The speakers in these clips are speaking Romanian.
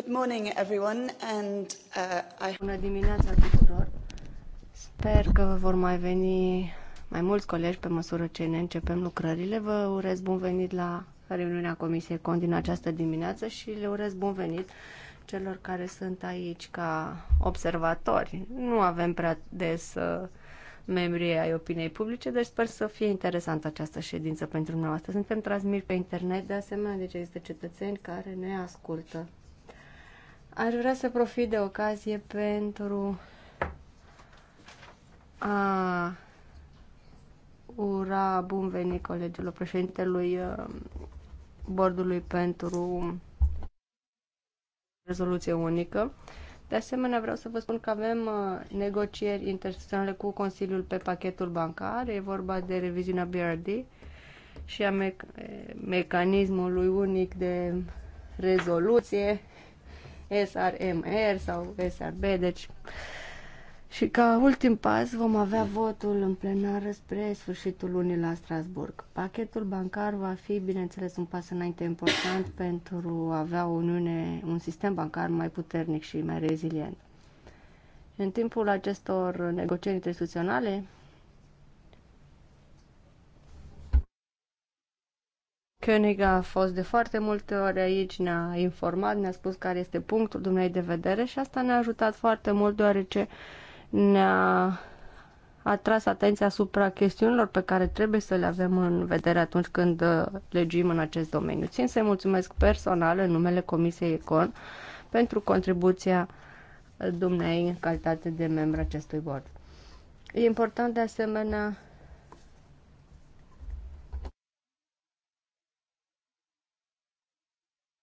Good morning, everyone, and uh, I... Bună dimineața tuturor! Sper că vă vor mai veni mai mulți colegi pe măsură ce ne începem lucrările. Vă urez bun venit la reuniunea Comisiei Cont din această dimineață și le urez bun venit celor care sunt aici ca observatori. Nu avem prea des uh, membrii ai opiniei publice, deci sper să fie interesantă această ședință pentru noi. suntem transmiși pe internet, de asemenea, deci există cetățeni care ne ascultă Aș vrea să profit de ocazie pentru a ura bun venit colegiului președintelui um, bordului pentru rezoluție unică. De asemenea, vreau să vă spun că avem uh, negocieri interseționale cu Consiliul pe pachetul bancar. E vorba de reviziunea BRD și a me- mecanismului unic de rezoluție SRMR sau SRB, deci și ca ultim pas vom avea votul în plenară spre sfârșitul lunii la Strasburg. Pachetul bancar va fi, bineînțeles, un pas înainte important pentru a avea o uniune, un sistem bancar mai puternic și mai rezilient. În timpul acestor negocieri instituționale, Koenig a fost de foarte multe ori aici, ne-a informat, ne-a spus care este punctul dumnei de vedere și asta ne-a ajutat foarte mult deoarece ne-a atras atenția asupra chestiunilor pe care trebuie să le avem în vedere atunci când uh, legim în acest domeniu. Țin să-i mulțumesc personal în numele Comisiei Econ pentru contribuția dumnei în calitate de membru acestui board. E important de asemenea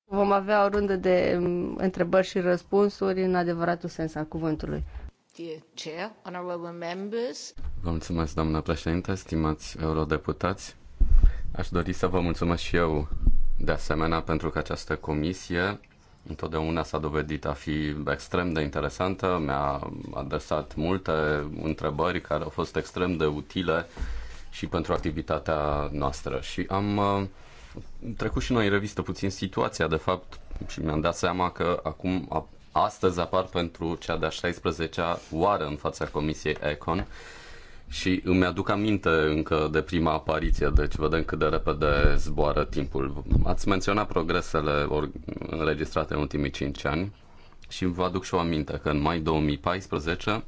Vom avea o rundă de mm, întrebări și răspunsuri în adevăratul sens al cuvântului. Vă mulțumesc, doamna președintă, stimați eurodeputați. Aș dori să vă mulțumesc și eu, de asemenea, pentru că această comisie întotdeauna s-a dovedit a fi extrem de interesantă. Mi-a adresat multe întrebări care au fost extrem de utile și pentru activitatea noastră. Și am uh, trecut și noi în revistă puțin situația, de fapt, și mi-am dat seama că acum, astăzi apar pentru cea de-a 16-a oară în fața Comisiei Econ și îmi aduc aminte încă de prima apariție, deci vedem cât de repede zboară timpul. Ați menționat progresele înregistrate în ultimii 5 ani și vă aduc și o aminte că în mai 2014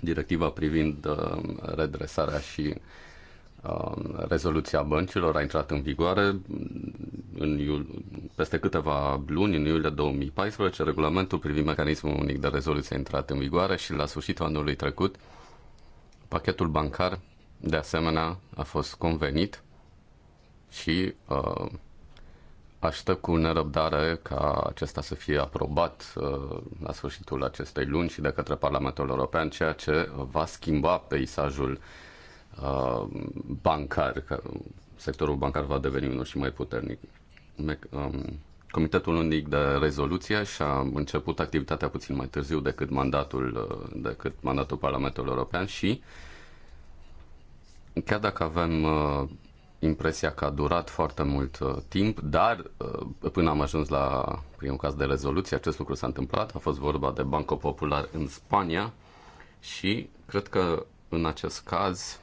directiva privind uh, redresarea și Um, rezoluția băncilor a intrat în vigoare în iul, peste câteva luni, în iulie 2014, regulamentul privind mecanismul unic de rezoluție a intrat în vigoare și la sfârșitul anului trecut pachetul bancar de asemenea a fost convenit și uh, aștă cu nerăbdare ca acesta să fie aprobat uh, la sfârșitul acestei luni și de către Parlamentul European, ceea ce va schimba peisajul uh, Uh, bancar, că sectorul bancar va deveni unul și mai puternic. Um, Comitetul Unic de Rezoluție și-a început activitatea puțin mai târziu decât mandatul, uh, decât mandatul Parlamentului European și chiar dacă avem uh, impresia că a durat foarte mult uh, timp, dar uh, până am ajuns la primul caz de rezoluție, acest lucru s-a întâmplat. A fost vorba de Banco Popular în Spania și cred că în acest caz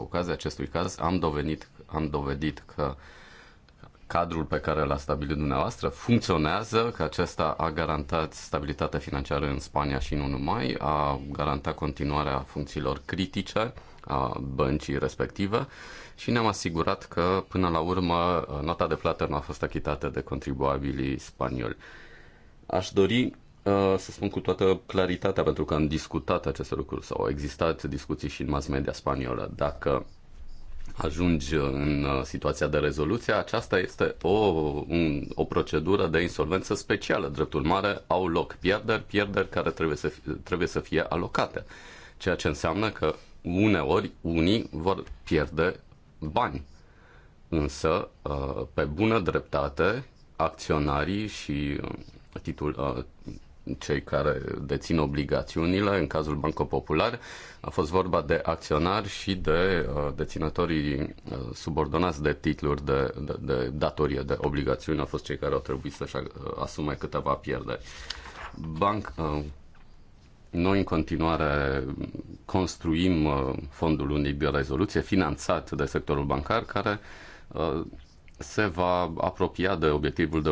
ocazia acestui caz am, dovenit, am dovedit că cadrul pe care l-a stabilit dumneavoastră funcționează, că acesta a garantat stabilitatea financiară în Spania și nu numai, a garantat continuarea funcțiilor critice a băncii respective și ne-am asigurat că, până la urmă, nota de plată nu a fost achitată de contribuabilii spanioli. Aș dori Uh, să spun cu toată claritatea, pentru că am discutat aceste lucruri sau au existat discuții și în mass media spaniolă. Dacă ajungi în uh, situația de rezoluție, aceasta este o, un, o procedură de insolvență specială. Dreptul mare au loc pierderi, pierderi care trebuie să, fie, trebuie să fie alocate. Ceea ce înseamnă că uneori unii vor pierde bani. Însă, uh, pe bună dreptate, acționarii și titul, cei care dețin obligațiunile, în cazul Banco Popular, a fost vorba de acționari și de uh, deținătorii uh, subordonați de titluri de, de, de datorie, de obligațiuni, au fost cei care au trebuit să-și uh, asume câteva pierderi. Banc, noi în continuare construim fondul unic de rezoluție finanțat de sectorul bancar care se va apropia de obiectivul de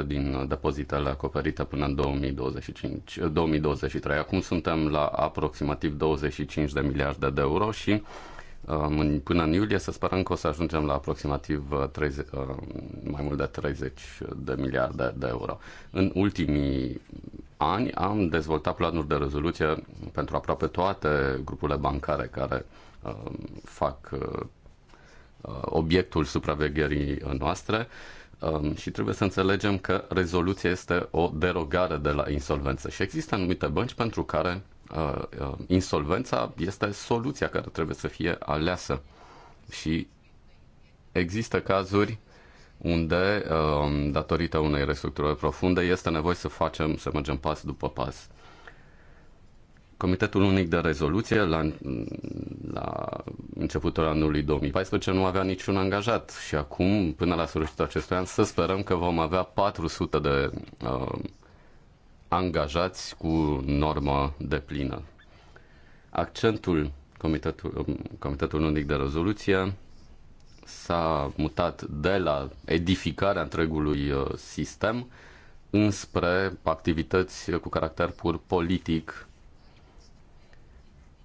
1% din depozitele acoperite până în 2025, 2023. Acum suntem la aproximativ 25 de miliarde de euro și um, până în iulie să sperăm că o să ajungem la aproximativ 30, uh, uh, mai mult de 30 de miliarde de euro. În ultimii ani am dezvoltat planuri de rezoluție pentru aproape toate grupurile bancare care um, fac uh, Uh, obiectul supravegherii uh, noastre um, și trebuie să înțelegem că rezoluția este o derogare de la insolvență și există anumite bănci pentru care uh, insolvența este soluția care trebuie să fie aleasă și există cazuri unde, um, datorită unei restructurări profunde, este nevoie să facem, să mergem pas după pas. Comitetul Unic de Rezoluție la, la începutul anului 2014 nu avea niciun angajat și acum, până la sfârșitul acestui an, să sperăm că vom avea 400 de uh, angajați cu normă de plină. Accentul Comitetul, um, Comitetul Unic de Rezoluție s-a mutat de la edificarea întregului uh, sistem înspre activități cu caracter pur politic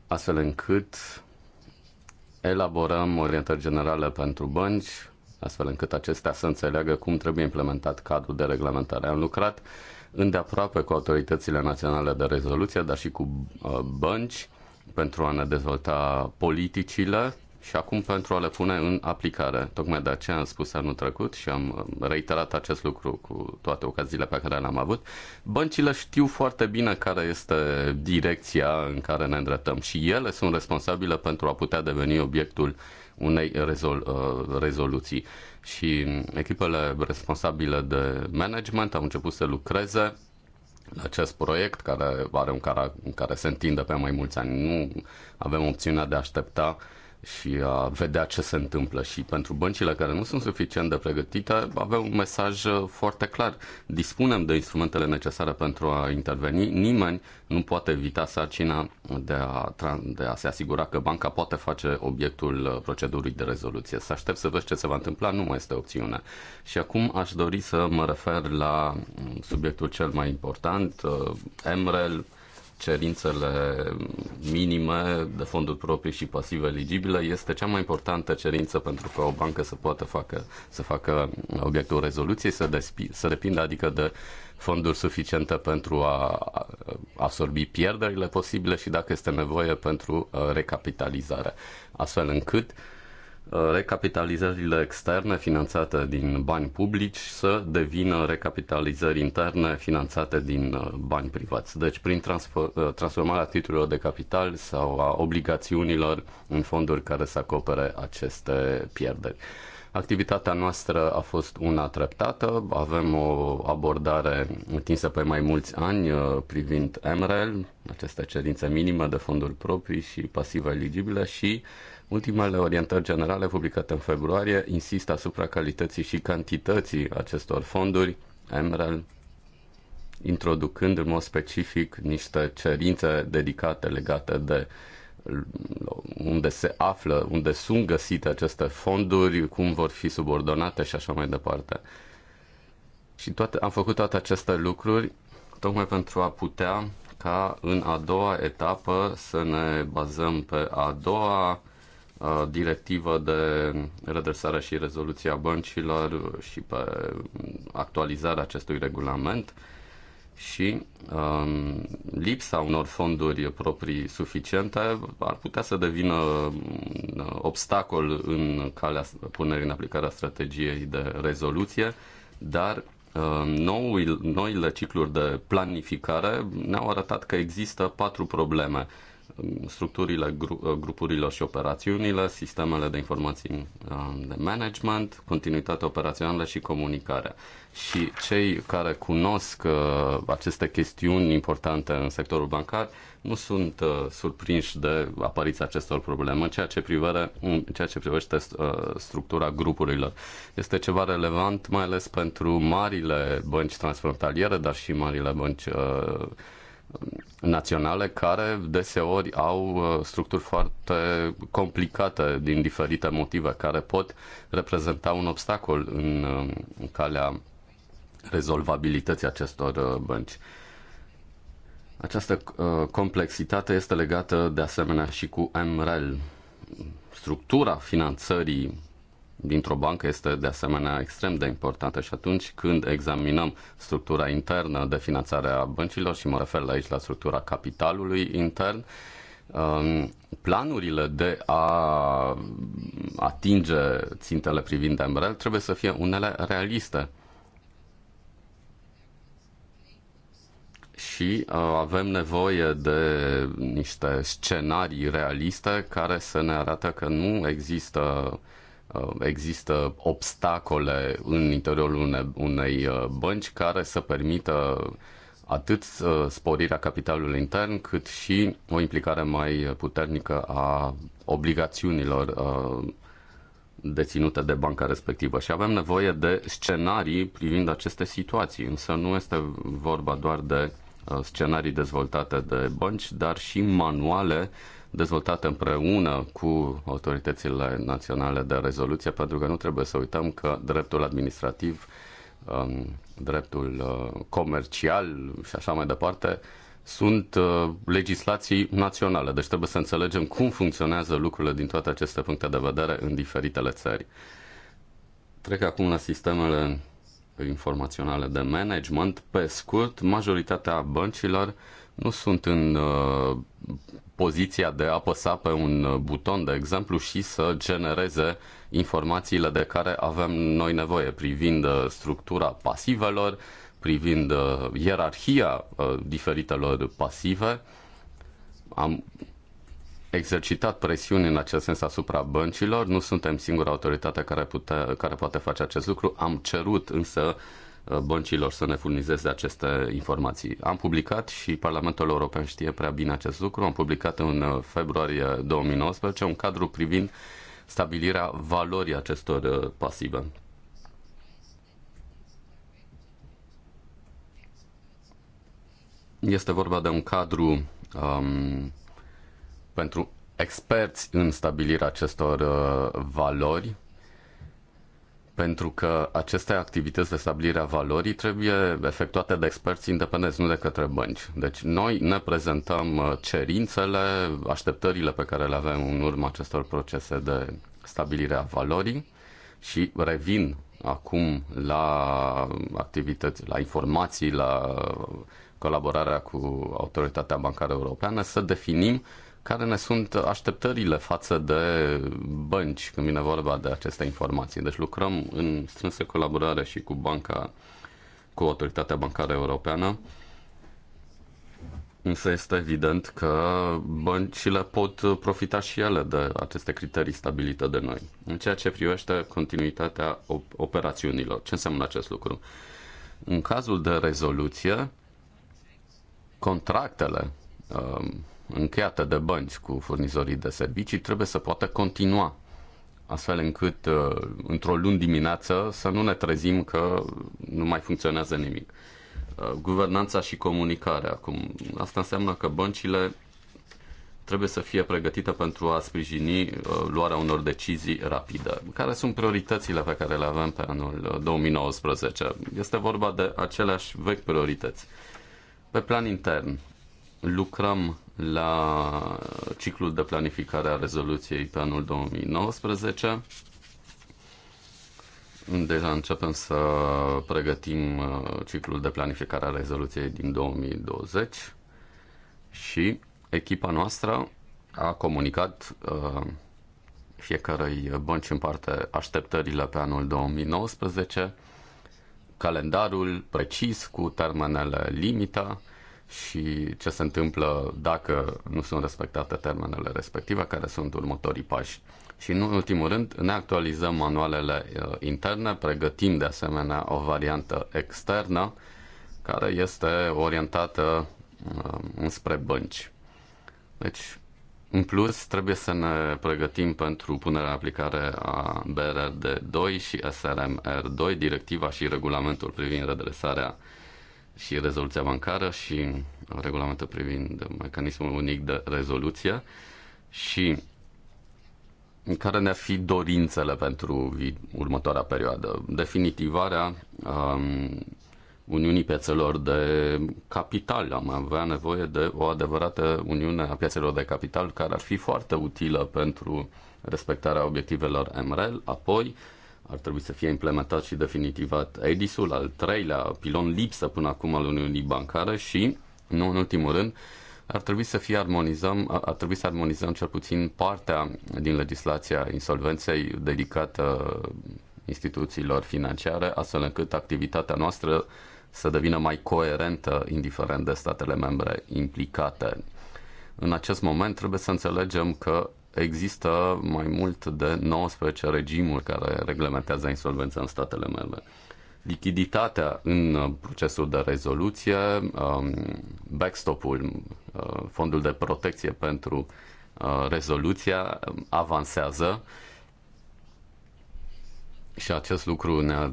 astfel încât elaborăm orientări generale pentru bănci, astfel încât acestea să înțeleagă cum trebuie implementat cadrul de reglementare. Am lucrat îndeaproape cu autoritățile naționale de rezoluție, dar și cu uh, bănci pentru a ne dezvolta politicile și acum pentru a le pune în aplicare. Tocmai de aceea am spus anul trecut și am um, reiterat acest lucru cu toate ocaziile pe care le-am avut. Băncile știu foarte bine care este direcția în care ne îndreptăm și ele sunt responsabile pentru a putea deveni obiectul unei rezol, uh, rezoluții. Și echipele responsabile de management au început să lucreze la acest proiect care are un care, care se întinde pe mai mulți ani. Nu avem opțiunea de a aștepta uh, și a vedea ce se întâmplă. Și pentru băncile care nu sunt suficient de pregătite, avem un mesaj uh, foarte clar. Dispunem de instrumentele necesare pentru a interveni. Nimeni nu poate evita sarcina de a, de a se asigura că banca poate face obiectul uh, procedurii de rezoluție. Să aștept să vezi ce se va întâmpla nu mai este opțiune. Și acum aș dori să mă refer la mm, subiectul cel mai important, uh, MREL, cerințele minime de fonduri proprii și pasive eligibile este cea mai importantă cerință pentru că o bancă să poată facă, să facă obiectul rezoluției, să, despi, să depindă adică de fonduri suficiente pentru a absorbi pierderile posibile și dacă este nevoie pentru uh, recapitalizare, astfel încât uh, Uh, recapitalizările externe finanțate din bani publici să devină recapitalizări interne finanțate din uh, bani privați. Deci prin uh, transformarea titlurilor de capital sau a obligațiunilor în fonduri care să acopere aceste pierderi. Activitatea noastră a fost una treptată, avem o abordare întinsă pe mai mulți ani privind MREL, aceste cerințe minime de fonduri proprii și pasive eligibile și Ultimele orientări generale publicate în februarie insistă asupra calității și cantității acestor fonduri, MREL, introducând în mod specific niște cerințe dedicate legate de unde se află, unde sunt găsite aceste fonduri, cum vor fi subordonate și așa mai departe. Și toate, am făcut toate aceste lucruri tocmai pentru a putea ca în a doua etapă să ne bazăm pe a doua Uh, directivă de redresare și rezoluție a băncilor și pe actualizarea acestui regulament și um, lipsa unor fonduri proprii suficiente ar putea să devină un uh, obstacol în calea punerii în aplicare a strategiei de rezoluție, dar uh, noul, noile cicluri de planificare ne-au arătat că există patru probleme structurile uh, grupurilor și operațiunile, sistemele de informații uh, de management, continuitatea operațională și comunicarea. Și cei care cunosc uh, aceste chestiuni importante în sectorul bancar nu sunt surprinși de apariția acestor probleme în ceea ce, privere, în ceea ce privește structura grupurilor. Este ceva relevant mai ales pentru marile bănci transfrontaliere, dar și marile bănci uh, naționale care deseori au uh, structuri foarte complicate din diferite motive care pot reprezenta un obstacol în uh, calea rezolvabilității acestor uh, bănci. Această complexitate este legată de asemenea și cu MREL. Structura finanțării dintr-o bancă este de asemenea extrem de importantă și atunci când examinăm structura internă de finanțare a băncilor și mă refer aici la structura capitalului intern, um, planurile de a atinge țintele privind MREL trebuie să fie unele realiste. și uh, avem nevoie de niște scenarii realiste care să ne arată că nu există Uh, există obstacole în interiorul unei uh, bănci care să permită atât uh, sporirea capitalului intern, cât și o implicare mai puternică a obligațiunilor deținute de banca respectivă. Și avem nevoie de scenarii privind aceste situații, însă nu este vorba doar de scenarii dezvoltate de bănci, dar și manuale uh, dezvoltată împreună cu autoritățile naționale de rezoluție, pentru că nu trebuie să uităm că dreptul administrativ, um, dreptul uh, comercial și așa mai departe sunt uh, legislații naționale, deci trebuie să înțelegem cum funcționează lucrurile din toate aceste puncte de vedere în diferitele țări. Trec acum la sistemele informaționale de management. Pe scurt, majoritatea băncilor uh, nu sunt în uh, poziția de a apăsa pe un uh, buton, de exemplu, și să genereze informațiile de care avem noi nevoie privind uh, structura pasivelor, privind ierarhia diferitelor pasive. Am exercitat presiuni în acest sens asupra băncilor. Nu suntem singura autoritate care, pute, care poate face acest lucru. Am cerut însă Uh, băncilor să ne furnizeze aceste informații. Am publicat și Parlamentul European știe prea bine acest lucru, am publicat în uh, februarie 2019 un cadru privind stabilirea valorii acestor uh, pasive. Este vorba de un cadru um, pentru experți în stabilirea acestor uh, valori pentru că aceste activități de stabilire a valorii trebuie efectuate de experți independenți, nu de către bănci. Deci noi ne prezentăm uh, cerințele, așteptările pe care le avem în urma acestor procese de stabilire a valorii și revin acum la activități, la informații, la colaborarea cu Autoritatea Bancară Europeană, să definim uh, care ne sunt așteptările față de bănci când vine vorba de aceste informații. Deci lucrăm în strânsă colaborare și cu banca, cu Autoritatea Bancară Europeană, însă este evident că băncile pot profita și ele de aceste criterii stabilite de noi. În ceea ce privește continuitatea operațiunilor, ce înseamnă acest lucru? În cazul de rezoluție, contractele um, încheiată de bănci cu furnizorii de servicii trebuie să poată continua astfel încât uh, într-o luni dimineață să nu ne trezim că nu mai funcționează nimic. Uh, guvernanța și comunicarea. Acum, asta înseamnă că băncile trebuie să fie pregătite pentru a sprijini uh, luarea unor decizii rapide. Care sunt prioritățile pe care le avem pe anul 2019? Este vorba de aceleași vechi priorități. Pe plan intern, lucrăm la ciclul de planificare a rezoluției pe anul 2019. Deja începem să pregătim uh, ciclul de planificare a rezoluției din 2020 și echipa noastră a comunicat uh, fiecarei bănci în parte așteptările pe anul 2019, calendarul precis cu termenele limită, și ce se întâmplă dacă nu sunt respectate termenele respective, care sunt următorii pași. Și în ultimul rând, ne actualizăm manualele uh, interne, pregătim de asemenea o variantă externă care este orientată uh, înspre bănci. Deci, în plus, trebuie să ne pregătim pentru punerea în aplicare a BRRD2 și SRMR2, directiva și regulamentul privind redresarea și rezoluția bancară și regulamentul privind mecanismul unic de rezoluție și care ne-ar fi dorințele pentru următoarea perioadă? Definitivarea um, Uniunii Piețelor de Capital. Am avea nevoie de o adevărată Uniune a Piețelor de Capital care ar fi foarte utilă pentru respectarea obiectivelor MREL, apoi uh, ar trebui să fie implementat și definitivat Edisul, al treilea pilon lipsă până acum al Uniunii Bancare și, nu în ultimul rând, ar trebui să fie armonizăm, ar trebui să armonizăm cel puțin partea din legislația insolvenței dedicată instituțiilor financiare, astfel încât activitatea noastră să devină mai coerentă, indiferent de statele membre implicate. În acest moment trebuie să înțelegem că există mai mult de 19 regimuri care reglementează insolvența în statele membre. Lichiditatea în uh, procesul de rezoluție, um, backstop-ul, uh, fondul de protecție pentru uh, rezoluția um, avansează și acest lucru ne-ar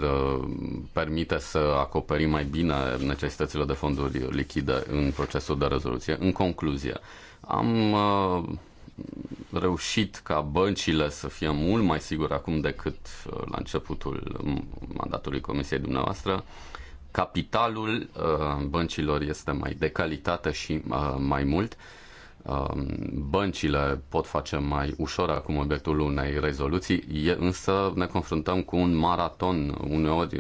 permite să acoperim mai bine necesitățile de fonduri lichide în procesul de rezoluție. În concluzie, am reușit ca băncile să fie mult mai sigure acum decât uh, la începutul um, mandatului comisiei dumneavoastră. Capitalul uh, băncilor este mai de calitate și uh, mai mult. Um, băncile pot face mai ușor acum obiectul unei rezoluții, însă ne confruntăm cu un maraton uneori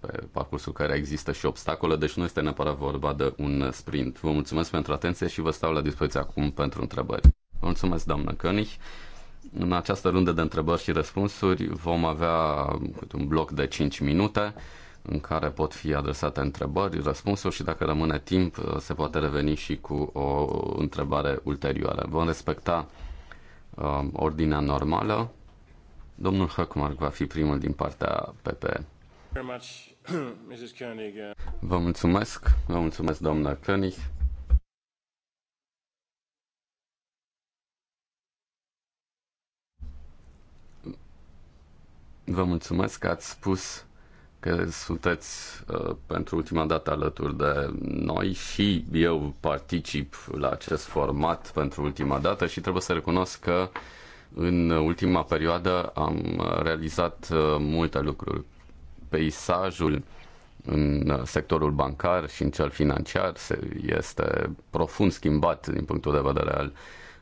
pe parcursul care există și obstacole, deci nu este neapărat vorba de un sprint. Vă mulțumesc pentru atenție și vă stau la dispoziție acum pentru întrebări. Vă mulțumesc, doamnă Cănich. În această rundă de întrebări și răspunsuri vom avea un bloc de 5 minute în care pot fi adresate întrebări, răspunsuri și dacă rămâne timp se poate reveni și cu o întrebare ulterioară. Vom respecta uh, ordinea normală. Domnul Höckmark va fi primul din partea PPE. Vă mulțumesc, vă mulțumesc, doamna König. Vă mulțumesc că ați spus că sunteți uh, pentru ultima dată alături de noi și eu particip la acest format pentru ultima dată și trebuie să recunosc că în ultima perioadă am realizat uh, multe lucruri peisajul în sectorul bancar și în cel financiar este profund schimbat din punctul de vedere al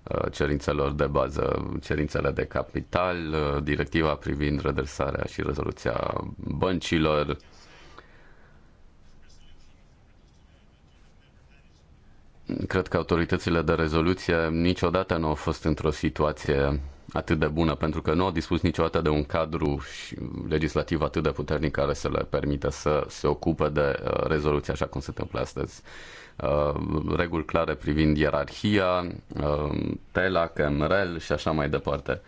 uh, cerințelor de bază, cerințele de capital, uh, directiva privind redresarea și rezoluția băncilor. Cred că autoritățile de rezoluție niciodată nu au fost într-o situație atât de bună, pentru că nu au dispus niciodată de un cadru legislativ atât de puternic care să le permită să se ocupe de uh, rezoluție așa cum se întâmplă astăzi. Uh, reguli clare privind ierarhia, uh, TELAC, MREL și așa mai departe.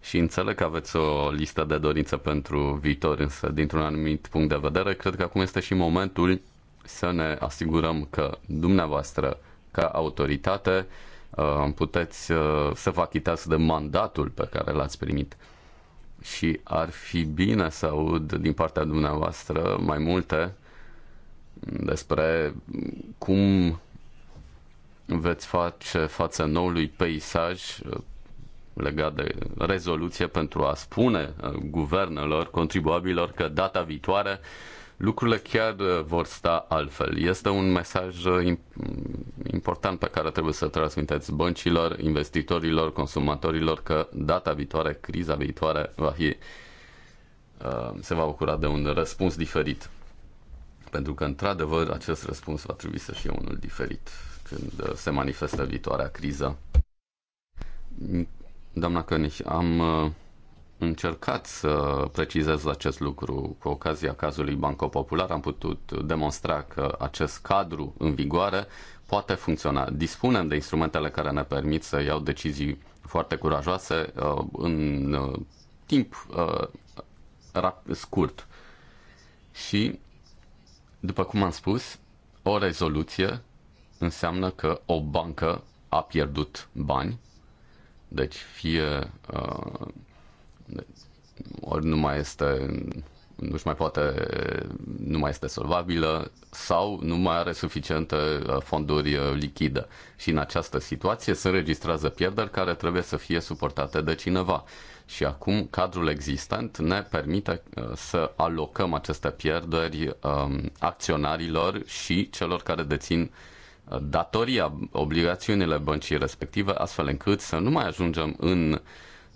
Și înțeleg că aveți o listă de dorință pentru viitor, însă dintr-un anumit punct de vedere, cred că acum este și momentul să ne asigurăm că dumneavoastră, ca autoritate, Uh, puteți uh, să vă achitați de mandatul pe care l-ați primit. Și ar fi bine să aud din partea dumneavoastră mai multe despre cum veți face față noului peisaj uh, legat de rezoluție pentru a spune guvernelor, contribuabilor că data viitoare lucrurile chiar uh, vor sta altfel. Este un mesaj uh, important pe care trebuie să transmiteți băncilor, investitorilor, consumatorilor că data viitoare, criza viitoare va fi uh, se va bucura de un răspuns diferit. Pentru că, într-adevăr, acest răspuns va trebui să fie unul diferit când se manifestă viitoarea criză. Doamna Căniș, am încercat să precizez acest lucru cu ocazia cazului Banco Popular. Am putut demonstra că acest cadru în vigoare poate funcționa. Dispunem de instrumentele care ne permit să iau decizii foarte curajoase uh, în uh, timp uh, scurt. Și, după cum am spus, o rezoluție înseamnă că o bancă a pierdut bani, deci fie uh, ori nu mai este nu mai poate, nu mai este solvabilă sau nu mai are suficiente uh, fonduri uh, lichide. Și în această situație se înregistrează pierderi care trebuie să fie suportate de cineva. Și acum cadrul existent ne permite uh, să alocăm aceste pierderi um, acționarilor și celor care dețin datoria, obligațiunile băncii respective, astfel încât să nu mai ajungem în uh,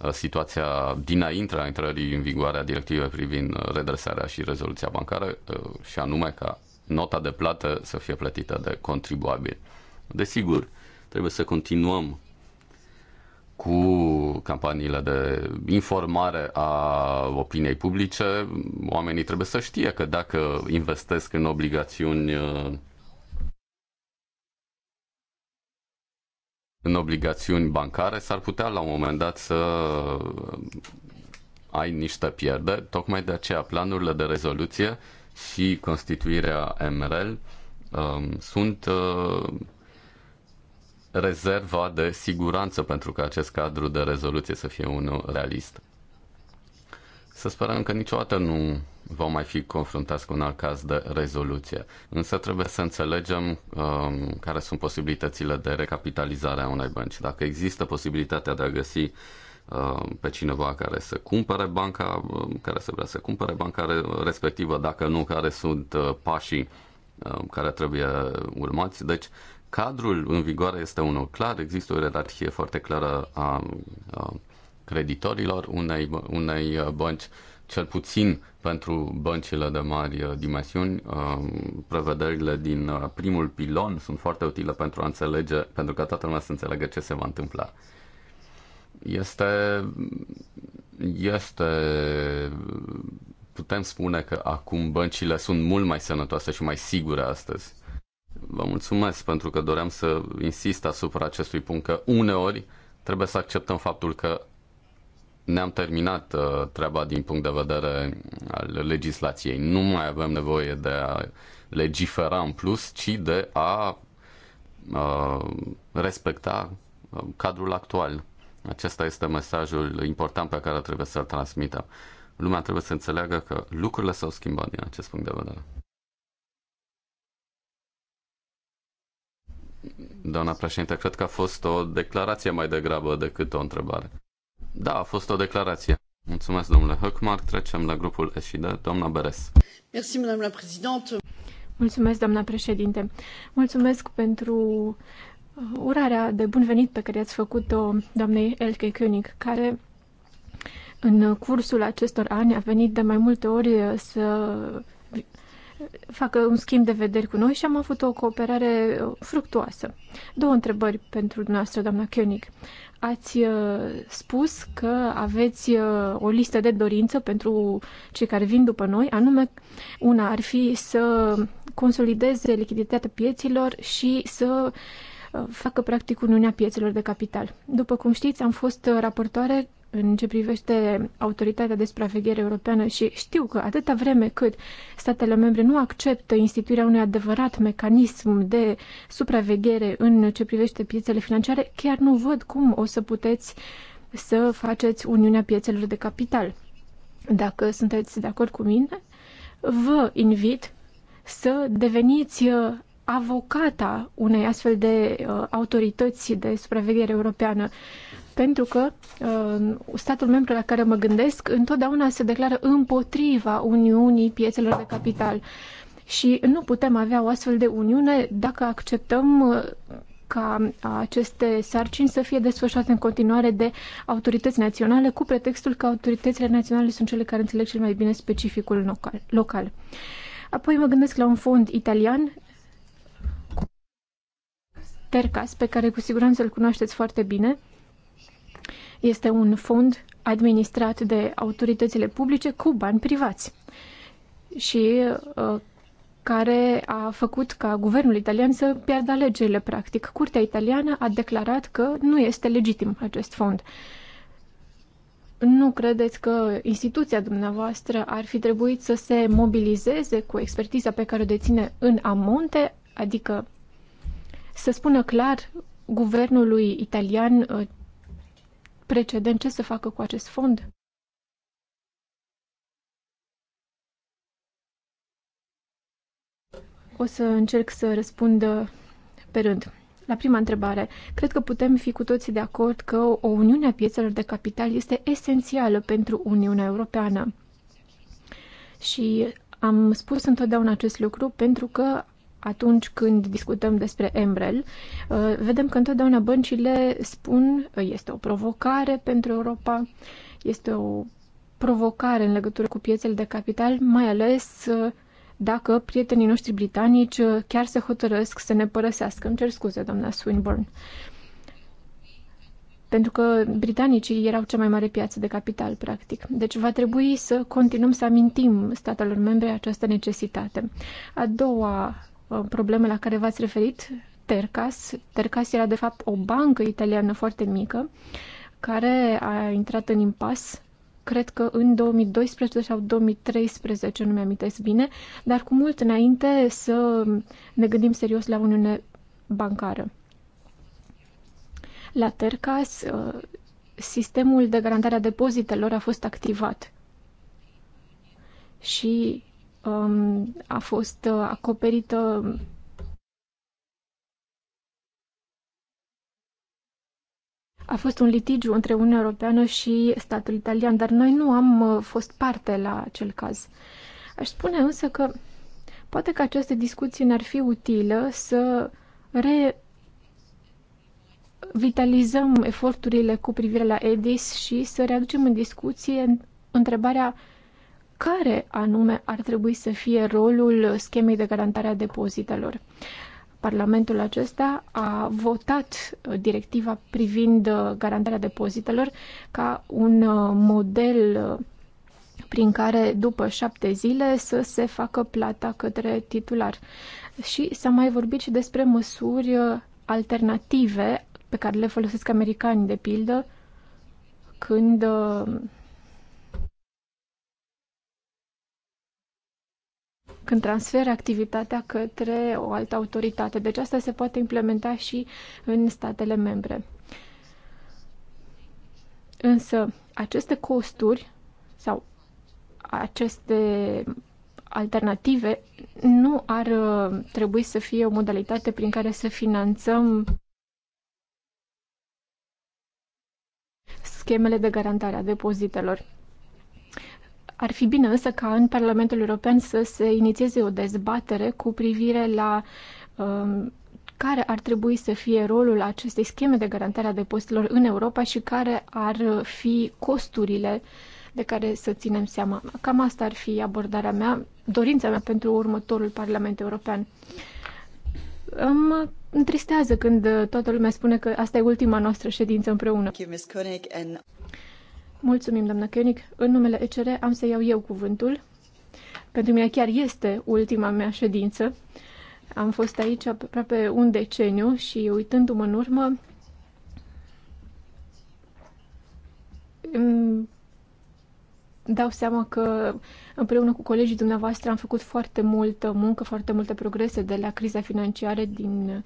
Uh, situația dinainte a intrării în vigoare a directivei privind uh, redresarea și rezoluția bancară uh, și anume ca nota de plată să fie plătită de contribuabil. Desigur, trebuie să continuăm cu campaniile de informare a opiniei publice, oamenii trebuie să știe că dacă investesc în obligațiuni în obligațiuni bancare, s-ar putea la un moment dat să ai niște pierderi. Tocmai de aceea planurile de rezoluție și constituirea MRL um, sunt uh, rezerva de siguranță pentru că acest cadru de rezoluție să fie unul realist. Să sperăm că niciodată nu vom mai fi confruntați cu un alt caz de rezoluție. Însă trebuie să înțelegem um, care sunt posibilitățile de recapitalizare a unei bănci. Dacă există posibilitatea de a găsi um, pe cineva care să cumpere banca, um, care să vrea să cumpere banca respectivă, dacă nu, care sunt uh, pașii um, care trebuie urmați. Deci, cadrul în vigoare este unul clar, există o ierarhie foarte clară a, creditorilor unei, unei bănci, cel puțin pentru băncile de mari uh, dimensiuni, um, prevederile din uh, primul pilon sunt foarte utile pentru a înțelege, pentru ca toată lumea să înțeleagă ce se va întâmpla. Este, este, putem spune că acum băncile sunt mult mai sănătoase și mai sigure astăzi. Vă mulțumesc pentru că doream să insist asupra acestui punct că uneori trebuie să acceptăm faptul că ne-am terminat uh, treaba din punct de vedere al legislației. Nu mai avem nevoie de a legifera în plus, ci de a uh, respecta uh, cadrul actual. Acesta este mesajul important pe care trebuie să-l transmită. Lumea trebuie să înțeleagă că lucrurile s-au schimbat din acest punct de vedere. Doamna președinte, cred că a fost o declarație mai degrabă decât o întrebare. Da, a fost o declarație. Mulțumesc, domnule Höckmark. Trecem la grupul SID, doamna Beres. Merci, madame la présidente. Mulțumesc, doamna președinte. Mulțumesc pentru uh, urarea de bun venit pe care ați făcut-o doamnei Elke König, care în cursul acestor ani a venit de mai multe ori uh, să facă un schimb de vederi cu noi și am avut o cooperare fructuoasă. Două întrebări pentru dumneavoastră, doamna König ați uh, spus că aveți uh, o listă de dorință pentru cei care vin după noi, anume una ar fi să consolideze lichiditatea pieților și să uh, facă practic Uniunea Pieților de Capital. După cum știți, am fost raportoare în ce privește Autoritatea de Supraveghere Europeană și știu că atâta vreme cât statele membre nu acceptă instituirea unui adevărat mecanism de supraveghere în ce privește piețele financiare, chiar nu văd cum o să puteți să faceți Uniunea Piețelor de Capital. Dacă sunteți de acord cu mine, vă invit să deveniți uh, avocata unei astfel de uh, autorități de supraveghere europeană pentru că uh, statul membru la care mă gândesc întotdeauna se declară împotriva Uniunii piețelor de capital. Și nu putem avea o astfel de uniune dacă acceptăm uh, ca aceste sarcini să fie desfășurate în continuare de autorități naționale cu pretextul că autoritățile naționale sunt cele care înțeleg cel mai bine specificul local. local. Apoi mă gândesc la un fond italian Tercas, pe care cu siguranță îl cunoașteți foarte bine, este un fond administrat de autoritățile publice cu bani privați și uh, care a făcut ca guvernul italian să piardă alegerile, practic. Curtea italiană a declarat că nu este legitim acest fond. Nu credeți că instituția dumneavoastră ar fi trebuit să se mobilizeze cu expertiza pe care o deține în amonte, adică să spună clar guvernului italian uh, precedent ce să facă cu acest fond? O să încerc să răspund pe rând. La prima întrebare, cred că putem fi cu toții de acord că o Uniune a piețelor de capital este esențială pentru Uniunea Europeană. Și am spus întotdeauna acest lucru pentru că atunci când discutăm despre Embrel, uh, vedem că întotdeauna băncile spun uh, este o provocare pentru Europa, este o provocare în legătură cu piețele de capital, mai ales uh, dacă prietenii noștri britanici chiar se hotărăsc să ne părăsească. Îmi cer scuze, doamna Swinburne. Pentru că britanicii erau cea mai mare piață de capital, practic. Deci va trebui să continuăm să amintim statelor membre această necesitate. A doua Uh, probleme la care v-ați referit, Tercas. Tercas era de fapt o bancă italiană foarte mică care a intrat în impas cred că în 2012 sau 2013, nu mi-am bine, dar cu mult înainte să ne gândim serios la Uniune Bancară. La Tercas, uh, sistemul de garantare a depozitelor a fost activat și Um, a fost uh, acoperită A fost un litigiu între Uniunea Europeană și statul italian, dar noi nu am uh, fost parte la acel caz. Aș spune însă că poate că această discuție ne-ar fi utilă să revitalizăm eforturile cu privire la EDIS și să readucem în discuție întrebarea care anume ar trebui să fie rolul schemei de garantare a depozitelor. Parlamentul acesta a votat uh, directiva privind uh, garantarea depozitelor ca un uh, model prin care după șapte zile să se facă plata către titular. Și s-a mai vorbit și despre măsuri alternative pe care le folosesc americanii, de pildă, când când transferă activitatea către o altă autoritate. Deci asta se poate implementa și în statele membre. Însă aceste costuri sau aceste alternative nu ar uh, trebui să fie o modalitate prin care să finanțăm schemele de garantare a depozitelor. Ar fi bine însă ca în Parlamentul European să se inițieze o dezbatere cu privire la um, care ar trebui să fie rolul acestei scheme de garantare a depozitelor în Europa și care ar fi costurile de care să ținem seama. Cam asta ar fi abordarea mea, dorința mea pentru următorul Parlament European. Îmi întristează când toată lumea spune că asta e ultima noastră ședință împreună. Mulțumim, doamna Koenig. În numele ECR am să iau eu cuvântul. Pentru mine chiar este ultima mea ședință. Am fost aici aproape un deceniu și uitându-mă în urmă, îmi dau seama că împreună cu colegii dumneavoastră am făcut foarte multă muncă, foarte multe progrese de la criza financiară din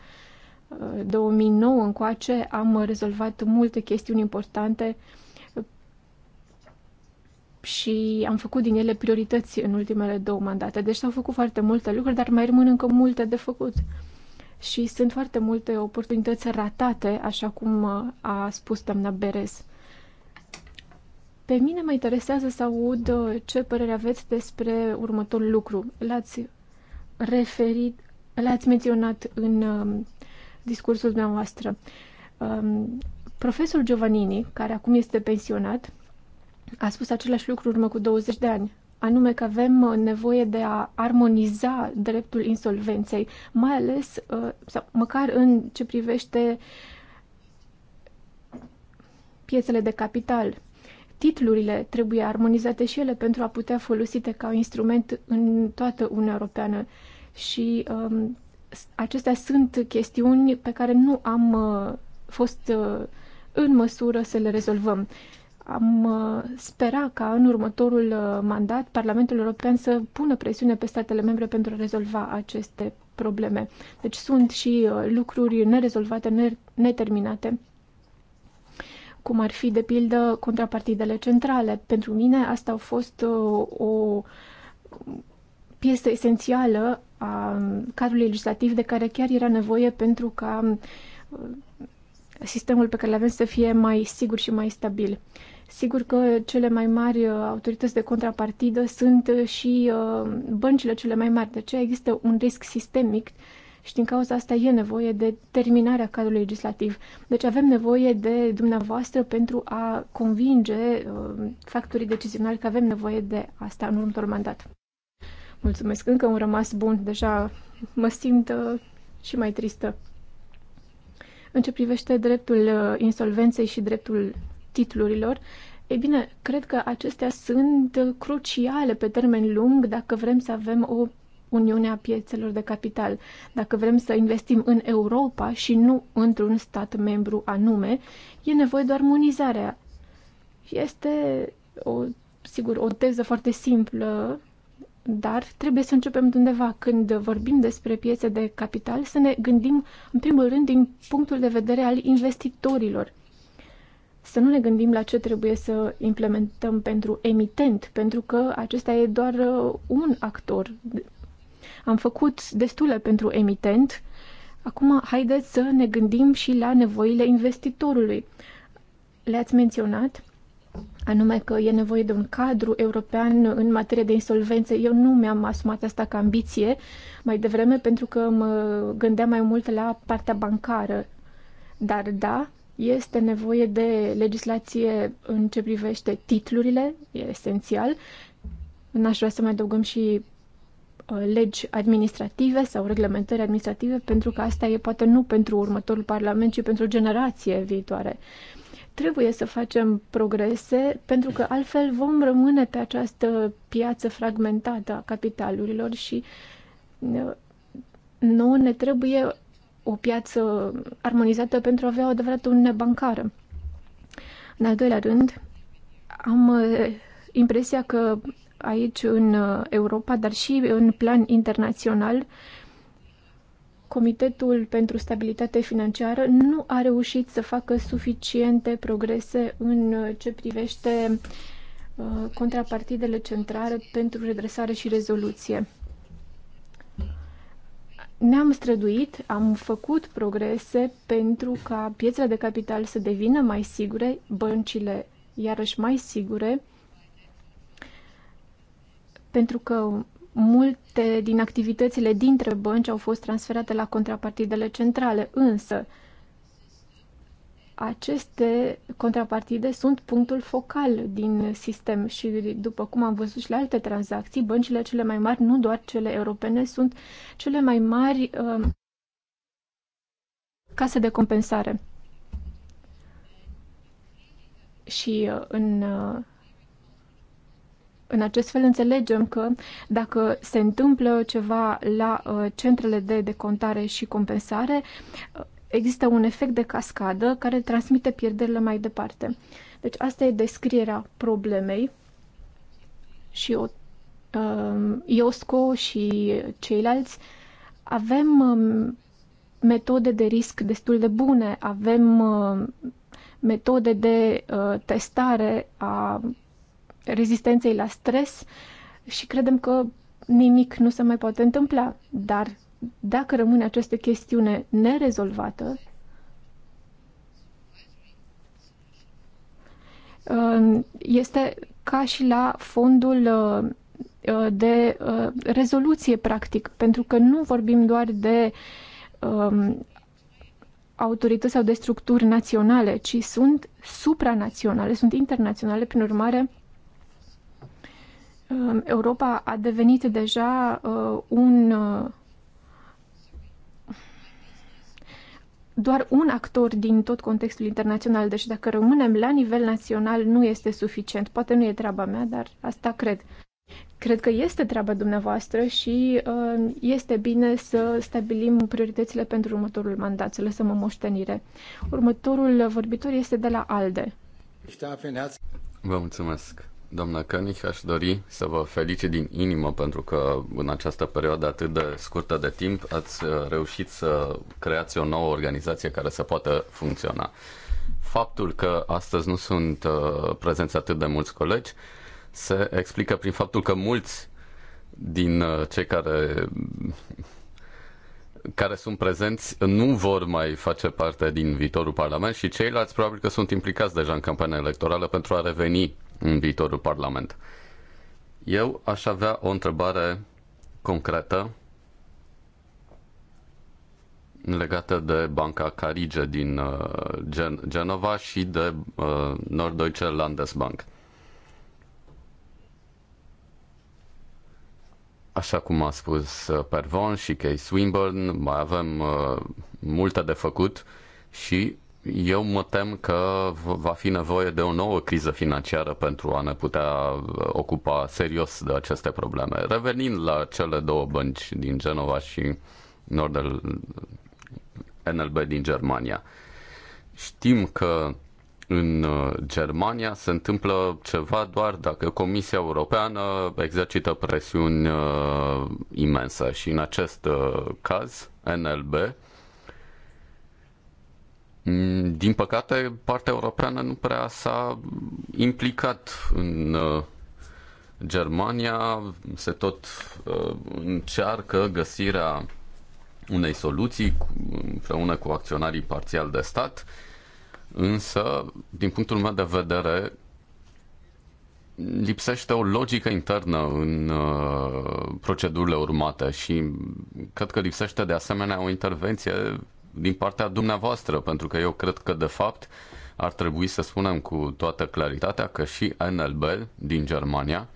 2009 uh, încoace. Am rezolvat multe chestiuni importante și am făcut din ele priorități în ultimele două mandate. Deci s-au făcut foarte multe lucruri, dar mai rămân încă multe de făcut. Și sunt foarte multe oportunități ratate, așa cum a spus doamna Beres. Pe mine mă interesează să aud uh, ce părere aveți despre următorul lucru. L-ați referit, l-ați menționat în um, discursul dumneavoastră. Um, Profesor Giovannini, care acum este pensionat, a spus același lucru urmă cu 20 de ani, anume că avem uh, nevoie de a armoniza dreptul insolvenței, mai ales, uh, sau măcar în ce privește piețele de capital. Titlurile trebuie armonizate și ele pentru a putea folosite ca instrument în toată Uniunea Europeană și um, acestea sunt chestiuni pe care nu am uh, fost uh, în măsură să le rezolvăm. Uh, am uh, spera ca în următorul uh, mandat Parlamentul European să pună presiune pe statele membre pentru a rezolva aceste probleme. Deci sunt și uh, lucruri nerezolvate, neterminate, cum ar fi, de pildă, contrapartidele centrale. Pentru mine asta a fost o piesă esențială a cadrului legislativ de care chiar era nevoie pentru ca sistemul pe care îl avem să fie mai sigur și mai stabil. Sigur că cele mai mari uh, autorități de contrapartidă sunt uh, și uh, băncile cele mai mari, de deci aceea există un risc sistemic și din cauza asta e nevoie de terminarea cadrului legislativ. Deci avem nevoie de dumneavoastră pentru a convinge factorii decizionali că avem nevoie de asta în următorul mandat. Mulțumesc, încă un rămas bun, deja mă simt și mai tristă. În ce privește dreptul insolvenței și dreptul titlurilor, e bine, cred că acestea sunt cruciale pe termen lung dacă vrem să avem o Uniune a piețelor de capital, dacă vrem să investim în Europa și nu într-un stat membru anume, e nevoie de armonizarea. Este, o, sigur, o teză foarte simplă, dar trebuie să începem de undeva. Când vorbim despre piețe de capital, să ne gândim, în primul rând, din punctul de vedere al investitorilor să nu ne gândim la ce trebuie să implementăm pentru emitent, pentru că acesta e doar uh, un actor. Am făcut destule pentru emitent, acum haideți să ne gândim și la nevoile investitorului. Le-ați menționat, anume că e nevoie de un cadru european în materie de insolvență. Eu nu mi-am asumat asta ca ambiție mai devreme pentru că mă gândeam mai mult la partea bancară. Dar da, este nevoie de legislație în ce privește titlurile, e esențial. N-aș vrea să mai adăugăm și uh, legi administrative sau reglementări administrative, pentru că asta e poate nu pentru următorul Parlament, ci pentru generație viitoare. Trebuie să facem progrese, pentru că altfel vom rămâne pe această piață fragmentată a capitalurilor și uh, nouă ne trebuie o piață armonizată pentru a avea o adevărată uniune bancară. În al doilea rând, am uh, impresia că aici în uh, Europa, dar și în plan internațional, Comitetul pentru Stabilitate Financiară nu a reușit să facă suficiente progrese în uh, ce privește contrapartidele centrale pentru redresare și rezoluție ne-am străduit, am făcut progrese pentru ca piețele de capital să devină mai sigure, băncile iarăși mai sigure, pentru că multe din activitățile dintre bănci au fost transferate la contrapartidele centrale, însă aceste contrapartide sunt punctul focal din sistem și, după cum am văzut și la alte tranzacții, băncile cele mai mari, nu doar cele europene, sunt cele mai mari um, case de compensare. Și uh, în, uh, în acest fel înțelegem că dacă se întâmplă ceva la uh, centrele de decontare și compensare, există un efect de cascadă care transmite pierderile mai departe. Deci asta e descrierea problemei și o, um, IOSCO și ceilalți avem um, metode de risc destul de bune, avem um, metode de uh, testare a rezistenței la stres și credem că nimic nu se mai poate întâmpla, dar dacă rămâne această chestiune nerezolvată, uh, este ca și la fondul uh, de uh, rezoluție, practic, pentru că nu vorbim doar de um, autorități sau de structuri naționale, ci sunt supranaționale, sunt internaționale, prin urmare, um, Europa a devenit deja un doar un actor din tot contextul internațional. Deci dacă rămânem la nivel național nu este suficient. Poate nu e treaba mea, dar asta cred. Cred că este treaba dumneavoastră și uh, este bine să stabilim prioritățile pentru următorul mandat, să lăsăm o moștenire. Următorul vorbitor este de la ALDE. Vă mulțumesc. Doamna Cănic, aș dori să vă felicit din inimă pentru că în această perioadă atât de scurtă de timp ați uh, reușit să creați o nouă organizație care să poată funcționa. Faptul că astăzi nu sunt uh, prezenți atât de mulți colegi se explică prin faptul că mulți din uh, cei care care sunt prezenți nu vor mai face parte din viitorul Parlament și ceilalți probabil că sunt implicați deja în campania electorală pentru a reveni în viitorul Parlament. Eu aș avea o întrebare concretă legată de Banca Carige din uh, Gen- Genova și de uh, Norddeutsche Landesbank. Așa cum a spus uh, Pervon și Kay Swinburne, mai avem uh, multe de făcut și eu mă tem că va fi nevoie de o nouă criză financiară pentru a ne putea uh, ocupa serios de aceste probleme. Revenind la cele două bănci din Genova și Nordel NLB din Germania. Știm că în uh, Germania se întâmplă ceva doar dacă Comisia Europeană exercită presiuni uh, imense și în acest caz NLB Mm, din păcate, partea europeană nu prea s-a implicat în uh, Germania, se tot uh, încearcă găsirea unei soluții împreună cu acționarii parțial de stat, însă, din punctul meu de vedere, lipsește o logică internă în uh, procedurile urmate și cred că lipsește de asemenea o intervenție din partea dumneavoastră, pentru că eu cred că, de fapt, ar trebui să spunem cu toată claritatea că și NLB din Germania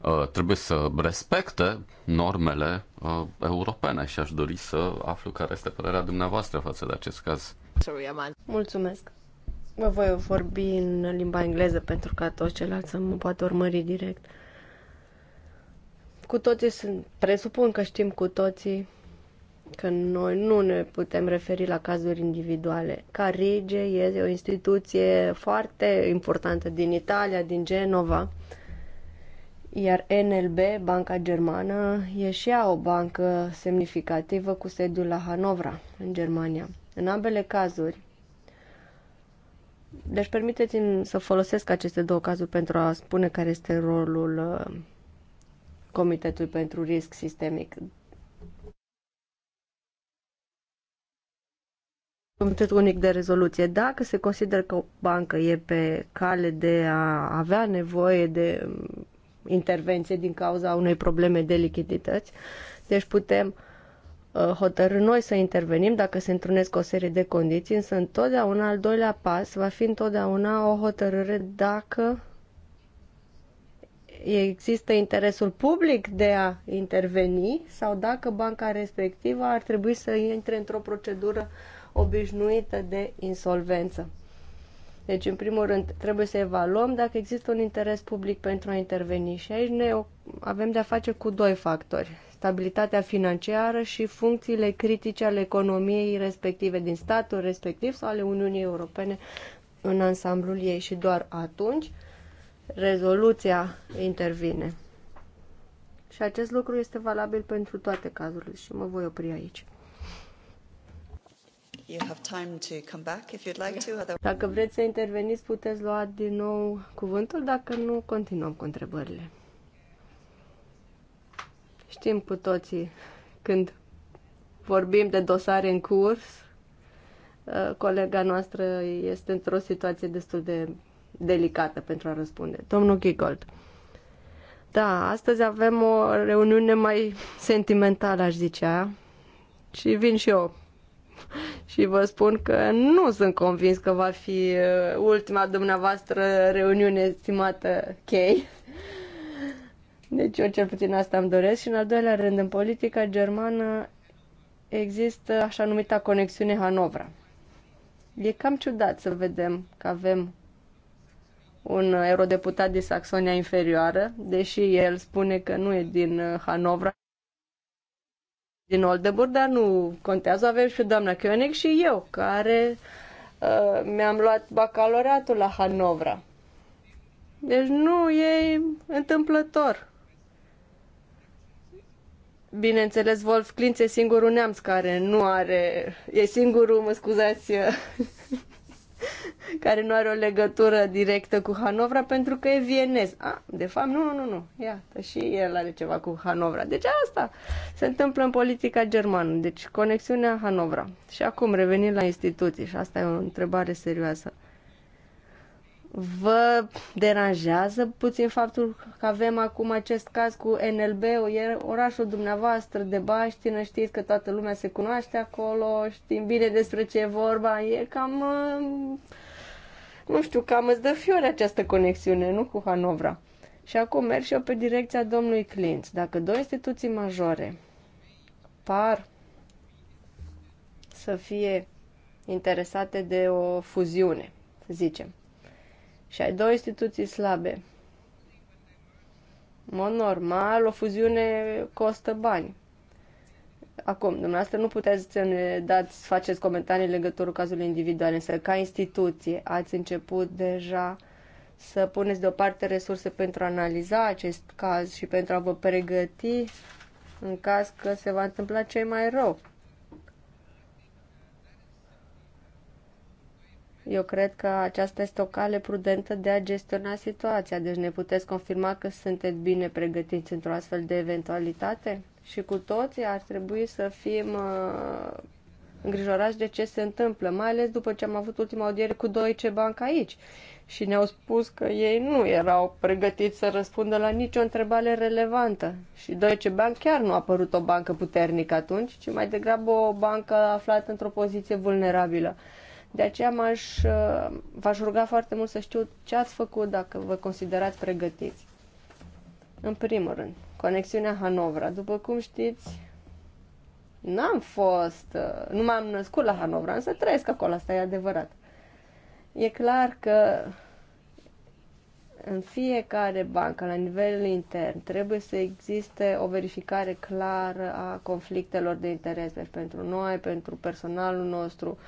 uh, trebuie să respecte normele uh, europene și aș dori să aflu care este părerea dumneavoastră față de acest caz. Mulțumesc! Mă voi vorbi în limba engleză pentru ca toți ceilalți să mă poată urmări direct. Cu toții sunt, presupun că știm cu toții că noi nu ne putem referi la cazuri individuale. Carige este o instituție foarte importantă din Italia, din Genova, iar NLB, banca germană, e și ea o bancă semnificativă cu sediul la Hanovra, în Germania. În ambele cazuri, deci permiteți-mi să folosesc aceste două cazuri pentru a spune care este rolul uh, Comitetului pentru Risc Sistemic. Comitetul unic de rezoluție, dacă se consideră că o bancă e pe cale de a avea nevoie de um, intervenție din cauza unei probleme de lichidități, deci putem uh, hotărâ noi să intervenim dacă se întrunesc o serie de condiții, însă întotdeauna al doilea pas va fi întotdeauna o hotărâre dacă există interesul public de a interveni sau dacă banca respectivă ar trebui să intre într-o procedură uh, obișnuită de insolvență. Deci, în primul rând, trebuie să evaluăm dacă există un interes public pentru a interveni și aici ne avem de-a face cu doi factori. Stabilitatea financiară și funcțiile critice ale economiei respective din statul respectiv sau ale Uniunii Europene în ansamblul ei și doar atunci rezoluția intervine. Și acest lucru este valabil pentru toate cazurile și mă voi opri aici. You have time to come back if you'd like to. Other... Dacă vreți să interveniți, puteți lua din nou cuvântul, dacă nu, continuăm cu întrebările. Știm cu toții când vorbim de dosare în curs, uh, colega noastră este într-o situație destul de delicată pentru a răspunde. Domnul Gigold. Da, astăzi avem o reuniune mai sentimentală, aș zicea, și vin și eu și vă spun că nu sunt convins că va fi uh, ultima dumneavoastră reuniune estimată chei. Deci eu cel puțin asta îmi doresc și în al doilea rând în politica germană există așa numita conexiune Hanovra. E cam ciudat să vedem că avem un eurodeputat din Saxonia Inferioară, deși el spune că nu e din uh, Hanovra din Oldenburg, dar nu contează, avem și doamna Koenig și eu, care uh, mi-am luat bacalaureatul la Hanovra. Deci nu e întâmplător. Bineînțeles, Wolf Klintz e singurul neamț care nu are... E singurul, mă scuzați, care nu are o legătură directă cu Hanovra pentru că e vienez. Ah, de fapt, nu, nu, nu, nu. Iată, și el are ceva cu Hanovra. Deci asta se întâmplă în politica germană. Deci conexiunea Hanovra. Și acum revenim la instituții și asta e o întrebare serioasă. Vă deranjează puțin faptul că avem acum acest caz cu NLB, e orașul dumneavoastră de Baștină, știți că toată lumea se cunoaște acolo, știm bine despre ce e vorba, e cam, uh, nu știu, cam îți dă fiore această conexiune, nu cu Hanovra. Și acum merg și eu pe direcția domnului Clint. Dacă două instituții majore par să fie interesate de o fuziune, să zicem, și ai două instituții slabe. În mod normal, o fuziune costă bani. Acum, dumneavoastră nu puteți să ne dați, faceți comentarii în legătură cu cazul individual, însă ca instituție ați început deja să puneți deoparte resurse pentru a analiza acest caz și pentru a vă pregăti în caz că se va întâmpla cei mai rău. Eu cred că aceasta este o cale prudentă de a gestiona situația, deci ne puteți confirma că sunteți bine pregătiți într-o astfel de eventualitate? Și cu toții ar trebui să fim uh, îngrijorați de ce se întâmplă, mai ales după ce am avut ultima audiere cu ce Bank aici și ne-au spus că ei nu erau pregătiți să răspundă la nicio întrebare relevantă. Și Deutsche Bank chiar nu a apărut o bancă puternică atunci, ci mai degrabă o bancă aflată într-o poziție vulnerabilă. De aceea m-aș, uh, v-aș ruga foarte mult să știu ce ați făcut dacă vă considerați pregătiți. În primul rând, conexiunea Hanovra. După cum știți, n-am fost, uh, nu m-am născut la Hanovra, însă trăiesc acolo, asta e adevărat. E clar că în fiecare bancă, la nivel intern, trebuie să existe o verificare clară a conflictelor de interese pentru noi, pentru personalul nostru,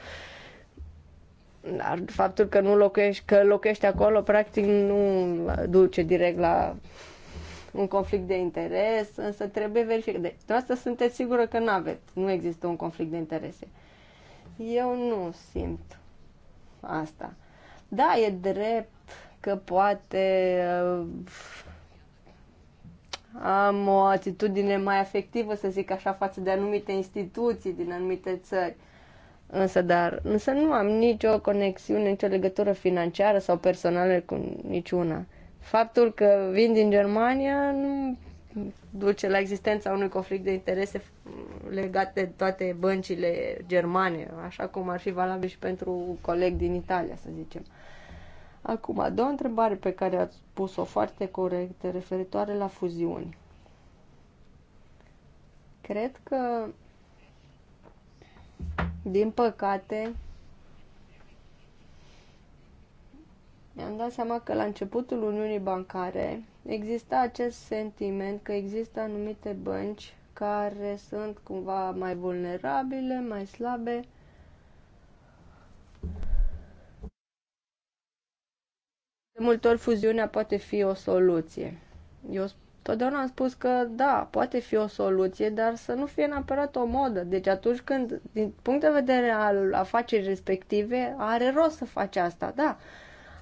faptul că nu locuiești, că locuiești acolo practic nu duce direct la un conflict de interes, însă trebuie verificat. Deci, asta sunteți sigură că nu aveți, nu există un conflict de interese. Eu nu simt asta. Da, e drept că poate uh, am o atitudine mai afectivă, să zic așa, față de anumite instituții din anumite țări. Însă, dar, însă nu am nicio conexiune, nicio legătură financiară sau personală cu niciuna. Faptul că vin din Germania nu duce la existența unui conflict de interese legat de toate băncile germane, așa cum ar fi valabil și pentru coleg din Italia, să zicem. Acum, a doua întrebare pe care ați pus-o foarte corect, referitoare la fuziuni. Cred că din păcate, mi-am dat seama că la începutul Uniunii Bancare exista acest sentiment că există anumite bănci care sunt cumva mai vulnerabile, mai slabe. De multe ori fuziunea poate fi o soluție. Eu Totdeauna am spus că da, poate fi o soluție, dar să nu fie neapărat o modă. Deci atunci când, din punct de vedere al afacerii respective, are rost să faci asta, da.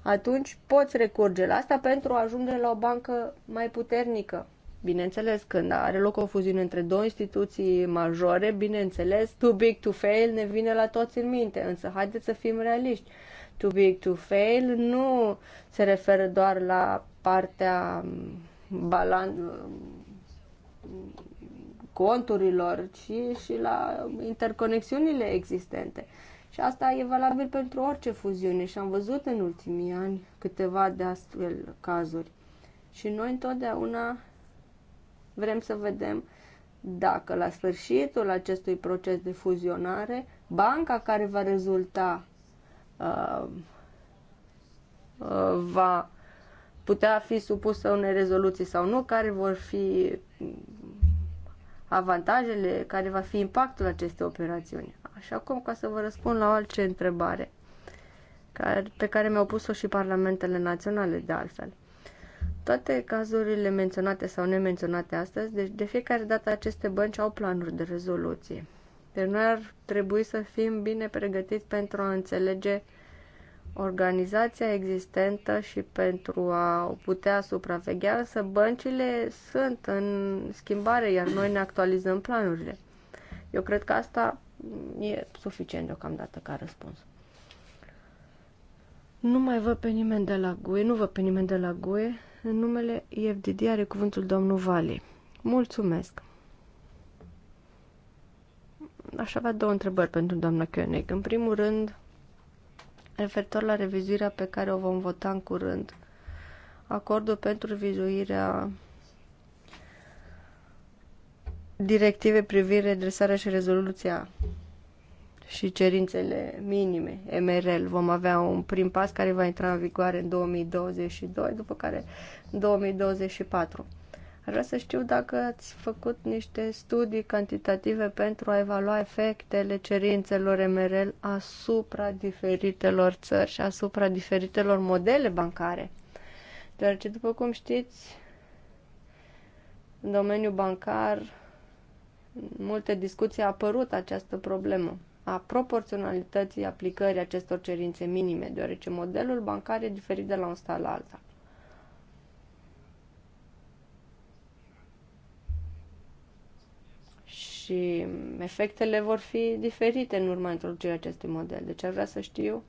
Atunci poți recurge la asta pentru a ajunge la o bancă mai puternică. Bineînțeles, când are loc o fuziune între două instituții majore, bineînțeles, too big to fail ne vine la toți în minte, însă haideți să fim realiști. Too big to fail nu se referă doar la partea balan- conturilor, ci și la interconexiunile existente. Și asta e valabil pentru orice fuziune și am văzut în ultimii ani câteva de astfel cazuri. Și noi întotdeauna vrem să vedem dacă la sfârșitul acestui proces de fuzionare, banca care va rezulta uh, uh, va putea fi supusă unei rezoluții sau nu, care vor fi avantajele, care va fi impactul acestei operațiuni. Așa cum, ca să vă răspund la orice întrebare pe care mi-au pus-o și parlamentele naționale, de altfel. Toate cazurile menționate sau nemenționate astăzi, deci de fiecare dată aceste bănci au planuri de rezoluție. Deci noi ar trebui să fim bine pregătiți pentru a înțelege uh, organizația existentă și pentru a o putea supraveghea, însă băncile sunt în schimbare, iar noi ne actualizăm planurile. Eu cred că asta e suficient deocamdată ca răspuns. Nu mai văd pe nimeni de la GUE, nu văd pe nimeni de la GUE. În numele IFDD are cuvântul domnul Vali. Mulțumesc! Aș avea două întrebări pentru doamna Koenig. În primul rând, referitor la revizuirea pe care o vom vota în curând. Acordul pentru revizuirea directive privind redresarea și rezoluția și cerințele minime, MRL. Vom avea un prim pas care va intra în vigoare în 2022, după care în 2024. Vreau să știu dacă ați făcut niște studii cantitative pentru a evalua efectele cerințelor MRL asupra diferitelor țări și asupra diferitelor modele bancare. Deoarece, după cum știți, în domeniul bancar, în multe discuții a apărut această problemă a proporționalității aplicării acestor cerințe minime, deoarece modelul bancar e diferit de la un stat la altul. și efectele vor fi diferite în urma introducerii acestui model. Deci ar vrea să știu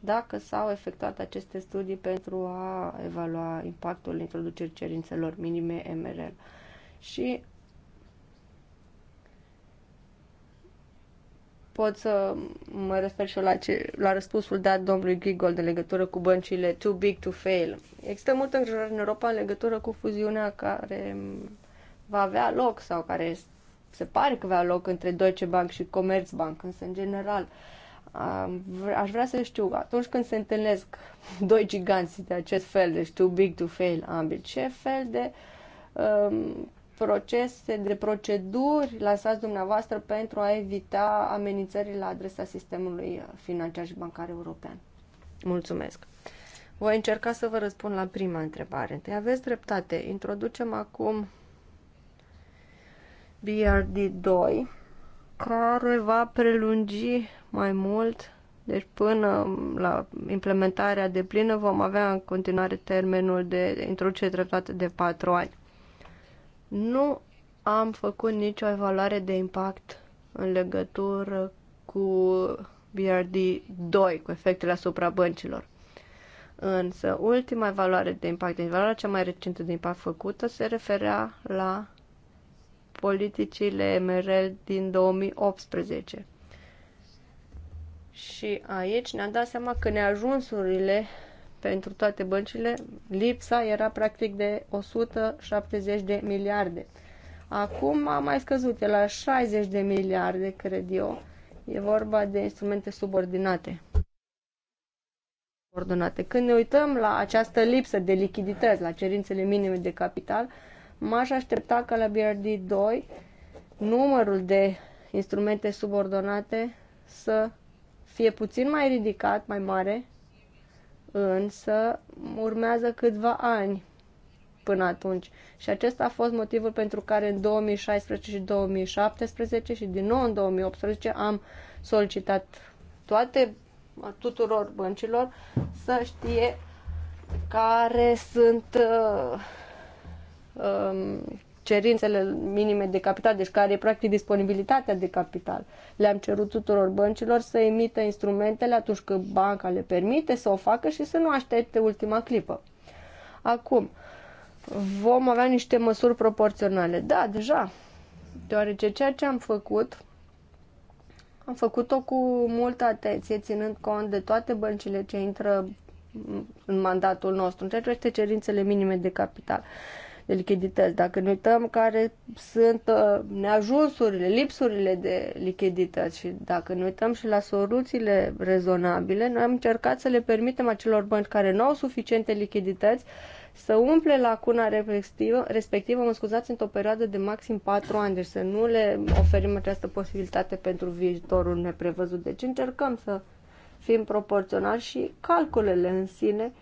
dacă s-au efectuat aceste studii pentru a evalua impactul introducerii cerințelor minime MRL. Și pot să mă refer și eu la, ce, la răspunsul dat domnului Grigol de legătură cu băncile too big to fail. Există multă îngrijorare în Europa în legătură cu fuziunea care va avea loc sau care este se pare că avea loc între Deutsche Bank și Commerzbank, însă în general aș vrea să știu, atunci când se întâlnesc doi giganți de acest fel, deci too big to fail ambii, ce fel de um, procese, de proceduri lansați dumneavoastră pentru a evita amenințările la adresa sistemului financiar și bancar european? Mulțumesc! Voi încerca să vă răspund la prima întrebare. Întâi aveți dreptate. Introducem acum BRD2 care va prelungi mai mult deci până la implementarea de plină vom avea în continuare termenul de introducere treptată de 4 ani. Nu am făcut nicio evaluare de impact în legătură cu BRD2, cu efectele asupra băncilor. Însă ultima evaluare de impact, evaluarea cea mai recentă de impact făcută, se referea la politicile MRL din 2018. Și aici ne-am dat seama că neajunsurile pentru toate băncile, lipsa era practic de 170 de miliarde. Acum a mai scăzut, e la 60 de miliarde, cred eu. E vorba de instrumente subordinate. Când ne uităm la această lipsă de lichidități, la cerințele minime de capital, M-aș aștepta ca la BRD2 numărul de instrumente subordonate să fie puțin mai ridicat, mai mare, însă urmează câțiva ani până atunci. Și acesta a fost motivul pentru care în 2016 și 2017 și din nou în 2018 am solicitat toate tuturor băncilor să știe care sunt uh, um, cerințele minime de capital, deci care e practic disponibilitatea de capital. Le-am cerut tuturor băncilor să emită instrumentele atunci când banca le permite să o facă și să nu aștepte ultima clipă. Acum, vom avea niște măsuri proporționale. Da, deja, deoarece ceea ce am făcut, am făcut-o cu multă atenție, ținând cont de toate băncile ce intră în mandatul nostru, în ceea ce este cerințele minime de capital de lichidități. Dacă ne uităm care sunt uh, neajunsurile, lipsurile de lichidități și dacă ne uităm și la soluțiile rezonabile, noi am încercat să le permitem acelor bănci care nu au suficiente lichidități să umple lacuna respectivă, respectivă mă scuzați, într-o perioadă de maxim 4 ani, deci să nu le oferim această posibilitate pentru viitorul neprevăzut. Deci încercăm să fim proporționali și calculele în sine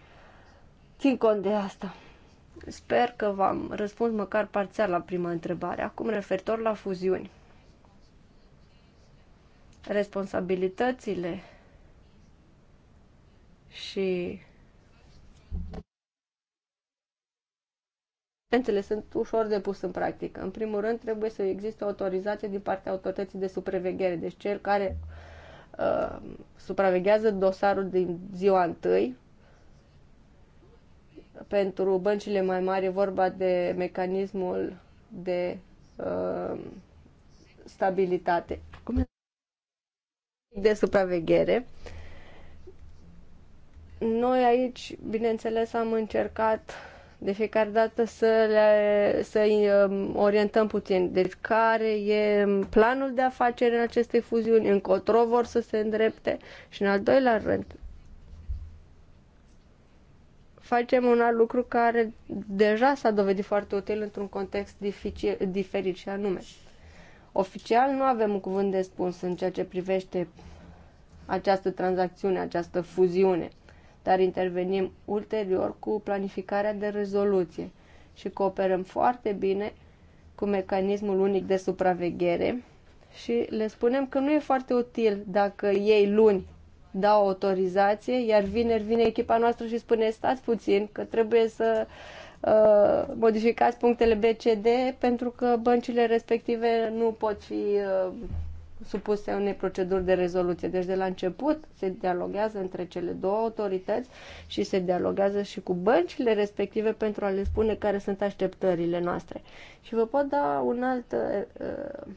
țin cont de asta. Sper că v-am răspuns măcar parțial la prima întrebare. Acum, referitor la fuziuni. Responsabilitățile și Licențele sunt ușor de pus în practică. În primul rând, trebuie să existe o autorizație din partea autorității de supraveghere, deci cel care uh, supraveghează dosarul din ziua întâi pentru băncile mai mari e vorba de mecanismul de uh, stabilitate, de supraveghere. Noi aici, bineînțeles, am încercat de fiecare dată să le, să um, orientăm puțin. Deci care e planul de afaceri în aceste fuziuni, încotro vor să se îndrepte și în al doilea rând, facem un alt lucru care deja s-a dovedit foarte util într-un context dificil, diferit și anume. Oficial nu avem un cuvânt de spus în ceea ce privește această tranzacțiune, această fuziune, dar intervenim ulterior cu planificarea de rezoluție și cooperăm foarte bine cu mecanismul unic de supraveghere și le spunem că nu e foarte util dacă ei luni da autorizație, iar vineri vine echipa noastră și spune stați puțin că trebuie să uh, modificați punctele BCD pentru că băncile respective nu pot fi uh, supuse unei proceduri de rezoluție. Deci de la început se dialoguează între cele două autorități și se dialoguează și cu băncile respective pentru a le spune care sunt așteptările noastre. Și vă pot da un alt uh,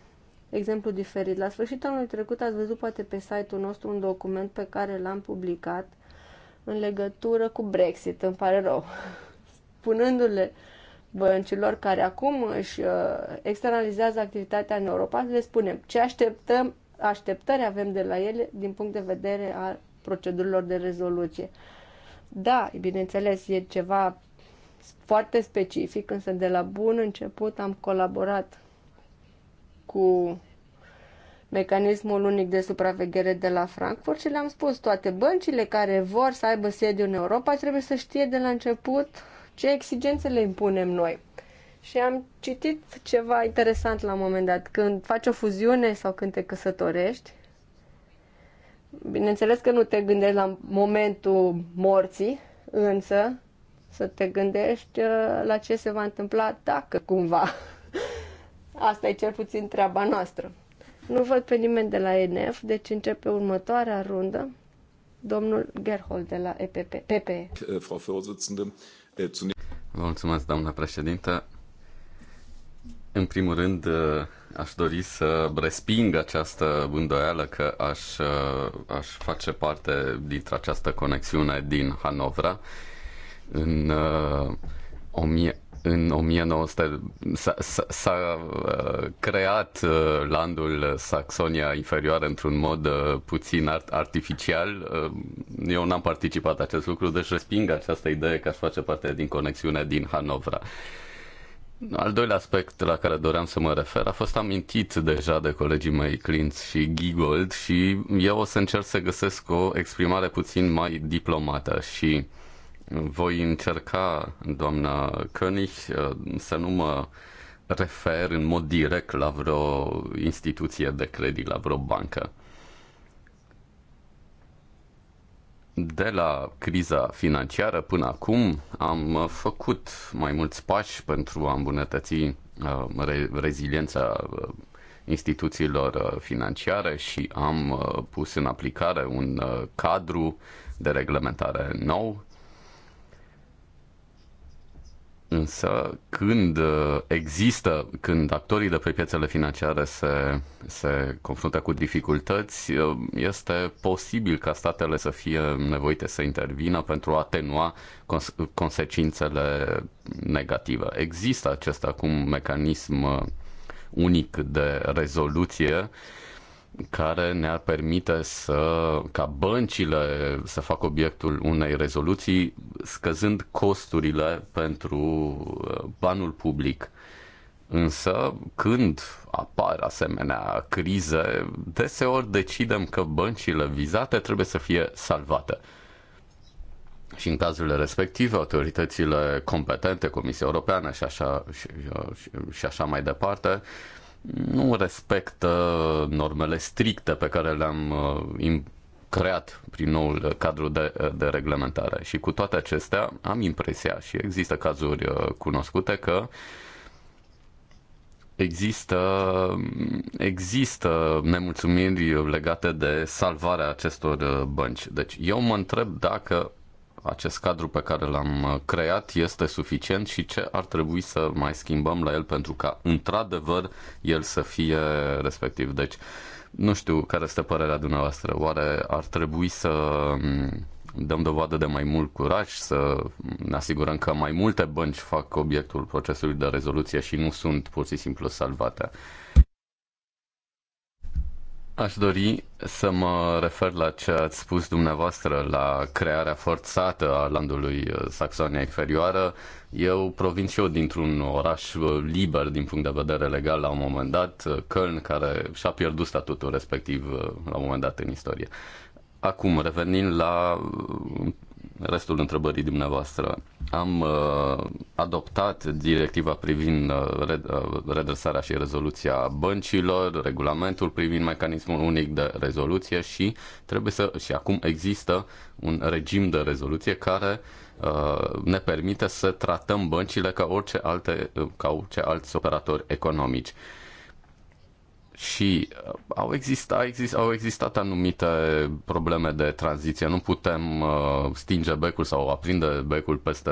exemplu diferit. La sfârșitul anului trecut ați văzut poate pe site-ul nostru un document pe care l-am publicat în legătură cu Brexit, îmi pare rău, punându-le băncilor care acum își uh, externalizează activitatea în Europa, le spunem ce așteptăm, așteptări avem de la ele din punct de vedere al procedurilor de rezoluție. Da, bineînțeles, e ceva foarte specific, însă de la bun început am colaborat cu mecanismul unic de supraveghere de la Frankfurt și le-am spus, toate băncile care vor să aibă sediu în Europa trebuie să știe de la început ce exigențe le impunem noi. Și am citit ceva interesant la un moment dat. Când faci o fuziune sau când te căsătorești, bineînțeles că nu te gândești la momentul morții, însă să te gândești uh, la ce se va întâmpla dacă cumva Asta e cel puțin treaba noastră. Nu văd pe nimeni de la ENF, deci începe următoarea rundă. Domnul Gerhold de la EPP. PP. Eh, eh, Vă mulțumesc, doamna președintă. În primul rând, eh, aș dori să resping această îndoială că aș, aș face parte dintre această conexiune din Hanovra. În uh, în 1900 s-a, uh, creat uh, landul Saxonia inferioară într-un mod uh, puțin art- artificial. Eu n-am participat acest lucru, deci resping această idee că aș face parte din conexiunea din Hanovra. Al doilea aspect la care doream să mă refer a fost amintit deja de colegii mei Clint și Gigold și eu o să încerc să găsesc o exprimare puțin mai diplomată și voi încerca, doamna König, uh, să nu mă refer în mod direct la vreo instituție de credit, la vreo bancă. De la criza financiară până acum am uh, făcut mai mulți pași pentru a îmbunătăți uh, reziliența instituțiilor financiare și am pus în aplicare un cadru de reglementare nou Însă când uh, există, când actorii de pe piețele financiare se, se confruntă cu dificultăți, uh, este posibil ca statele să fie nevoite să intervină pentru a atenua cons- consecințele negative. Există acest acum mecanism uh, unic de rezoluție uh, care ne-ar permite să, ca băncile să facă obiectul unei rezoluții, scăzând costurile pentru uh, banul public. Însă, când apar asemenea crize, deseori decidem că băncile vizate trebuie să fie salvate. Și în cazurile respective, autoritățile competente, Comisia Europeană și așa, și, și, și așa mai departe, uh, nu respectă normele stricte pe care le-am uh, creat prin noul cadru de, de reglementare. Și cu toate acestea am impresia și există cazuri uh, cunoscute că există, există nemulțumiri legate de salvarea acestor uh, bănci. Deci eu mă întreb dacă acest cadru pe care l-am uh, creat este suficient și ce ar trebui să mai schimbăm la el pentru ca, într-adevăr, el să fie respectiv. Deci, nu știu care este părerea dumneavoastră. Oare ar trebui să mm, dăm dovadă de mai mult curaj, să ne asigurăm că mai multe bănci fac obiectul procesului de rezoluție și nu sunt pur și simplu salvate? Aș dori să mă refer la ce ați spus dumneavoastră, la crearea forțată a landului uh, Saxonia Inferioară. Eu provin și eu dintr-un oraș uh, liber din punct de vedere legal la un moment dat, uh, Köln, care și-a pierdut statutul respectiv la un moment dat în istorie. Acum, revenind la restul întrebării dumneavoastră. Am uh, adoptat directiva privind uh, uh, redresarea și rezoluția băncilor, regulamentul privind mecanismul unic de rezoluție și trebuie să și acum există un regim de rezoluție care uh, ne permite să tratăm băncile ca orice alte uh, ca orice alți operatori economici. Uh, și uh, au, exista, exist, au existat anumite probleme de tranziție. Nu putem uh, stinge becul sau aprinde becul peste,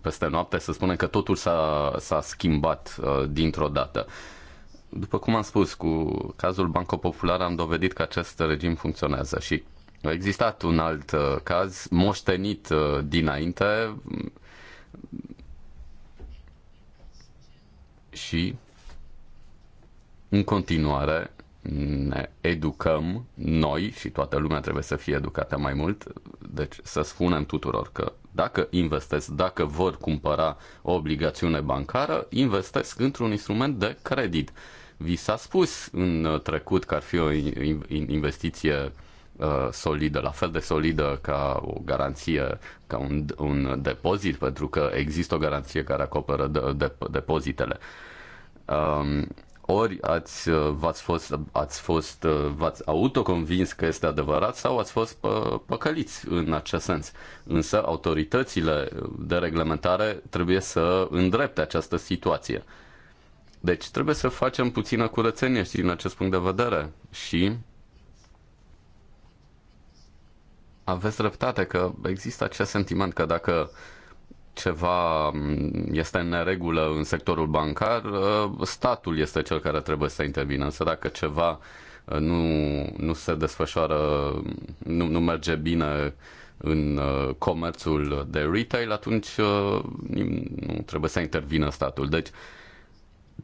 peste noapte, să spunem că totul s-a, s-a schimbat uh, dintr-o dată. După cum am spus, cu cazul Banco Popular am dovedit că acest regim funcționează și a existat un alt uh, caz moștenit uh, dinainte și în continuare, ne educăm noi și toată lumea trebuie să fie educată mai mult, deci să spunem tuturor că dacă investesc, dacă vor cumpăra o obligațiune bancară, investesc într-un instrument de credit. Vi s-a spus în trecut că ar fi o investiție uh, solidă, la fel de solidă ca o garanție, ca un, un depozit, pentru că există o garanție care acoperă de, de, depozitele. Um, ori ați, uh, v-ați fost, ați fost, uh, v-ați autoconvins că este adevărat sau ați fost pă, uh, păcăliți în acest sens. Însă autoritățile de reglementare trebuie să îndrepte această situație. Deci trebuie să facem puțină curățenie și din acest punct de vedere și aveți dreptate că există acest sentiment că dacă ceva mm, este în neregulă în sectorul bancar, uh, statul este cel care trebuie să intervină. Însă dacă ceva uh, nu, nu se desfășoară, mm, nu, nu merge bine în uh, comerțul de retail, atunci nu trebuie să intervină statul. Deci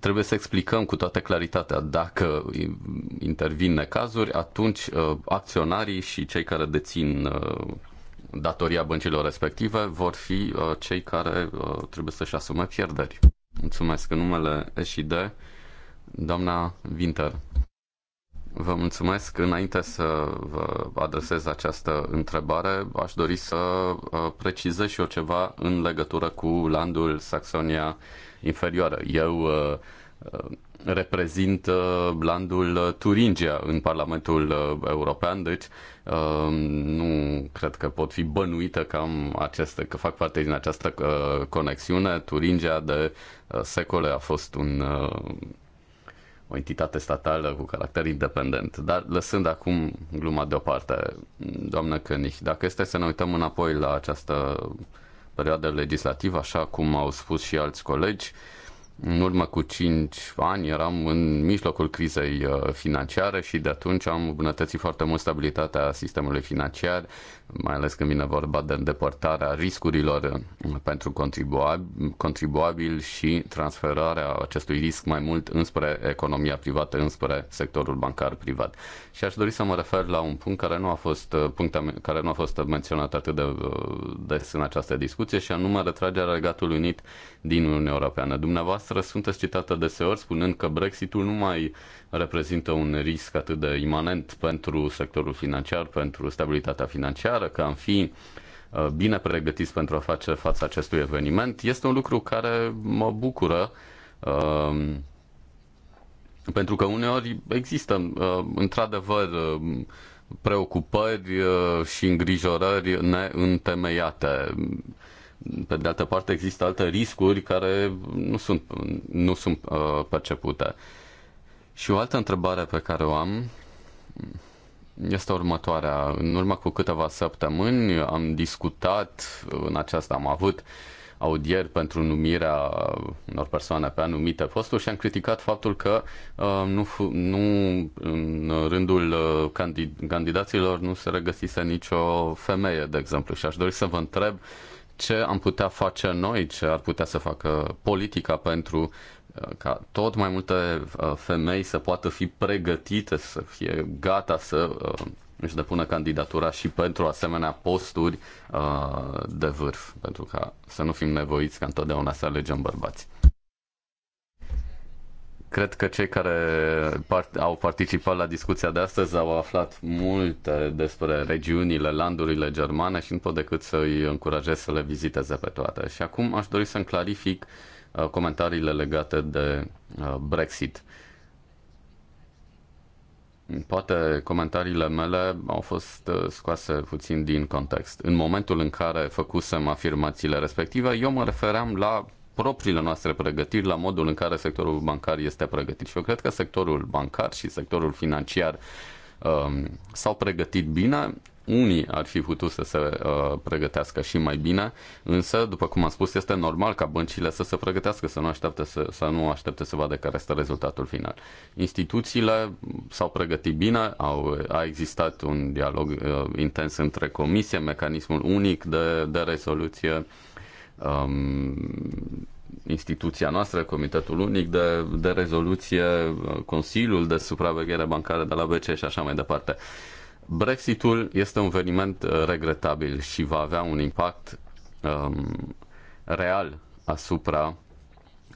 trebuie să explicăm cu toată claritatea dacă intervin cazuri, atunci acționarii și cei care dețin datoria băncilor respective vor fi uh, cei care uh, trebuie să-și asume pierderi. Mulțumesc în numele SID, doamna Winter. Vă mulțumesc. Înainte să vă adresez această întrebare, aș dori să uh, precizez și eu ceva în legătură cu landul Saxonia Inferioară. Eu Uh, reprezintă blandul Turingia în Parlamentul uh, European, deci uh, nu cred că pot fi bănuită cam aceste, că fac parte din această conexiune. Turingia de secole a fost un, o entitate statală cu caracter independent. Dar lăsând acum gluma deoparte, doamnă Cănich, dacă este să ne uităm înapoi la această perioadă legislativă, așa cum au spus și alți colegi, uh, în urmă cu 5 ani eram în mijlocul crizei uh, financiare și de atunci am îmbunătățit foarte mult stabilitatea sistemului financiar, mai ales când vine vorba de îndepărtarea riscurilor uh, pentru contribuabil și transferarea acestui risc mai mult înspre economia privată, înspre sectorul bancar privat. Și aș dori să mă refer la un punct care nu a fost, uh, punct, care nu a fost menționat atât de uh, des în această discuție și anume retragerea Regatului Unit din Uniunea Europeană. Dumneavoastră sunteți citată deseori spunând că Brexitul nu mai uh, reprezintă un risc atât de imanent pentru sectorul financiar, pentru stabilitatea financiară, că am fi uh, bine pregătiți pentru a face față acestui eveniment, este un lucru care mă bucură uh, pentru că uneori există uh, într-adevăr preocupări și îngrijorări neîntemeiate. Pe de altă parte, există alte riscuri care nu sunt, nu sunt percepute. Și o altă întrebare pe care o am este următoarea. În urmă cu câteva săptămâni am discutat în aceasta, am avut audieri pentru numirea unor persoane pe anumite posturi și am criticat faptul că uh, nu, nu în rândul uh, candidaților nu se regăsise nicio femeie, de exemplu. Și aș dori să vă întreb ce am putea face noi, ce ar putea să facă politica pentru ca tot mai multe uh, femei să poată fi pregătite, să fie gata să uh, își depună candidatura și pentru asemenea posturi uh, de vârf, pentru ca să nu fim nevoiți ca întotdeauna să alegem bărbați cred că cei care part- au participat la discuția de astăzi au aflat multe despre regiunile, landurile germane și nu pot decât să îi încurajez să le viziteze pe toate. Și acum aș dori să-mi clarific Uh, comentariile legate de uh, Brexit. Poate comentariile mele au fost uh, scoase puțin din context. În momentul în care făcusem afirmațiile respective, eu mă refeream la propriile noastre pregătiri, la modul în care sectorul bancar este pregătit. Și eu cred că sectorul bancar și sectorul financiar um, s-au pregătit bine, unii ar fi putut să se uh, pregătească și mai bine, însă, după cum am spus, este normal ca băncile să se pregătească, să nu aștepte să, să, nu aștepte să vadă care este rezultatul final. Instituțiile s-au pregătit bine, au, a existat un dialog uh, intens între comisie, mecanismul unic de, de rezoluție, um, instituția noastră, Comitetul Unic de, de Rezoluție, uh, Consiliul de Supraveghere Bancară de la BCE și așa mai departe. Uh, Brexitul este un eveniment uh, regretabil și va avea un impact um, real asupra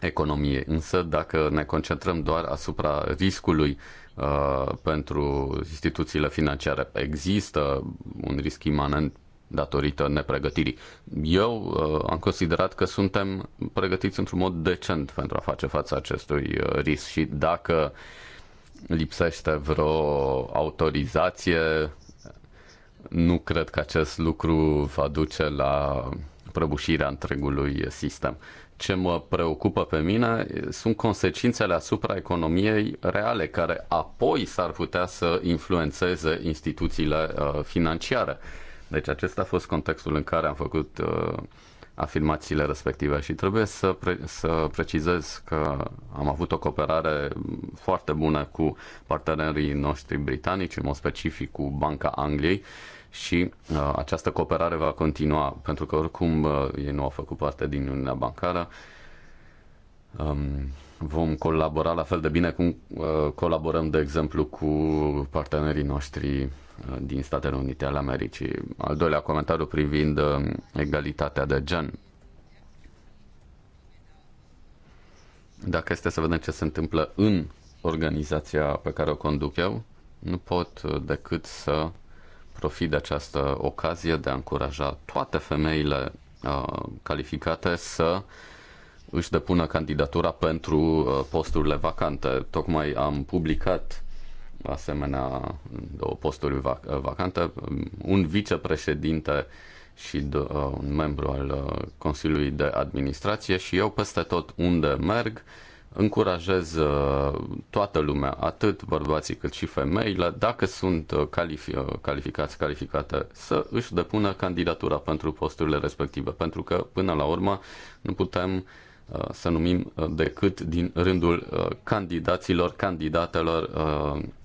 economiei. Însă, dacă ne concentrăm doar asupra riscului uh, pentru instituțiile financiare, există un risc imanent datorită nepregătirii. Eu uh, am considerat că suntem pregătiți într-un mod decent pentru a face față acestui uh, risc și dacă uh, lipsește vreo autorizație. Nu cred că acest lucru va duce la prăbușirea întregului sistem. Ce mă preocupă pe mine sunt consecințele asupra economiei reale, care apoi s-ar putea să influențeze instituțiile uh, financiare. Deci acesta a fost contextul în care am făcut uh, afirmațiile respective și trebuie să, pre- să precizez că am avut o cooperare foarte bună cu partenerii noștri britanici, în mod specific cu Banca Angliei și uh, această cooperare va continua pentru că oricum uh, ei nu au făcut parte din Uniunea Bancară. Um, vom colabora la fel de bine cum uh, colaborăm, de exemplu, cu partenerii noștri Uh, din Statele Unite ale Americii. Al doilea comentariu privind uh, egalitatea de gen. Dacă este să vedem ce se întâmplă în organizația pe care o conduc eu, nu pot uh, decât să profit de această ocazie de a încuraja toate femeile calificate să își depună candidatura pentru posturile vacante. Tocmai am publicat asemenea două posturi vac- vacante, un vicepreședinte și un membru al uh, Consiliului de Administrație și eu peste tot unde merg încurajez uh, toată lumea, atât bărbații cât și femeile, dacă sunt uh, califi- calificați, calificate, să își depună candidatura pentru posturile respective, pentru că până la urmă nu putem uh, Uh, să numim uh, decât din rândul uh, candidaților, candidatelor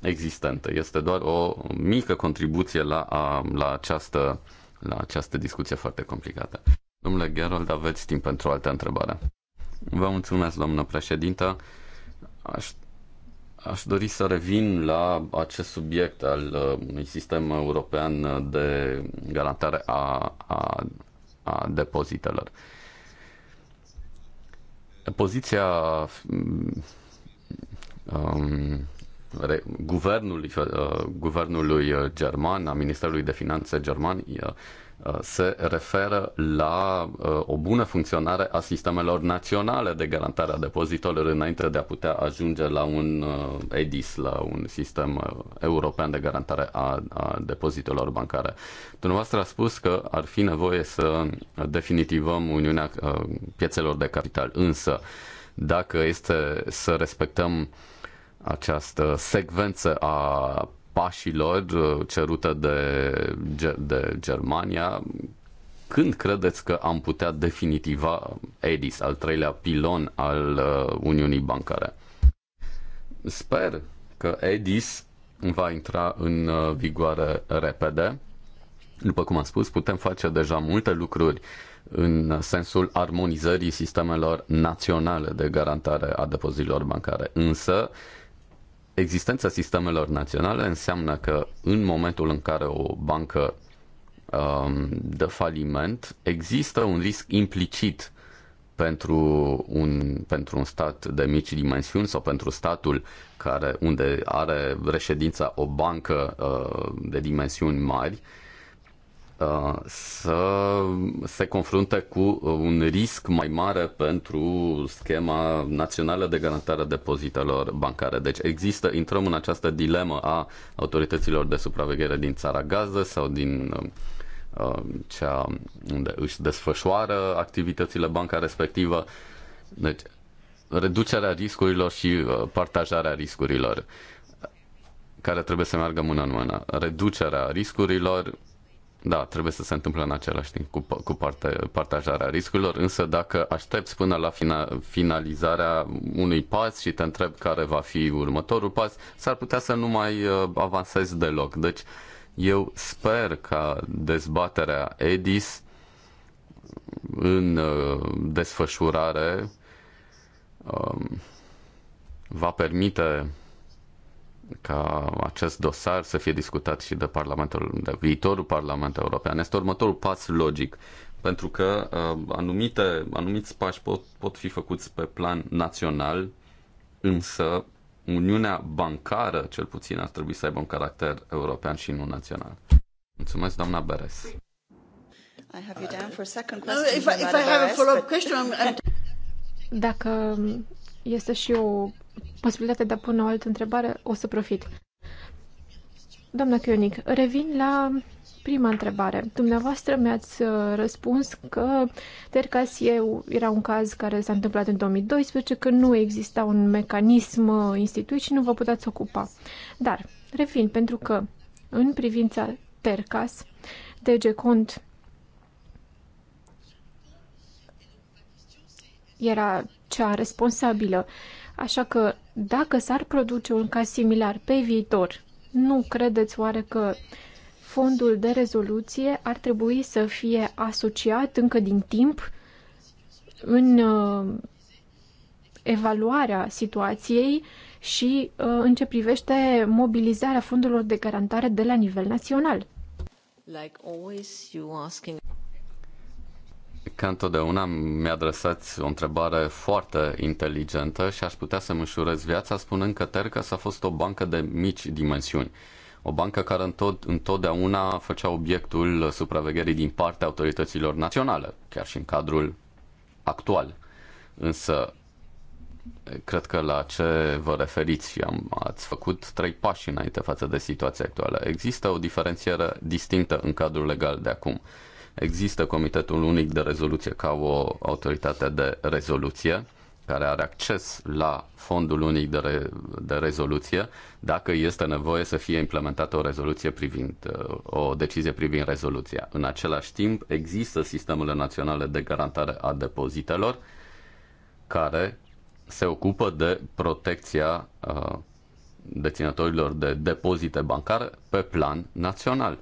existente. Este doar o mică contribuție la, la, această, la această discuție foarte complicată. Domnule Gerold, aveți timp pentru o altă întrebare. Vă mulțumesc, doamnă președintă. Aș, aș dori să revin la acest subiect al unui sistem european de garantare a, a, a depozitelor. Uh, poziția mm, um, guvernului, uh, guvernului uh, german, a Ministerului de Finanțe german, uh, se referă la o bună funcționare a sistemelor naționale de garantare a depozitelor înainte de a putea ajunge la un EDIS, la un sistem european de garantare a, a depozitelor bancare. Dumneavoastră a spus că ar fi nevoie să definitivăm Uniunea Piețelor de Capital, însă dacă este să respectăm uh, această secvență a pașilor uh, cerută de, de Germania, când credeți că am putea definitiva EDIS, al treilea pilon al uh, Uniunii Bancare? Sper că EDIS va intra în uh, vigoare repede. După cum am spus, putem face deja multe lucruri în sensul armonizării sistemelor naționale de garantare a depozitelor bancare. Însă, uh, existența sistemelor naționale înseamnă că în momentul în care o bancă um, dă faliment, există un risc implicit pentru un, pentru un stat de mici dimensiuni sau pentru statul care, unde are reședința o bancă uh, de dimensiuni mari uh, să se confrunte cu un risc mai mare pentru schema națională de garantare a depozitelor bancare. Deci există, intrăm în această dilemă a autorităților de supraveghere din țara gază sau din uh, cea unde își desfășoară activitățile banca respectivă. Deci reducerea riscurilor și uh, partajarea riscurilor care trebuie să meargă mână în mână. Reducerea riscurilor da, trebuie să se întâmple în același timp cu, cu parte, partajarea riscurilor, însă dacă aștepți până la fina, finalizarea unui pas și te întreb care va fi următorul pas, s-ar putea să nu mai uh, avansezi deloc. Deci eu sper ca dezbaterea EDIS în uh, desfășurare um, va permite ca acest dosar să fie discutat și de Parlamentul, de viitorul Parlament European. Este următorul pas logic, pentru că uh, anumite, anumiți pași pot, pot fi făcuți pe plan național, însă Uniunea bancară, cel puțin, ar trebui să aibă un caracter european și nu național. Mulțumesc, doamna Beres. Uh, Dacă este și o posibilitatea de a pune o altă întrebare, o să profit. Doamna Chionic, revin la prima întrebare. Dumneavoastră mi-ați uh, răspuns că Tercas era un caz care s-a întâmplat în 2012, că nu exista un mecanism uh, instituit și nu vă puteți ocupa. Dar revin, pentru că în privința Tercas, DG Cont era cea responsabilă. Uh, Așa că, dacă s-ar produce un caz similar pe viitor, nu credeți oare că fondul de rezoluție ar trebui să fie asociat încă din timp în uh, evaluarea situației și uh, în ce privește mobilizarea fondurilor de garantare de la nivel național? Like always, you asking ca întotdeauna mi-a adresat o întrebare foarte inteligentă și aș putea să-mi ușurez viața spunând că Tercas a fost o bancă de mici dimensiuni. O bancă care întot, întotdeauna făcea obiectul supravegherii din partea autorităților naționale, chiar și în cadrul actual. Însă, cred că la ce vă referiți și am, ați făcut trei pași înainte față de situația actuală. Există o diferențiere distinctă în cadrul legal de acum Există Comitetul Unic de Rezoluție ca o autoritate de rezoluție care are acces la fondul unic de, re, de rezoluție dacă este nevoie să fie implementată o rezoluție privind uh, o decizie privind rezoluția. În același timp, există sistemele naționale de garantare a depozitelor care se ocupă de protecția uh, deținătorilor de depozite bancare pe plan național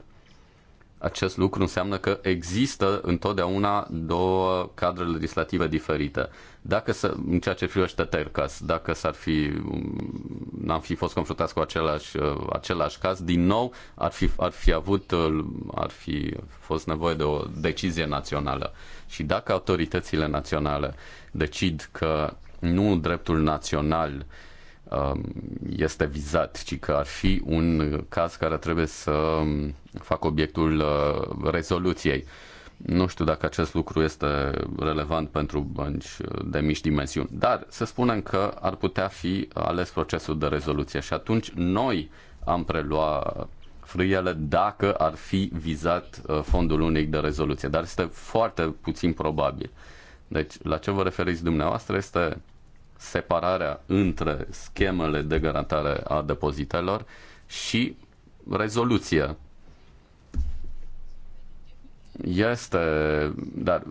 acest lucru înseamnă că există întotdeauna două cadre legislative diferite. Dacă să, în ceea ce privește Tercas, dacă s-ar fi, n-am fi fost confruntați cu același, același caz, din nou ar fi, ar fi avut, ar fi fost nevoie de o decizie națională. Și dacă autoritățile naționale decid că nu dreptul național uh, Um, este vizat, ci că ar fi un caz care trebuie să facă obiectul uh, rezoluției. Nu știu dacă acest lucru este relevant pentru bănci de mici dimensiuni, dar să spunem că ar putea fi ales procesul de rezoluție și atunci noi am prelua frâiele dacă ar fi vizat uh, fondul unic de rezoluție, dar este foarte puțin probabil. Deci, la ce vă referiți dumneavoastră este separarea între schemele de garantare a depozitelor și rezoluția. Este, dar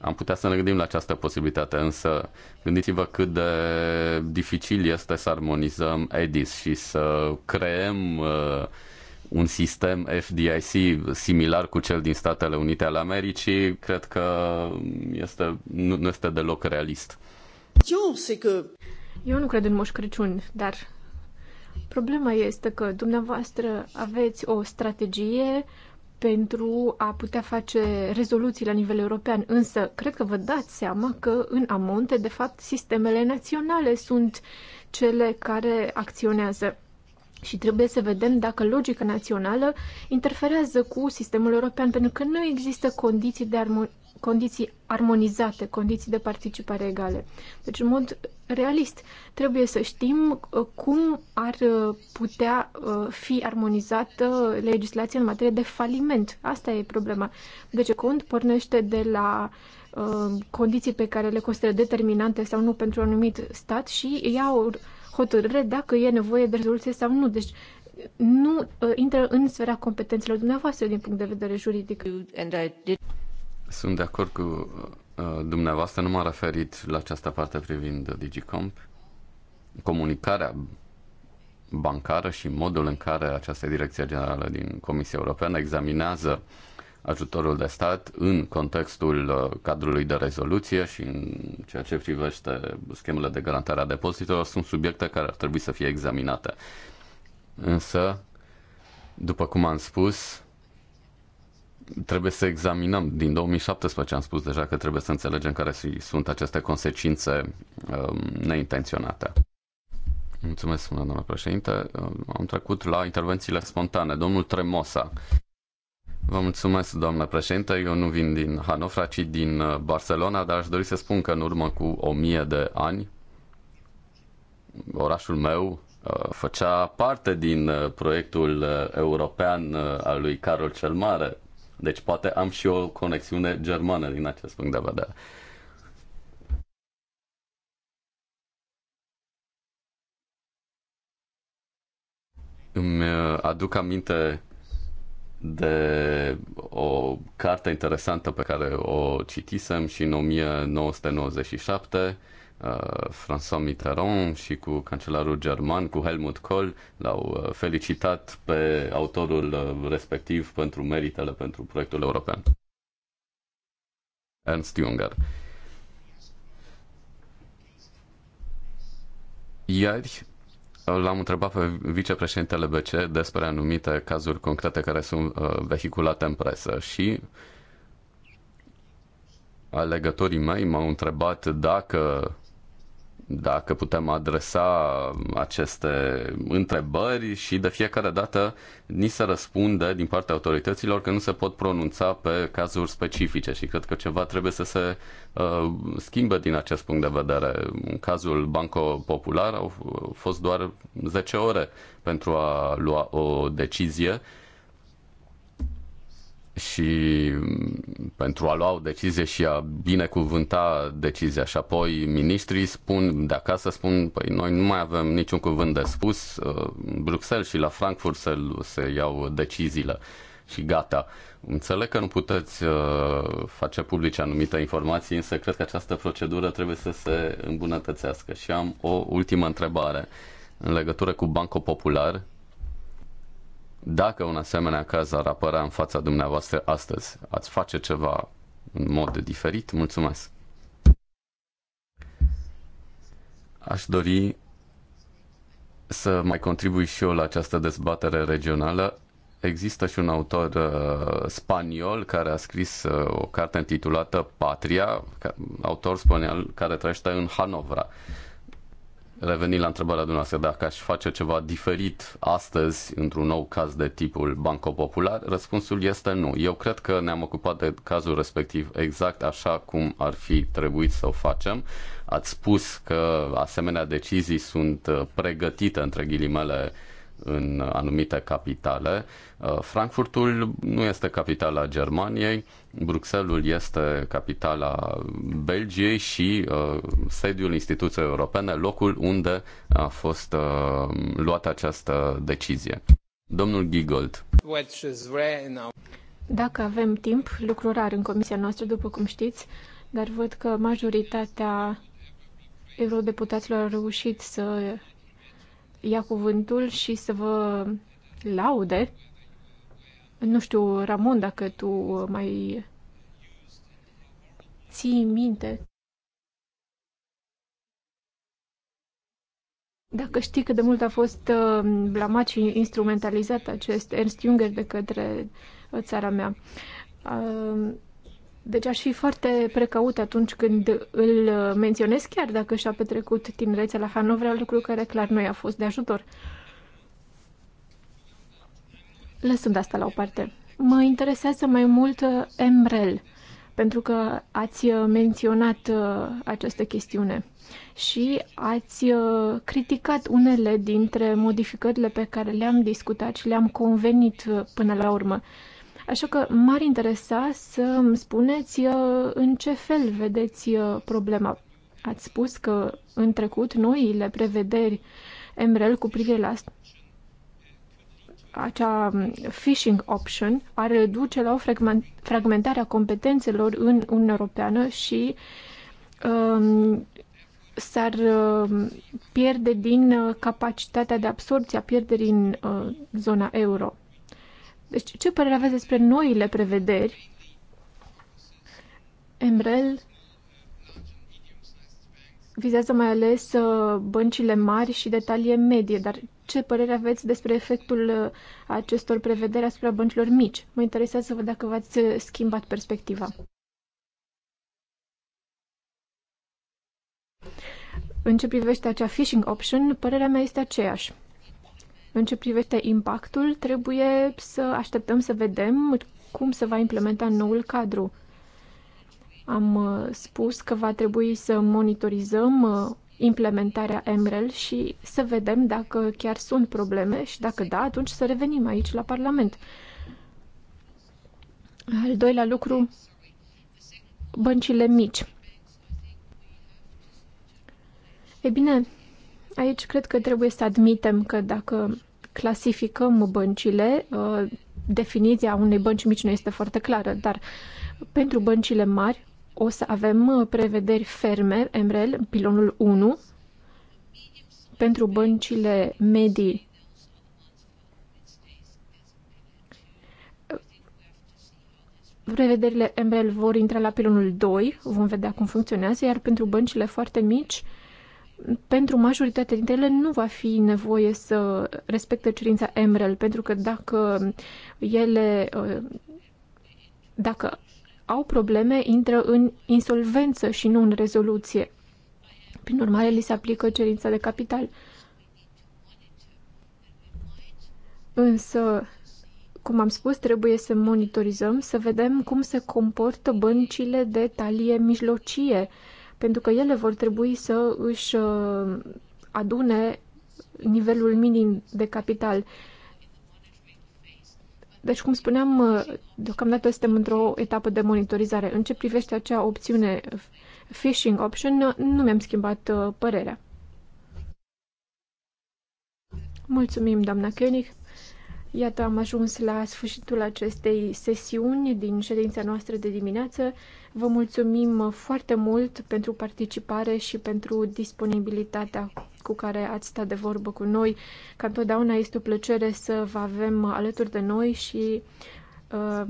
am putea să ne gândim la această posibilitate, însă gândiți-vă cât de dificil este să armonizăm EDIS și să creăm uh, un sistem FDIC similar cu cel din Statele Unite ale Americii, cred că este, nu, nu este deloc realist. Eu nu cred în Moș Crăciun, dar problema este că dumneavoastră aveți o strategie pentru a putea face rezoluții la nivel european, însă cred că vă dați seama că în amonte, de fapt, sistemele naționale sunt cele care acționează. Și trebuie să vedem dacă logica națională interferează cu sistemul european, pentru că nu există condiții de armonie condiții armonizate, condiții de participare egale. Deci, în mod realist, trebuie să știm uh, cum ar uh, putea uh, fi armonizată legislația în materie de faliment. Asta e problema. Deci, cont pornește de la condiții pe care le consideră determinante sau nu pentru un anumit stat și ia o hotărâre dacă e nevoie de rezoluție sau nu. Deci, nu uh, intră în sfera competențelor dumneavoastră din punct de vedere juridic. Sunt de acord cu uh, dumneavoastră, nu m-am referit la această parte privind Digicomp. Comunicarea bancară și modul în care această direcție generală din Comisia Europeană examinează ajutorul de stat în contextul uh, cadrului de rezoluție și în ceea ce privește schemele de garantare a depozitelor sunt subiecte care ar trebui să fie examinate. Însă, după cum am spus, trebuie să examinăm. Din 2017 am spus deja că trebuie să înțelegem care sunt aceste consecințe um, neintenționate. Mulțumesc, domnule președinte. Uh, am trecut la intervențiile spontane. Domnul Tremosa. Vă mulțumesc, doamnă președinte. Eu nu vin din Hanofra, ci din uh, Barcelona, dar aș dori să spun că în urmă cu o mie de ani, orașul meu uh, făcea parte din proiectul european al lui Carol cel Mare, deci poate am și o conexiune germană din acest punct de vedere. Îmi uh, aduc aminte de o carte interesantă pe care o citisem și în 1997 Uh, François Mitterrand și cu cancelarul german, cu Helmut Kohl, l-au uh, felicitat pe autorul uh, respectiv pentru meritele pentru proiectul european. Ernst Junger. Ieri l-am întrebat pe vicepreședintele BC despre anumite cazuri concrete care sunt vehiculate în presă și alegătorii mei m-au întrebat dacă dacă putem adresa aceste întrebări și de fiecare dată ni se răspunde din partea autorităților că nu se pot pronunța pe cazuri specifice și cred că ceva trebuie să se uh, schimbe din acest punct de vedere. În cazul Banco Popular au fost doar 10 ore pentru a lua o decizie și mm, pentru a lua o decizie și a binecuvânta decizia. Și apoi ministrii spun, de acasă spun, păi noi nu mai avem niciun cuvânt de spus, în uh, Bruxelles și la Frankfurt se, se iau deciziile și gata. Înțeleg că nu puteți uh, face publice anumite informații, însă cred că această procedură trebuie să se îmbunătățească. Și am o ultimă întrebare în legătură cu Banco Popular dacă un asemenea caz ar apărea în fața dumneavoastră astăzi, ați face ceva în mod diferit? Mulțumesc! Aș dori să mai contribui și eu la această dezbatere regională. Există și un autor uh, spaniol care a scris uh, o carte intitulată Patria, autor spaniol care trăiește în Hanovra revenind la întrebarea dumneavoastră, dacă aș face ceva diferit astăzi într-un nou caz de tipul Banco Popular, răspunsul este nu. Eu cred că ne-am ocupat de cazul respectiv exact așa cum ar fi trebuit să o facem. Ați spus că asemenea decizii sunt uh, pregătite, între ghilimele, în anumite capitale. Uh, Frankfurtul nu este capitala Germaniei, Bruxelles este capitala Belgiei și uh, sediul instituției europene, locul unde a fost uh, luată această decizie. Domnul Giegold. Dacă avem timp, lucru rar în comisia noastră, după cum știți, dar văd că majoritatea eurodeputaților au reușit să ia cuvântul și să vă laude. Nu știu, Ramon, dacă tu mai ții minte. Dacă știi cât de mult a fost uh, blamat și instrumentalizat acest Ernst Junger de către uh, țara mea. Uh, deci aș fi foarte precaut atunci când îl uh, menționez, chiar dacă și-a petrecut tinerețea la Hanovra, lucru care clar nu i-a fost de ajutor. Lăsând asta la o parte, mă interesează mai mult uh, Emrel, pentru că ați uh, menționat această chestiune și ați criticat unele dintre modificările pe care le-am discutat și le-am convenit până la urmă. Așa că m-ar interesa să îmi spuneți uh, în ce fel vedeți uh, problema. Ați spus că în trecut noile prevederi MREL cu privire la acea um, phishing option ar duce la o fragmentare a competențelor în Uniunea Europeană și um, s-ar um, pierde din uh, capacitatea de absorbție a pierderii în uh, zona euro. Deci, ce părere aveți despre noile prevederi? Embrel vizează mai ales uh, băncile mari și detalii medie, dar ce părere aveți despre efectul uh, acestor prevederi asupra băncilor mici? Mă interesează să văd dacă v-ați uh, schimbat perspectiva. În ce privește acea phishing option, părerea mea este aceeași. În ce privește impactul, trebuie să așteptăm să vedem cum se va implementa noul cadru. Am uh, spus că va trebui să monitorizăm uh, implementarea MREL și să vedem dacă chiar sunt probleme și dacă da, atunci să revenim aici la Parlament. Al doilea lucru, băncile mici. E bine, Aici cred că trebuie să admitem că dacă clasificăm băncile, uh, definiția unei bănci mici nu este foarte clară, dar pentru băncile mari o să avem uh, prevederi ferme, MREL, pilonul 1, pentru băncile medii uh, prevederile MREL vor intra la pilonul 2, vom vedea cum funcționează, iar pentru băncile foarte mici pentru majoritatea dintre ele nu va fi nevoie să respecte cerința MREL, pentru că dacă ele uh, dacă au probleme, intră în insolvență și nu în rezoluție. Prin urmare, li se aplică cerința de capital. Însă, cum am spus, trebuie să monitorizăm, să vedem cum se comportă băncile de talie mijlocie, uh, pentru că ele vor trebui să își uh, adune nivelul minim de capital. Deci, cum spuneam, uh, deocamdată suntem într-o etapă de monitorizare. În ce privește acea opțiune phishing option, uh, nu mi-am schimbat părerea. Mulțumim, doamna Koenig. Iată, am ajuns la sfârșitul acestei sesiuni din ședința noastră de dimineață. Vă mulțumim foarte mult pentru participare și pentru disponibilitatea cu care ați stat de vorbă cu noi. Ca întotdeauna este o plăcere să vă avem alături de noi și uh,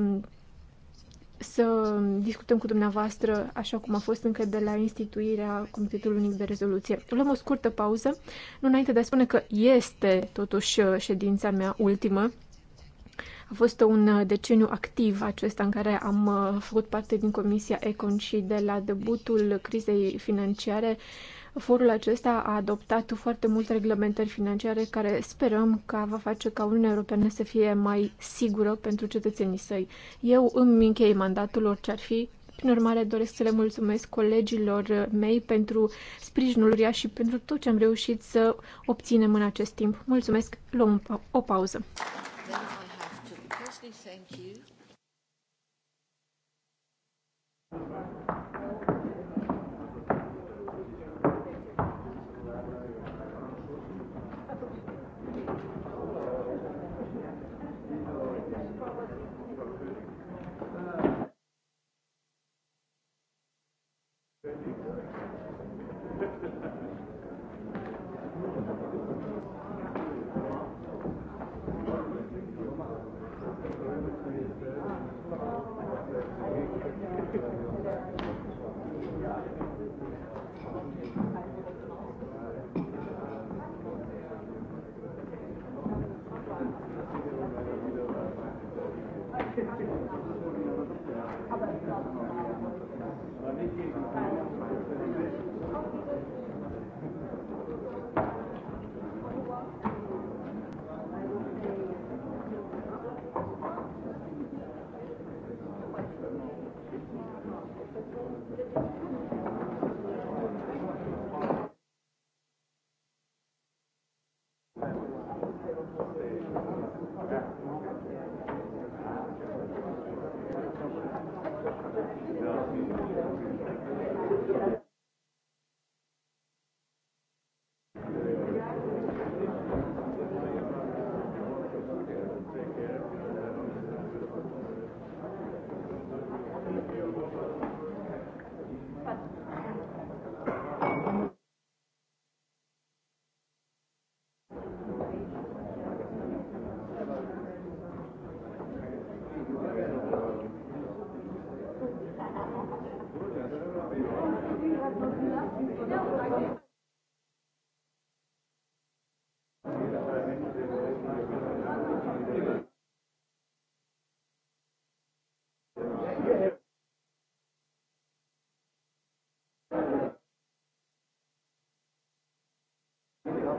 să discutăm cu dumneavoastră așa cum a fost încă de la instituirea Comitetului Unic de Rezoluție. Luăm o scurtă pauză, nu înainte de a spune că este totuși uh, ședința mea ultimă. A fost un uh, deceniu activ acesta în care am uh, făcut parte din Comisia Econ și de la debutul crizei financiare Forul acesta a adoptat foarte multe reglementări financiare care sperăm că va face ca Uniunea Europeană să fie mai sigură pentru cetățenii săi. Eu îmi închei mandatul orice ar fi. Prin urmare, doresc să le mulțumesc colegilor mei pentru sprijinul uriaș și pentru tot ce am reușit să obținem în acest timp. Mulțumesc, luăm o pauză. Thank you.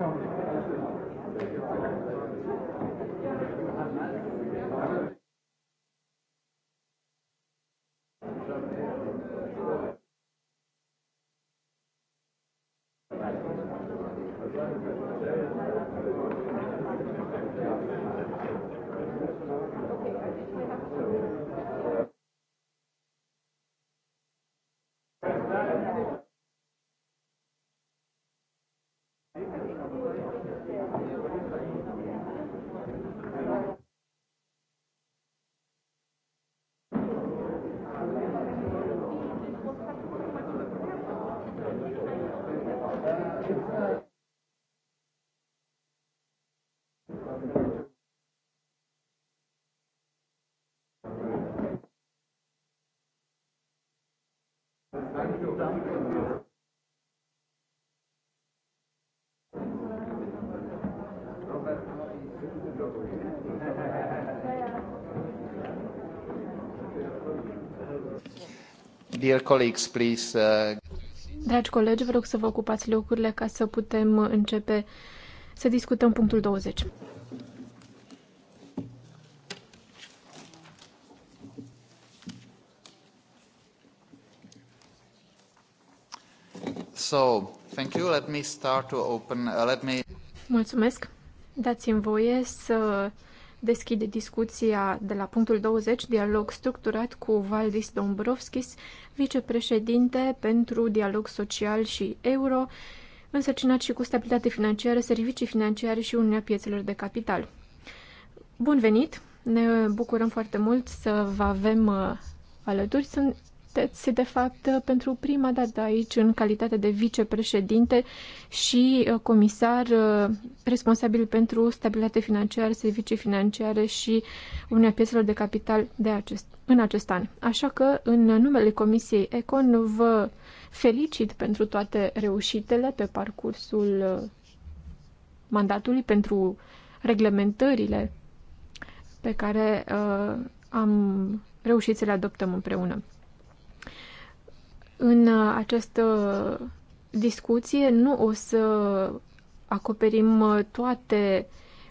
Thank you. Dear colleagues, please, uh, Dragi colegi, vă rog să vă ocupați locurile ca să putem începe să discutăm punctul 20. Mulțumesc. Dați-mi voie să deschid discuția de la punctul 20, dialog structurat cu Valdis Dombrovskis, vicepreședinte pentru dialog social și euro, însărcinat și cu stabilitate financiară, servicii financiare și Uniunea Piețelor de Capital. Bun venit! Ne bucurăm foarte mult să vă avem uh, alături. Sunt sunteți, de fapt, pentru prima dată aici în calitate de vicepreședinte și uh, comisar uh, responsabil pentru stabilitate financiară, servicii financiare și Uniunea Pieselor de Capital de acest, în acest an. Așa că, în numele Comisiei Econ, vă felicit pentru toate reușitele pe parcursul uh, mandatului, pentru reglementările pe care uh, am reușit să le adoptăm împreună. În uh, această discuție nu o să acoperim uh, toate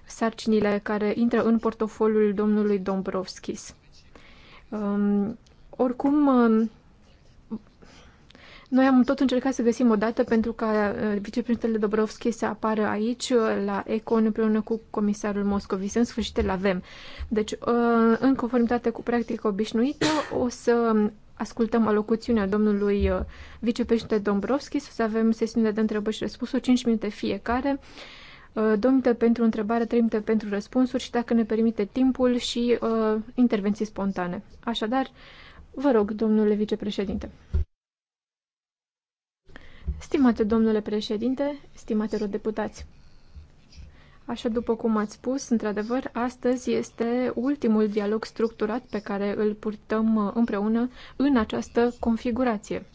sarcinile care intră în portofoliul domnului Dombrovskis. Um, oricum, um, noi am tot încercat să găsim o dată pentru ca uh, vicepreședintele Dobrovski să apară aici la Econ împreună cu comisarul Moscovici. În sfârșit îl avem. Deci, în conformitate cu practica obișnuită, o să ascultăm alocuțiunea domnului uh, vicepreședinte Dombrovski, să avem sesiunea de întrebări și răspunsuri, 5 minute fiecare, uh, Domnite pentru întrebare, 3 minute pentru răspunsuri și, dacă ne permite timpul, și uh, intervenții spontane. Așadar, vă rog, domnule vicepreședinte. Stimate domnule președinte, stimate deputați, Așa după cum ați spus, într-adevăr, astăzi este ultimul dialog structurat pe care îl purtăm uh, împreună în această configurație.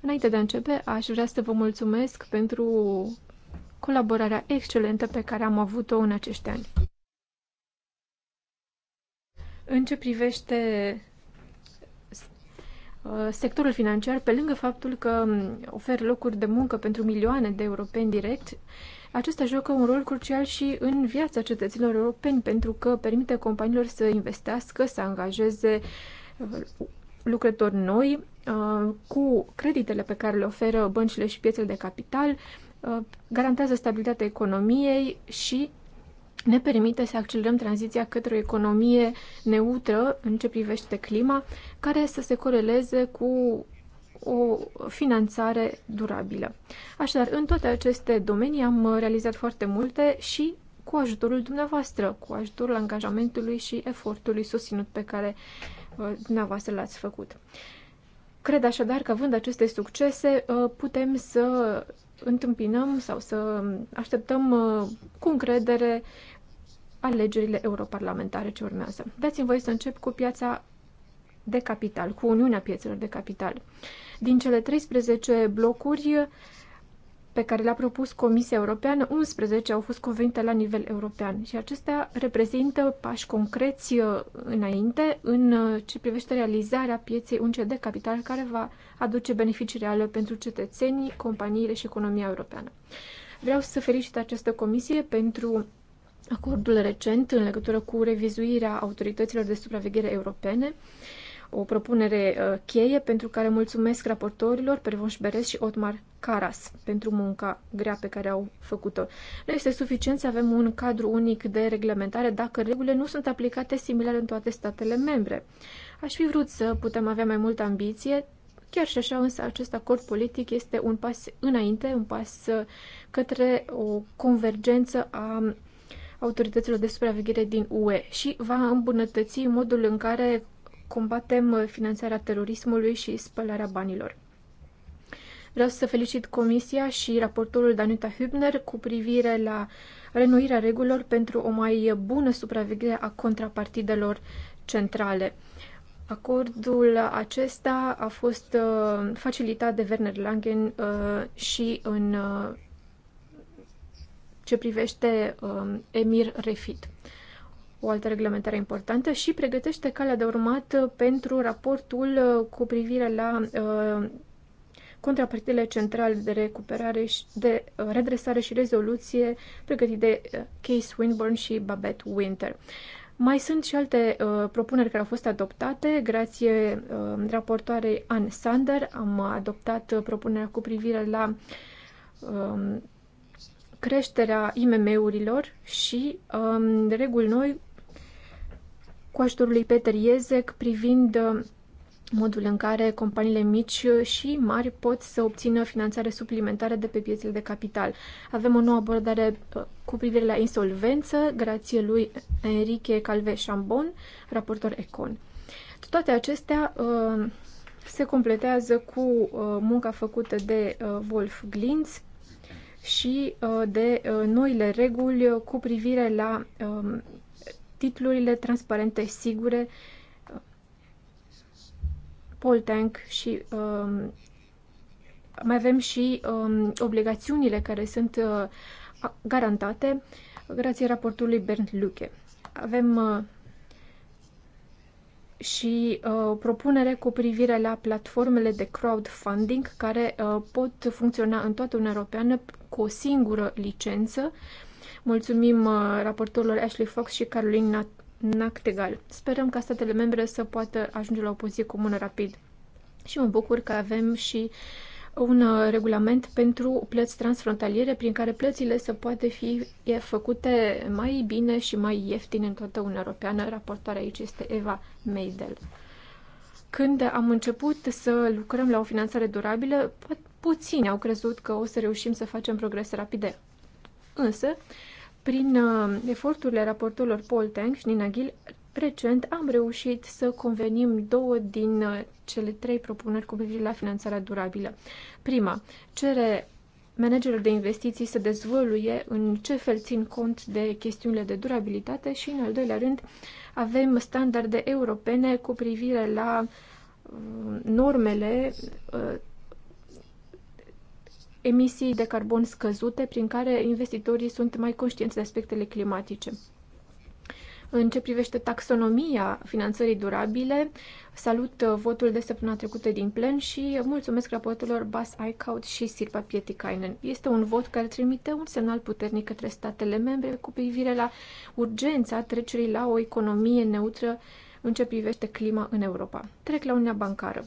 Înainte de a începe, aș vrea să vă mulțumesc pentru colaborarea excelentă pe care am avut-o în acești ani. În ce privește uh, sectorul financiar, pe lângă faptul că um, ofer locuri de muncă pentru milioane de europeni direct, acesta joacă un rol crucial și în viața cetățenilor europeni, pentru că permite companiilor să investească, să angajeze uh, lucrători noi, uh, cu creditele pe care le oferă băncile și piețele de capital, uh, garantează stabilitatea economiei și ne permite să accelerăm tranziția către o economie neutră în ce privește clima, care să se coreleze cu o finanțare durabilă. Așadar, în toate aceste domenii am uh, realizat foarte multe și cu ajutorul dumneavoastră, cu ajutorul angajamentului și efortului susținut pe care uh, dumneavoastră l-ați făcut. Cred așadar că, având aceste succese, uh, putem să întâmpinăm sau să așteptăm cu încredere alegerile europarlamentare ce urmează. Dați-mi voie să încep cu piața de capital, cu Uniunea Piețelor de Capital. Uh, din cele 13 blocuri pe care le-a propus Comisia Europeană, 11 au fost convenite la nivel european și acestea reprezintă pași concreți uh, înainte în uh, ce privește realizarea pieței unice de capital care va aduce beneficii reale pentru cetățenii, companiile și economia europeană. Vreau să felicit această comisie pentru acordul recent în legătură cu revizuirea autorităților de supraveghere europene o propunere uh, cheie pentru care mulțumesc raportorilor Pervonș Beres și Otmar Caras pentru munca grea pe care au făcut-o. Nu este suficient să avem un cadru unic de reglementare dacă regulile nu sunt aplicate similar în toate statele membre. Aș fi vrut să putem avea mai multă ambiție, chiar și așa însă acest acord politic este un pas înainte, un pas uh, către o convergență a autorităților de supraveghere din UE și va îmbunătăți modul în care combatem uh, finanțarea terorismului și spălarea banilor. Vreau să felicit Comisia și raportorul Danuta Hübner cu privire la renuirea regulilor pentru o mai bună supraveghere a contrapartidelor centrale. Acordul acesta a fost uh, facilitat de Werner Langen uh, și în uh, ce privește uh, Emir Refit o altă reglementare importantă, și pregătește calea de urmat uh, pentru raportul uh, cu privire la uh, contrapartidele centrale de recuperare și de redresare și rezoluție pregătite de Case Winburn și Babette Winter. Mai sunt și alte uh, propuneri care au fost adoptate. Grație uh, raportoarei Ann Sander am adoptat uh, propunerea cu privire la um, creșterea IMM-urilor și um, reguli noi cu ajutorul lui Peter Iezec privind uh, modul în care companiile mici și mari pot să obțină finanțare suplimentară de pe piețele de capital. Avem o nouă abordare uh, cu privire la insolvență, grație lui Enrique Calve Chambon, raportor Econ. Toate acestea uh, se completează cu munca făcută de Wolf Glintz și de noile reguli cu privire la um, titlurile transparente, sigure, Poltank și um, mai avem și um, obligațiunile care sunt uh, garantate grație raportului Bernd Luke. Avem uh, și uh, o propunere cu privire la platformele de crowdfunding care uh, pot funcționa în toată Uniunea Europeană cu o singură licență uh, Mulțumim uh, raportorilor Ashley Fox și Caroline Nactegal. Sperăm ca statele membre să poată ajunge la o poziție comună rapid. Și mă bucur că avem și un uh, regulament pentru plăți transfrontaliere prin care plățile să poate fi făcute mai bine și mai ieftine în toată Uniunea Europeană. Raportoarea aici este Eva Meidel. Când am început să lucrăm la o finanțare durabilă, puțini au crezut că o să reușim să facem progrese rapide. Însă, prin uh, eforturile raportorilor Paul Tang și Nina Gil, recent am reușit să convenim două din uh, cele trei propuneri cu privire la finanțarea durabilă. Prima cere managerul de investiții să dezvăluie în ce fel țin cont de chestiunile de durabilitate și, în al doilea rând, avem standarde europene cu privire la uh, normele emisii de carbon scăzute, prin care investitorii sunt mai conștienți de aspectele climatice. În ce privește taxonomia finanțării durabile, salut uh, votul de săptămâna trecută din plen și mulțumesc raportelor Bas Eichhout și Sirpa Pietikainen. Este un vot care trimite un semnal puternic către statele membre cu privire la urgența trecerii la o economie neutră în ce privește clima în Europa. Trec la Uniunea Bancară.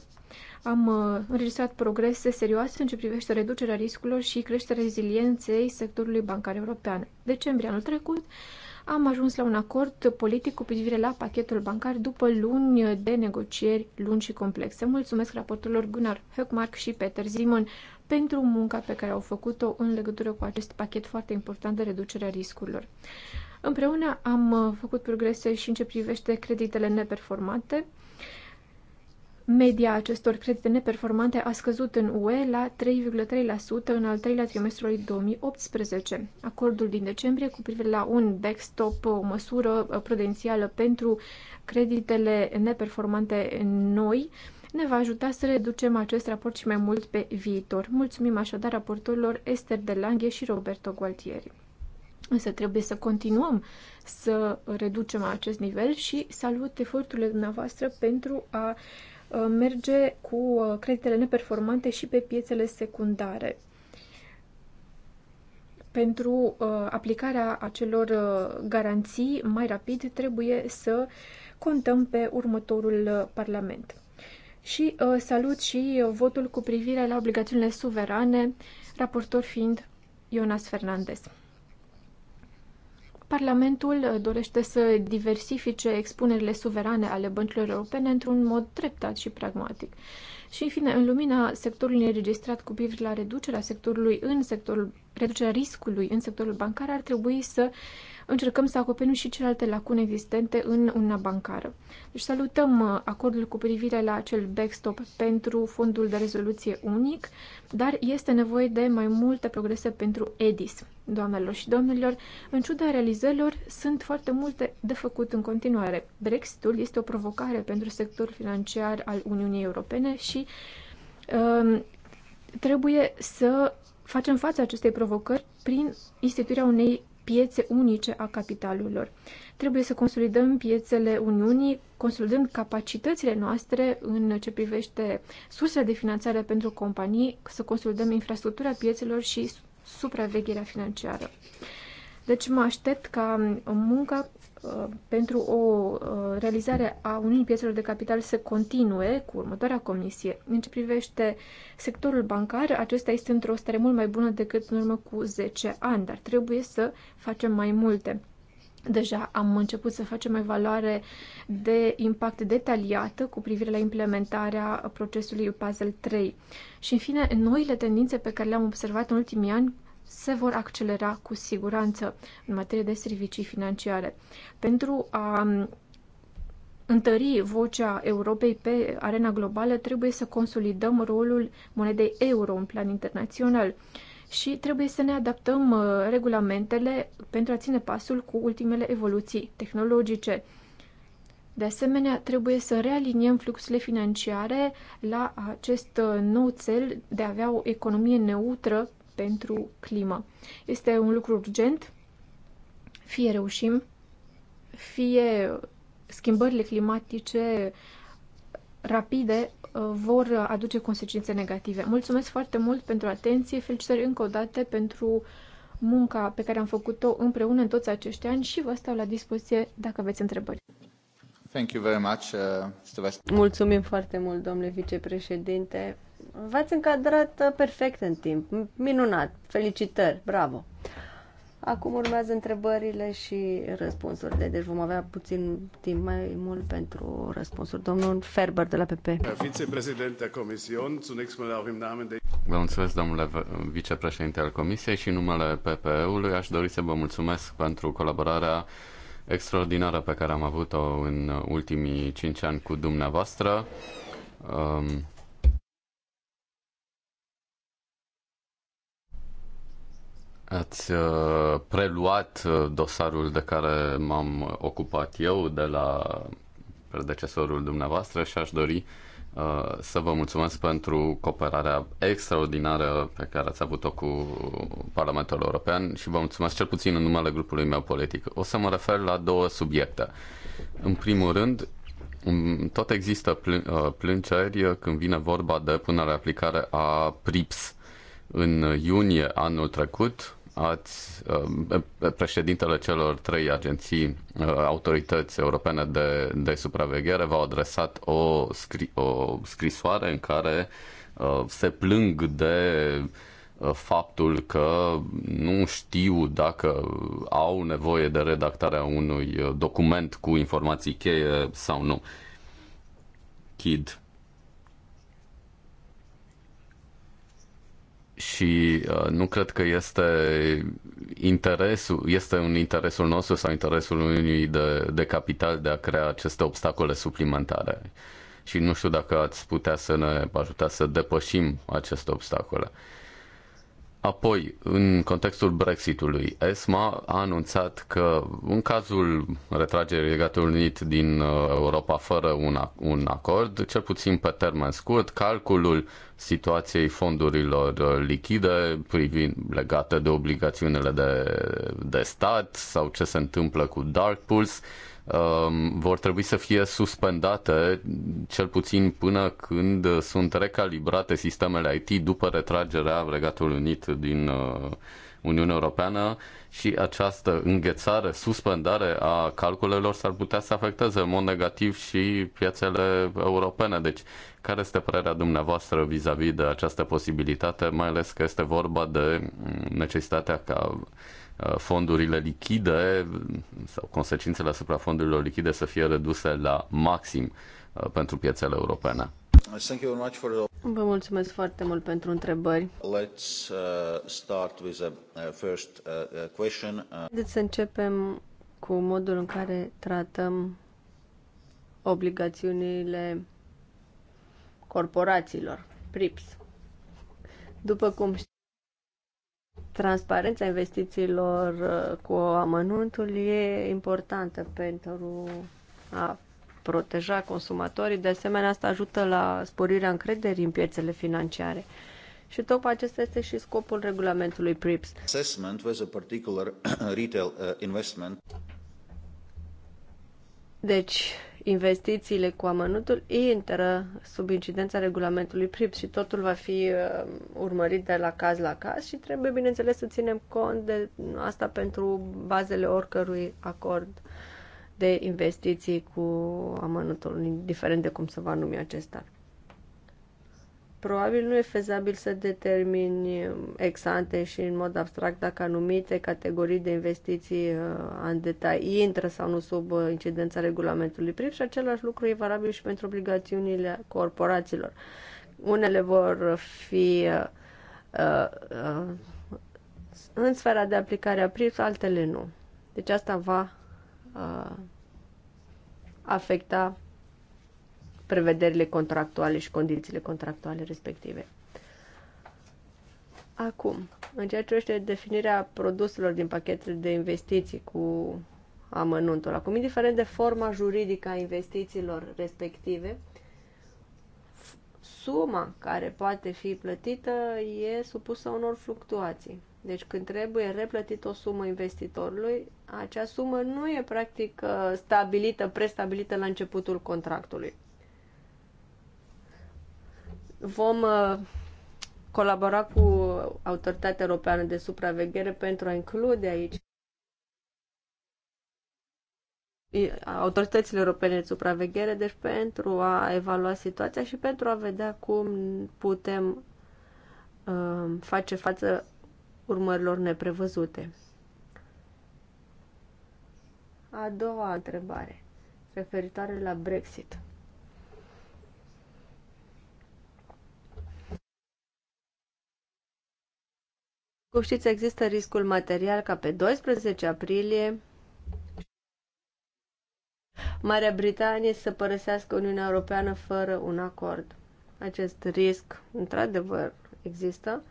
Am uh, înregistrat progrese serioase în ce privește reducerea riscurilor și creșterea rezilienței sectorului bancar european. Decembrie anul trecut am ajuns la un acord politic cu privire la pachetul bancar după luni de negocieri lungi și complexe. Mulțumesc raportorilor Gunnar Höckmark și Peter Simon pentru munca pe care au făcut-o în legătură cu acest pachet foarte important de reducere a riscurilor. Împreună am uh, făcut progrese și în ce privește creditele neperformante, Media acestor credite neperformante a scăzut în UE la 3,3% în al treilea trimestru al 2018. Acordul din decembrie cu privire la un backstop, o măsură uh, prudențială pentru creditele neperformante noi, ne va ajuta să reducem acest raport și mai mult pe viitor. Mulțumim așadar raportorilor Esther de Lange și Roberto Gualtieri. Însă trebuie să continuăm să reducem acest nivel și salut eforturile dumneavoastră pentru a uh, Uh, merge cu uh, creditele neperformante și pe piețele secundare. Pentru uh, aplicarea acelor garanții mai rapid trebuie să contăm pe următorul Parlament. Și salut și votul cu privire la obligațiunile suverane, raportor fiind Ionas Fernandez. Parlamentul uh, dorește să diversifice expunerile suverane ale băncilor europene într-un mod treptat și pragmatic. Și, în fine, în lumina sectorului înregistrat cu privire la reducerea sectorului în sectorul, reducerea riscului în sectorul bancar, ar trebui să uh, încercăm să acoperim și celelalte lacune existente în una bancară. Deci salutăm uh, acordul cu privire la acel backstop pentru fondul de rezoluție unic, dar este nevoie de mai multe progrese pentru EDIS. Doamnelor și domnilor, în ciuda realizărilor, sunt foarte multe de făcut în continuare. Brexitul este o provocare pentru sectorul financiar al Uniunii Europene și um, trebuie să facem față acestei provocări prin instituirea unei piețe unice a capitalurilor. Trebuie să consolidăm piețele Uniunii, consolidând capacitățile noastre în ce privește sursele de finanțare pentru companii, să consolidăm infrastructura piețelor și supravegherea financiară. Deci mă aștept ca munca Uh, pentru o uh, realizare a Uniunii Piețelor de Capital să continue cu următoarea comisie. În ce privește sectorul bancar, acesta este într-o stare mult mai bună decât în urmă cu 10 ani, dar trebuie să facem mai multe. Deja am început să facem evaluare de impact detaliată cu privire la implementarea procesului Puzzle 3. Și, în fine, noile tendințe pe care le-am observat în ultimii ani se vor accelera cu siguranță în materie de servicii financiare. Pentru a um, întări vocea Europei pe arena globală, trebuie să consolidăm rolul monedei euro în plan internațional și trebuie să ne adaptăm uh, regulamentele pentru a ține pasul cu ultimele evoluții tehnologice. De asemenea, trebuie să realiniem fluxurile financiare la acest uh, nou cel de a avea o economie neutră pentru climă. Este un lucru urgent, fie reușim, fie schimbările climatice rapide uh, vor aduce consecințe negative. Mulțumesc foarte mult pentru atenție, felicitări încă o dată pentru munca pe care am făcut-o împreună în toți acești ani și vă stau la dispoziție dacă aveți întrebări. Thank you very much, uh, Mulțumim foarte mult, domnule vicepreședinte. V-ați încadrat uh, perfect în timp. Minunat. Felicitări. Bravo. Acum urmează întrebările și răspunsurile. Deci vom avea puțin timp mai mult pentru răspunsuri. Domnul Ferber de la PP. Vicepreședinte Comision, de... Vă mulțumesc, domnule vicepreședinte al Comisiei și numele PPE-ului aș dori să vă mulțumesc pentru colaborarea extraordinară pe care am avut-o în ultimii cinci ani cu dumneavoastră. Um, Ați uh, preluat uh, dosarul de care m-am ocupat eu de la predecesorul dumneavoastră și aș dori uh, să vă mulțumesc pentru cooperarea extraordinară pe care ați avut-o cu Parlamentul European și vă mulțumesc cel puțin în numele grupului meu politic. O să mă refer la două subiecte. În primul rând, um, tot există plângeri când vine vorba de punerea aplicare a PRIPS. În iunie anul trecut, ați, uh, președintele celor trei agenții, uh, autorități europene de, de supraveghere, v-au adresat o, scri, o scrisoare în care uh, se plâng de faptul că nu știu dacă au nevoie de redactarea unui document cu informații cheie sau nu. Kid și uh, nu cred că este interesul, este un interesul nostru sau interesul unui de, de capital de a crea aceste obstacole suplimentare. Și nu știu dacă ați putea să ne ajutați să depășim aceste obstacole. Apoi, în contextul Brexitului, ESMA a anunțat că în cazul retragerii Regatului Unit din uh, Europa fără un, un acord, cel puțin pe termen scurt, calculul situației fondurilor uh, lichide privind legate de obligațiunile de, de stat sau ce se întâmplă cu Dark Pools, Um, vor trebui să fie suspendate cel puțin până când sunt recalibrate sistemele IT după retragerea Regatului Unit din uh, Uniunea Europeană și această înghețare, suspendare a calculelor s-ar putea să afecteze în mod negativ și piațele europene. Deci, care este părerea dumneavoastră vis-a-vis -vis de această posibilitate, mai ales că este vorba de mm, necesitatea ca Uh, fondurile lichide sau consecințele asupra fondurilor lichide să fie reduse la maxim uh, pentru piețele europene. Vă mulțumesc foarte mult pentru întrebări. Let's uh, start with the first question. Haideți să începem cu modul în care tratăm obligațiunile corporațiilor, PRIPS. După cum știți, Transparența investițiilor uh, cu amănuntul e importantă pentru a proteja consumatorii. De asemenea, asta ajută la sporirea încrederii în piețele financiare. Și tocmai acesta este și scopul regulamentului PRIPS. Assessment was a particular uh, retail uh, investment. Deci, investițiile cu amănutul intră sub incidența regulamentului PRIPS și totul va fi uh, urmărit de la caz la caz și trebuie, bineînțeles, să ținem cont de asta pentru bazele oricărui acord de investiții cu amănutul, indiferent de cum se va numi acesta. Probabil nu e fezabil să determini um, ex ante și în mod abstract dacă anumite categorii de investiții uh, în detalii intră sau nu sub uh, incidența regulamentului PRIF și același lucru e valabil și pentru obligațiunile corporațiilor. Unele vor fi uh, uh, uh în sfera de aplicare a PRIF, altele nu. Deci asta va uh, afecta prevederile contractuale și condițiile contractuale respective. Acum, în ceea ce privește definirea produselor din pachetele de investiții cu amănuntul, acum, indiferent de forma juridică a investițiilor respective, suma care poate fi plătită e supusă unor fluctuații. Deci când trebuie replătit o sumă investitorului, acea sumă nu e practic stabilită, prestabilită la începutul contractului. Vom uh, colabora cu Autoritatea Europeană de Supraveghere pentru a include aici autoritățile europene de supraveghere, deci pentru a evalua situația și pentru a vedea cum putem uh, face față urmărilor neprevăzute. A doua întrebare, referitoare la Brexit. Cum știți, există riscul material ca pe 12 aprilie Marea Britanie să părăsească Uniunea Europeană fără un acord. Acest risc, într-adevăr, există.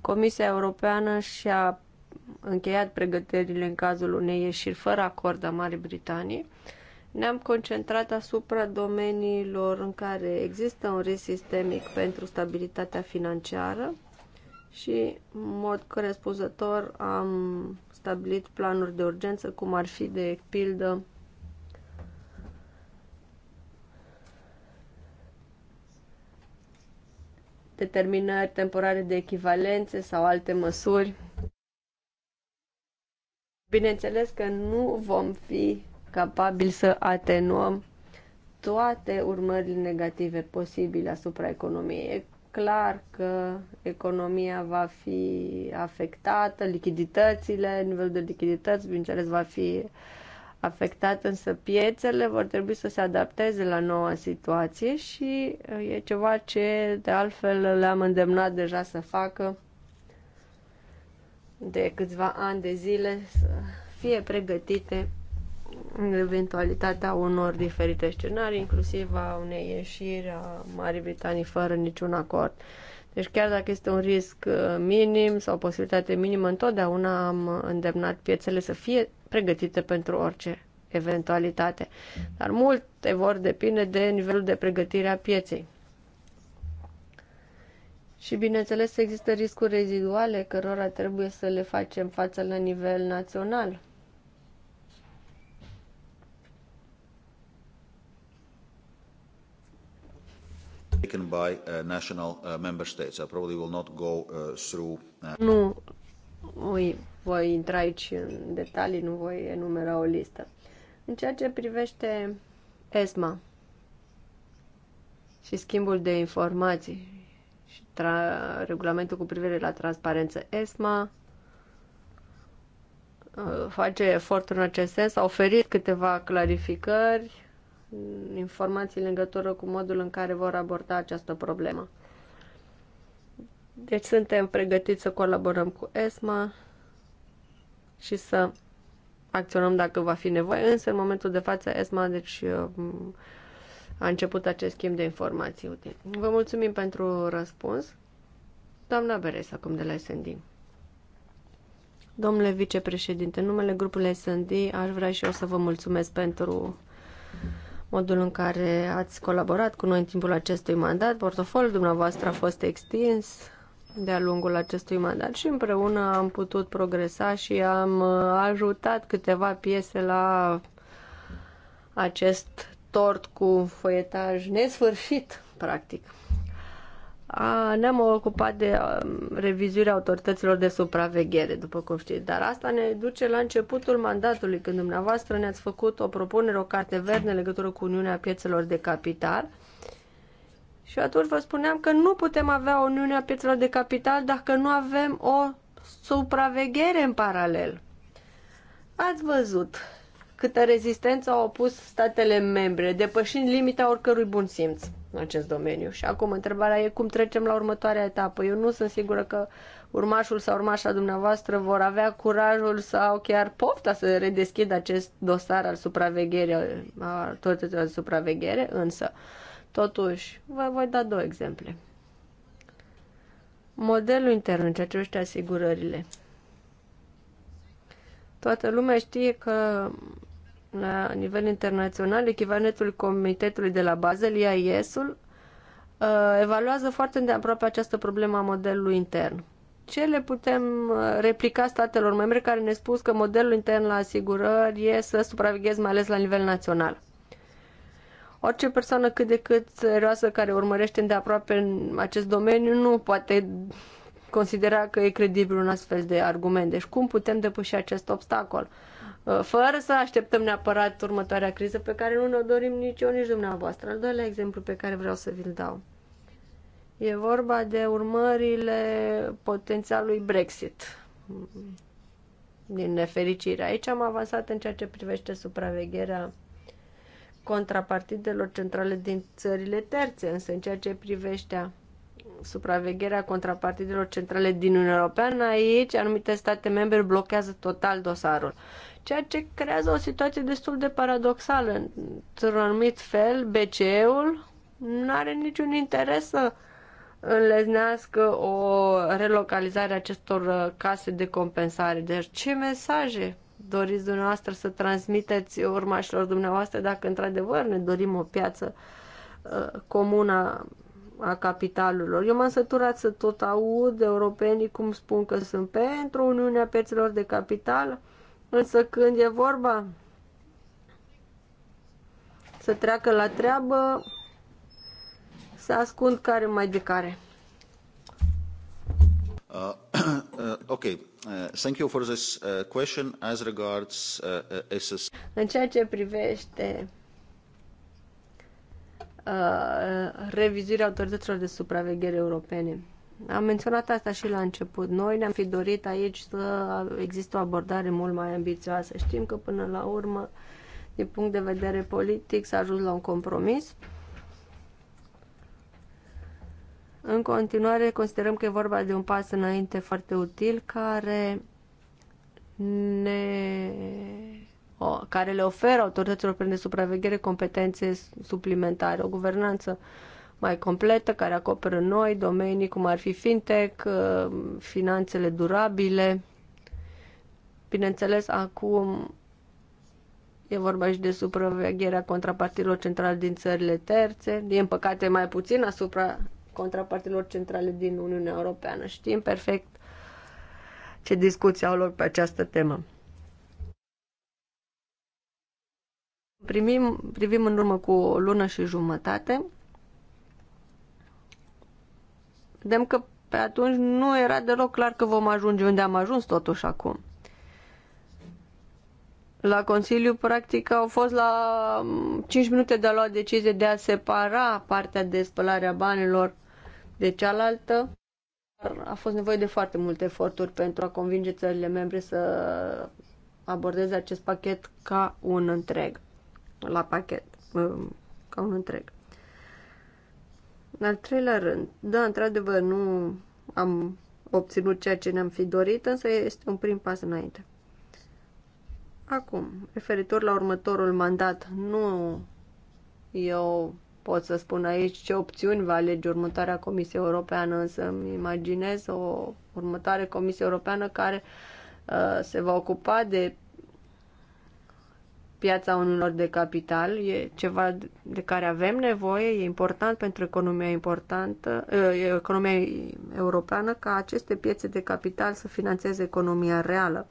Comisia Europeană și-a încheiat pregătirile în cazul unei ieșiri fără acord a Marii Britanii. Ne-am concentrat asupra domeniilor în care există un risc sistemic pentru stabilitatea financiară, și, în mod corespunzător, am stabilit planuri de urgență, cum ar fi, de pildă, determinări temporare de echivalențe sau alte măsuri. Bineînțeles că nu vom fi capabili să atenuăm toate urmările negative posibile asupra economiei clar că economia va fi afectată, lichiditățile, nivelul de lichidități, bineînțeles, va fi afectat, însă piețele vor trebui să se adapteze la noua situație și uh, e ceva ce de altfel le-am îndemnat deja să facă de câțiva ani de zile să fie pregătite în eventualitatea unor diferite scenarii, inclusiv a unei ieșiri a Marii Britanii fără niciun acord. Deci chiar dacă este un risc uh, minim sau o posibilitate minimă, întotdeauna am îndemnat piețele să fie pregătite pentru orice eventualitate. Dar multe vor depinde de nivelul de pregătire a pieței. Și bineînțeles există riscuri reziduale cărora trebuie să le facem față la nivel național. taken by uh, national uh, member states. I probably will not go uh, through. Nu voi voi intra aici în detalii, nu voi enumera o listă. În ceea ce privește ESMA și schimbul de informații și regulamentul cu privire la transparență, ESMA face efortul în acest sens, a oferit câteva clarificări Mm, informații în legătură cu modul în care vor aborda această problemă. Deci suntem pregătiți să colaborăm cu ESMA și să acționăm dacă va fi nevoie, însă în momentul de față ESMA deci, mm, a început acest schimb de informații util. Vă mulțumim pentru răspuns. Doamna Beres, acum de la SND. Domnule vicepreședinte, numele grupului SND aș vrea și eu să vă mulțumesc pentru modul în care ați colaborat cu noi în timpul acestui mandat. Portofoliul dumneavoastră a fost extins de-a lungul acestui mandat și împreună am putut progresa și am ajutat câteva piese la acest tort cu foietaj nesfârșit, practic ne-am ocupat de revizuirea autorităților de supraveghere, după cum știți, dar asta ne duce la începutul mandatului, când dumneavoastră ne-ați făcut o propunere, o carte verde în legătură cu Uniunea Piețelor de Capital. Și atunci vă spuneam că nu putem avea o Uniune a Piețelor de Capital dacă nu avem o supraveghere în paralel. Ați văzut câtă rezistență au opus statele membre, depășind limita oricărui bun simț în acest domeniu. Și acum întrebarea e cum trecem la următoarea etapă. Eu nu sunt sigură că urmașul sau urmașa dumneavoastră vor avea curajul sau chiar pofta să redeschidă acest dosar al supravegherii, a autorităților de supraveghere, însă, totuși, vă voi da două exemple. Modelul intern în ceea ce asigurările. Toată lumea știe că la nivel internațional, echivalentul Comitetului de la Basel, IAIS-ul, uh, evaluează foarte îndeaproape această problemă a modelului intern. Ce le putem uh, replica statelor membre care ne spus că modelul intern la asigurări e să supraveghezi mai ales la nivel național? Orice persoană cât de cât serioasă care urmărește îndeaproape în acest domeniu nu poate considera că e credibil un astfel de argument. Deci cum putem depăși acest obstacol? Uh, Uh, fără să așteptăm neapărat următoarea criză pe care nu ne-o dorim nici eu, nici dumneavoastră. Al doilea exemplu pe care vreau să vi-l dau. E vorba de urmările potențialului Brexit. Din nefericire, aici am avansat în ceea ce privește supravegherea contrapartidelor centrale din țările terțe, însă în ceea ce privește supravegherea contrapartidelor centrale din Uniunea Europeană, aici anumite state membre blochează total dosarul ceea ce creează o situație destul de paradoxală. Într-un anumit fel, BCE-ul nu are niciun interes să înleznească o relocalizare a acestor uh, case de compensare. Deci ce mesaje doriți dumneavoastră să transmiteți urmașilor dumneavoastră dacă într-adevăr ne dorim o piață uh, comună a capitalurilor. Eu m-am săturat să tot aud europenii cum spun că sunt pentru Uniunea Piețelor de Capital, Însă când e vorba să treacă la treabă, să ascund care mai de care. Uh, uh, ok, uh, thank you for this uh, question as regards uh, SS. Uh, În ceea ce privește uh, revizuirea autorităților de supraveghere europene, am menționat asta și la început. Noi ne-am fi dorit aici să există o abordare mult mai ambițioasă. Știm că până la urmă, din punct de vedere politic, s-a ajuns la un compromis. În continuare, considerăm că e vorba de un pas înainte foarte util care ne care le oferă autorităților prin de supraveghere competențe suplimentare, o guvernanță uh, mai completă care acoperă noi domenii cum ar fi fintech, uh, finanțele durabile. Bineînțeles, acum e vorba și de supravegherea contrapartilor centrale din țările terțe, din păcate mai puțin asupra contrapartilor centrale din Uniunea Europeană. Știm perfect ce discuții au loc pe această temă. Primim, privim în urmă cu o lună și jumătate Vedem că pe atunci nu era deloc clar că vom ajunge unde am ajuns totuși acum. La Consiliu, practic, au fost la 5 mm, minute de a lua decizie de a separa partea de spălare a banilor de cealaltă. A fost nevoie de foarte multe eforturi pentru a convinge țările membre să abordeze acest pachet ca un întreg. La pachet, mm, ca un întreg. În al treilea rând, da, într-adevăr, nu am obținut ceea ce ne-am fi dorit, însă este un prim pas înainte. Acum, referitor la următorul mandat, nu eu pot să spun aici ce opțiuni va alege următoarea Comisie Europeană, însă îmi imaginez o următoare Comisie Europeană care uh, se va ocupa de piața unor de capital. E ceva de care avem nevoie, e important pentru economia importantă, eh, economia europeană ca aceste piețe de capital să financeze economia reală.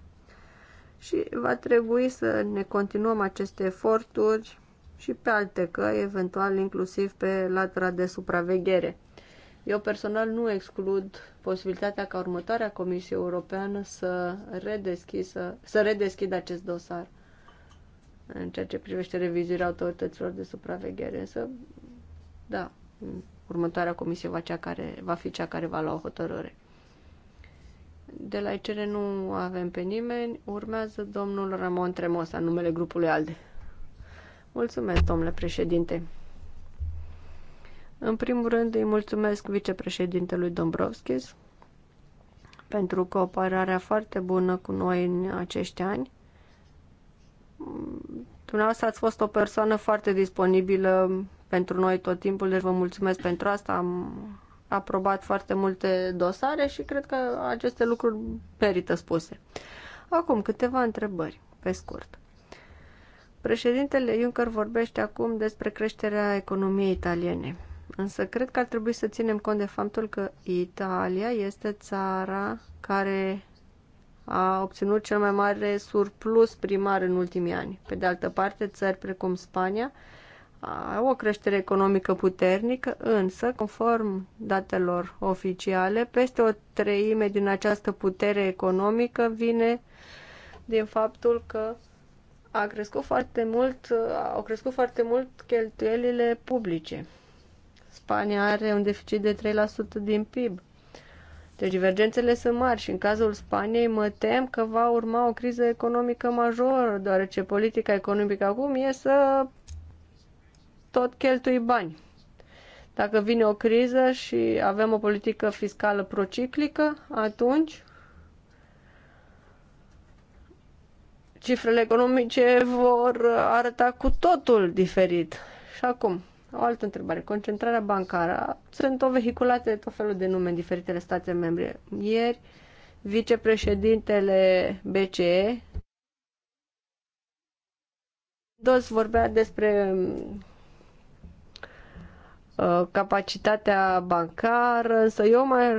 Și va trebui să ne continuăm aceste eforturi și pe alte căi, eventual inclusiv pe latura de supraveghere. Eu personal nu exclud posibilitatea ca următoarea Comisie Europeană să, redeschisă, să redeschidă acest dosar în ceea ce privește revizuirea autorităților de supraveghere. Însă, da, următoarea comisie va, cea care, va fi cea care va lua o hotărâre. De la ICR nu avem pe nimeni. Urmează domnul Ramon Tremosa, numele grupului ALDE. Mulțumesc, domnule președinte. În primul rând îi mulțumesc vicepreședintelui Dombrovskis pentru cooperarea foarte bună cu noi în acești ani Dumneavoastră ați fost o persoană foarte disponibilă pentru noi tot timpul, deci vă mulțumesc pentru asta. Am aprobat foarte multe dosare și cred că aceste lucruri merită spuse. Acum, câteva întrebări, pe scurt. Președintele Juncker vorbește acum despre creșterea economiei italiene. Însă cred că ar trebui să ținem cont de faptul că Italia este țara care a obținut cel mai mare surplus primar în ultimii ani. Pe de altă parte, țări precum Spania au o creștere economică puternică, însă, conform datelor oficiale, peste o treime din această putere economică vine din faptul că a crescut foarte mult, au crescut foarte mult cheltuielile publice. Spania are un deficit de 3% din PIB deci divergențele sunt mari și în cazul Spaniei mă tem că va urma o criză economică majoră, deoarece politica economică acum e să tot cheltui bani. Dacă vine o criză și avem o politică fiscală prociclică, atunci cifrele economice vor arăta cu totul diferit. Și acum, o altă întrebare. Concentrarea bancară. Sunt o vehiculate de tot felul de nume în diferitele state membre. Ieri, vicepreședintele BCE, Dos vorbea despre Uh, capacitatea bancară, să eu mai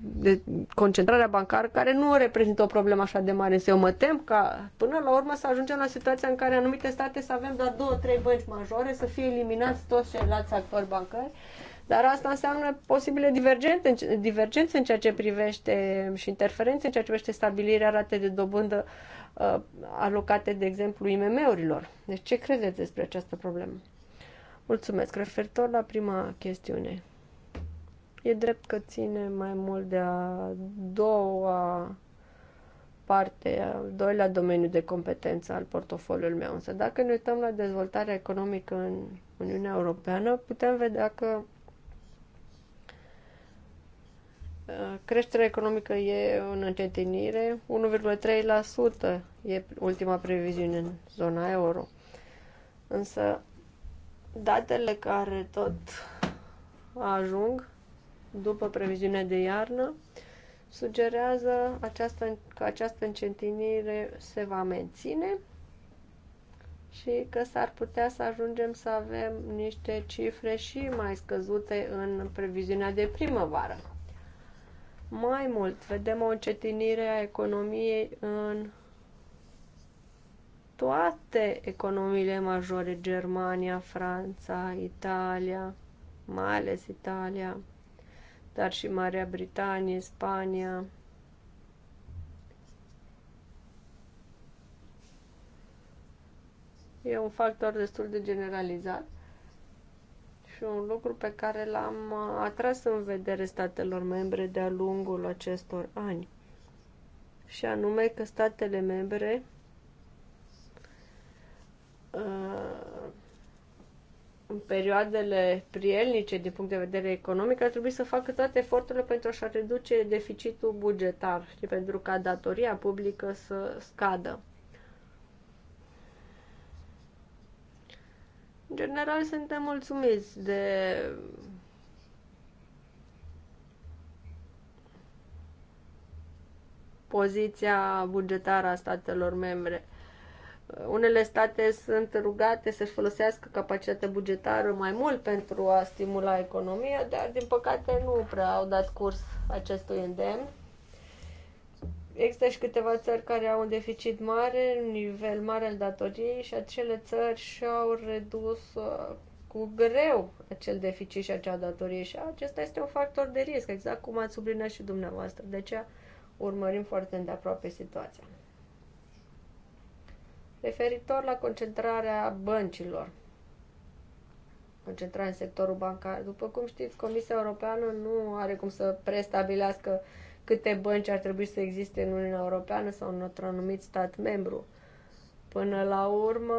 de concentrarea bancară, care nu reprezintă o problemă așa de mare. Să eu mă tem ca până la urmă să ajungem la situația în care anumite state să avem doar două, trei bănci majore, să fie eliminați toți ceilalți actori bancari, dar asta înseamnă posibile divergențe, divergențe în ceea ce privește și interferențe în ceea ce privește stabilirea ratei de dobândă uh, alocate, de exemplu, IMM-urilor. Deci ce credeți despre această problemă? Mulțumesc. Referitor la prima chestiune, e drept că ține mai mult de a doua parte, al doilea domeniu de competență al portofoliului meu. Însă dacă ne uităm la dezvoltarea economică în Uniunea Europeană, putem vedea că uh, creșterea economică e în încetinire, 1,3% e ultima previziune în zona euro. Însă datele care tot ajung după previziunea de iarnă sugerează această, că această încetinire se va menține și că s-ar putea să ajungem să avem niște cifre și mai scăzute în previziunea de primăvară. Mai mult, vedem o încetinire a economiei în toate economiile majore, Germania, Franța, Italia, mai ales Italia, dar și Marea Britanie, Spania. E un factor destul de generalizat și un lucru pe care l-am atras în vedere statelor membre de-a lungul acestor ani. Și anume că statele membre Uh, în perioadele prielnice, din punct de vedere economic, ar trebui să facă toate eforturile pentru a-și reduce deficitul bugetar și pentru ca datoria publică să scadă. În general, suntem mulțumiți de poziția bugetară a statelor membre. Unele state sunt rugate să-și folosească capacitatea bugetară mai mult pentru a stimula economia, dar din păcate nu prea au dat curs acestui îndemn. Există și câteva țări care au un deficit mare, un nivel mare al datoriei și acele țări și-au redus uh, cu greu acel deficit și acea datorie și acesta este un factor de risc, exact cum ați subliniat și dumneavoastră. De aceea urmărim foarte îndeaproape situația referitor la concentrarea băncilor. Concentrarea în sectorul bancar. După cum știți, Comisia Europeană nu are cum să prestabilească câte bănci ar trebui să existe în Uniunea Europeană sau în într-un anumit stat membru. Până la urmă,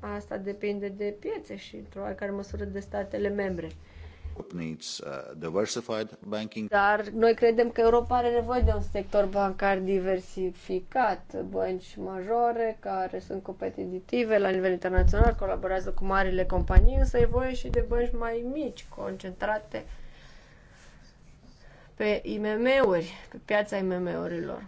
asta depinde de piețe și într-o oarecare măsură de statele membre. Uh, Dar noi credem că Europa are nevoie de un sector bancar diversificat, bănci majore care sunt competitive la nivel internațional, colaborează cu marile companii, însă e voie și de bănci mai mici, concentrate pe IMM-uri, pe piața IMM-urilor.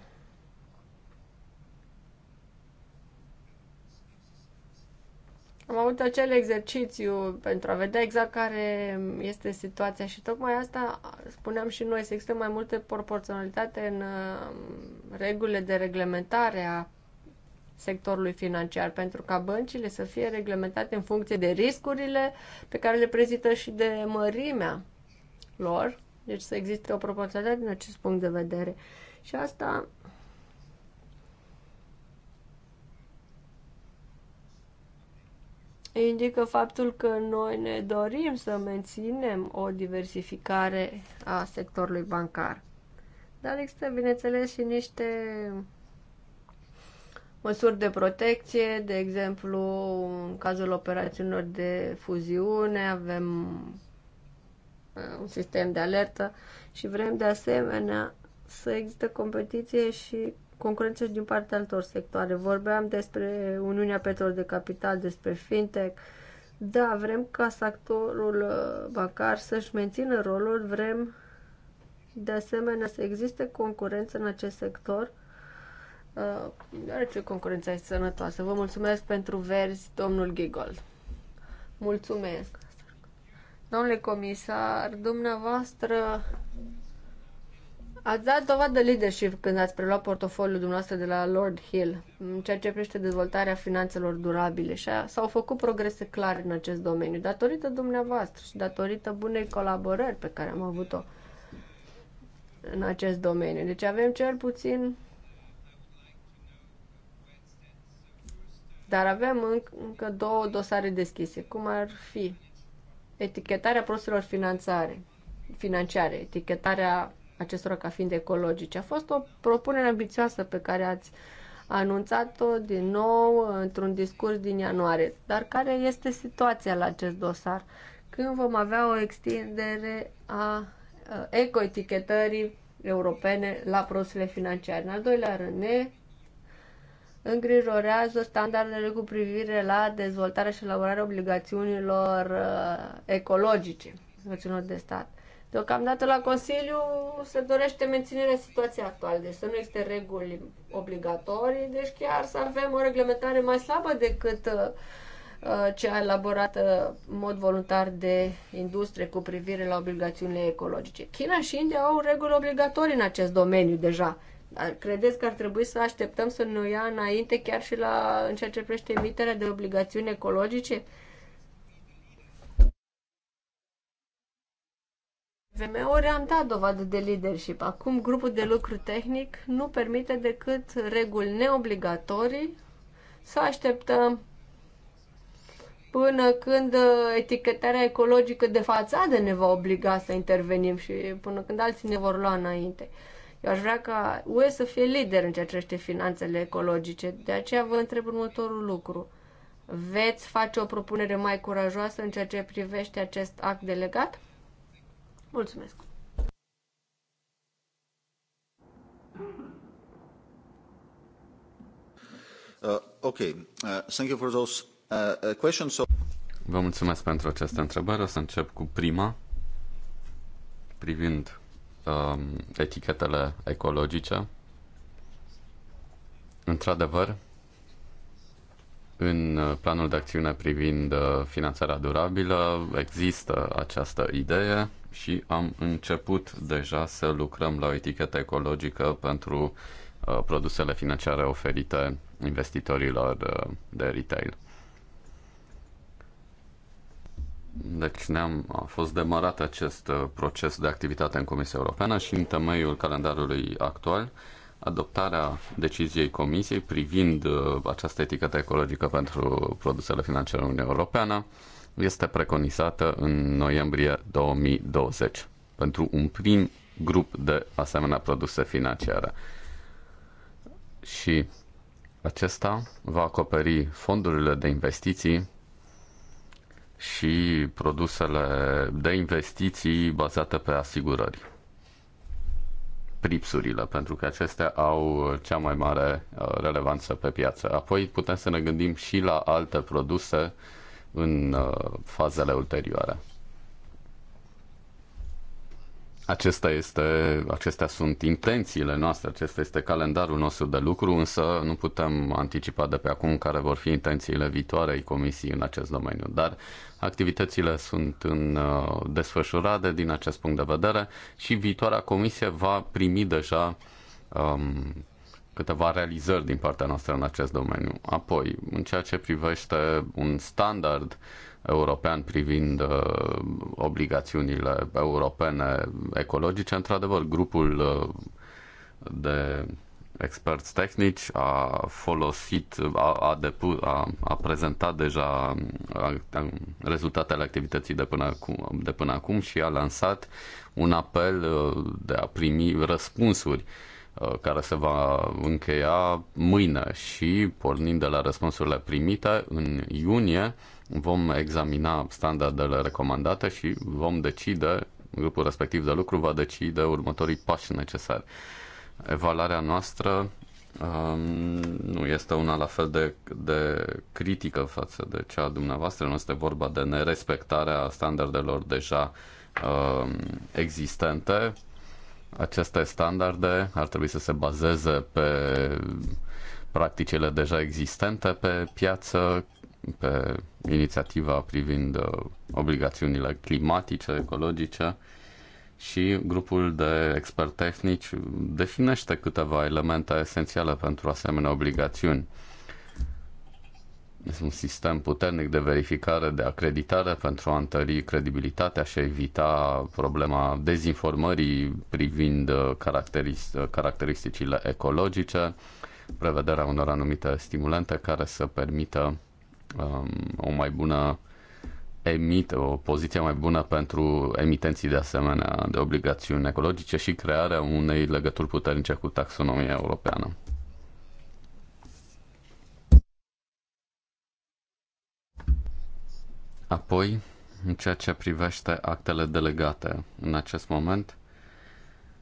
Am avut acel exercițiu pentru a vedea exact care este situația și tocmai asta spuneam și noi, să există mai multe proporționalitate în um, regulile de reglementare a sectorului financiar, pentru ca băncile să fie reglementate în funcție de riscurile pe care le prezintă și de mărimea lor, deci să existe o proporționalitate din acest punct de vedere. Și asta indică faptul că noi ne dorim să menținem o diversificare a sectorului bancar. Dar există, bineînțeles, și niște măsuri de protecție, de exemplu, în cazul operațiunilor de fuziune, avem uh, un sistem de alertă și vrem de asemenea să există competiție și concurență și din partea altor sectoare. Vorbeam despre Uniunea Petrol de Capital, despre fintech. Da, vrem ca sectorul uh, bancar să-și mențină rolul, vrem de asemenea să existe concurență în acest sector, deoarece uh, concurența este sănătoasă. Vă mulțumesc pentru verzi, domnul Gigol. Mulțumesc! Domnule comisar, dumneavoastră Ați dat dovadă de leadership când ați preluat portofoliul dumneavoastră de la Lord Hill, în ceea ce privește dezvoltarea finanțelor durabile și s-au făcut progrese clare în acest domeniu, datorită dumneavoastră și datorită bunei colaborări pe care am avut-o în acest domeniu. Deci avem cel puțin Dar avem încă două dosare deschise, cum ar fi etichetarea proselor finanțare, financiare, etichetarea acestora ca fiind ecologice. A fost o propunere ambițioasă pe care ați anunțat-o din nou într-un discurs din ianuarie. Dar care este situația la acest dosar? Când vom avea o extindere a ecoetichetării europene la produsele financiare? În al doilea rând, ne îngrijorează standardele cu privire la dezvoltarea și elaborarea obligațiunilor ecologice, obligațiunilor de stat. Deocamdată la Consiliu se dorește menținerea situației actuale, deci să nu existe reguli obligatorii, deci chiar să avem o reglementare mai slabă decât uh, uh, cea elaborată în mod voluntar de industrie cu privire la obligațiunile ecologice. China și India au reguli obligatorii în acest domeniu deja. Dar credeți că ar trebui să așteptăm să ne ia înainte chiar și la, în ceea ce privește emiterea de obligațiuni ecologice? Uh, vm uri am dat dovadă de leadership. Acum grupul de lucru tehnic nu permite decât reguli neobligatorii să așteptăm până când uh, etichetarea ecologică de fațadă ne va obliga să intervenim și până când alții ne vor lua înainte. Eu aș vrea ca UE să fie lider în ceea ce privește finanțele ecologice. De aceea vă întreb următorul lucru. Veți face o propunere mai curajoasă în ceea ce privește acest act delegat? Mulțumesc! Uh, ok, uh, thank you for those uh, uh, questions. So... Vă mulțumesc pentru această întrebare. O să încep cu prima, privind um, etichetele ecologice. Într-adevăr, în uh, planul de acțiune privind uh, finanțarea durabilă există această idee și am început deja să lucrăm la o etichetă ecologică pentru uh, produsele financiare oferite investitorilor uh, de retail. Deci ne-am, a fost demarat acest uh, proces de activitate în Comisia Europeană și în temeiul calendarului actual adoptarea deciziei Comisiei privind uh, această etichetă ecologică pentru produsele financiare în Uniunea Europeană este preconizată în noiembrie 2020 pentru un prim grup de asemenea produse financiare. Și acesta va acoperi fondurile de investiții și produsele de investiții bazate pe asigurări. Pripsurile, pentru că acestea au cea mai mare uh, relevanță pe piață. Apoi putem să ne gândim și la alte produse uh, în uh, fazele ulterioare. Acesta este, acestea sunt intențiile noastre, acesta este calendarul nostru de lucru, însă nu putem anticipa de pe acum care vor fi intențiile viitoarei comisii în acest domeniu. Dar activitățile sunt în uh, desfășurare din acest punct de vedere și viitoarea comisie va primi deja um, câteva realizări din partea noastră în acest domeniu. Apoi, în ceea ce privește un standard european privind uh, obligațiunile europene ecologice, într-adevăr, grupul uh, de experți tehnici a folosit, a, a, depu, a, a prezentat deja a, a, rezultatele activității de până, acum, de până acum și a lansat un apel uh, de a primi răspunsuri uh, Uh, care se va încheia mâine și pornind de la răspunsurile primite în iunie vom examina standardele recomandate și vom decide, grupul respectiv de lucru va decide următorii pași necesari. Evaluarea noastră um, nu este una la fel de, de critică față de cea a dumneavoastră, nu este vorba de nerespectarea standardelor deja um, existente, aceste standarde ar trebui să se bazeze pe practicile deja existente pe piață, pe inițiativa privind uh, obligațiunile climatice, ecologice și grupul de expert tehnici definește câteva elemente esențiale pentru asemenea obligațiuni un sistem puternic de verificare, de acreditare pentru a întări credibilitatea și a evita problema dezinformării privind uh, uh, caracteristicile ecologice, prevederea unor anumite stimulente care să permită um, o mai bună emit o poziție mai bună pentru emitenții de asemenea de obligațiuni ecologice și crearea unei legături puternice cu taxonomia europeană. Apoi, în ceea ce privește actele delegate, în acest moment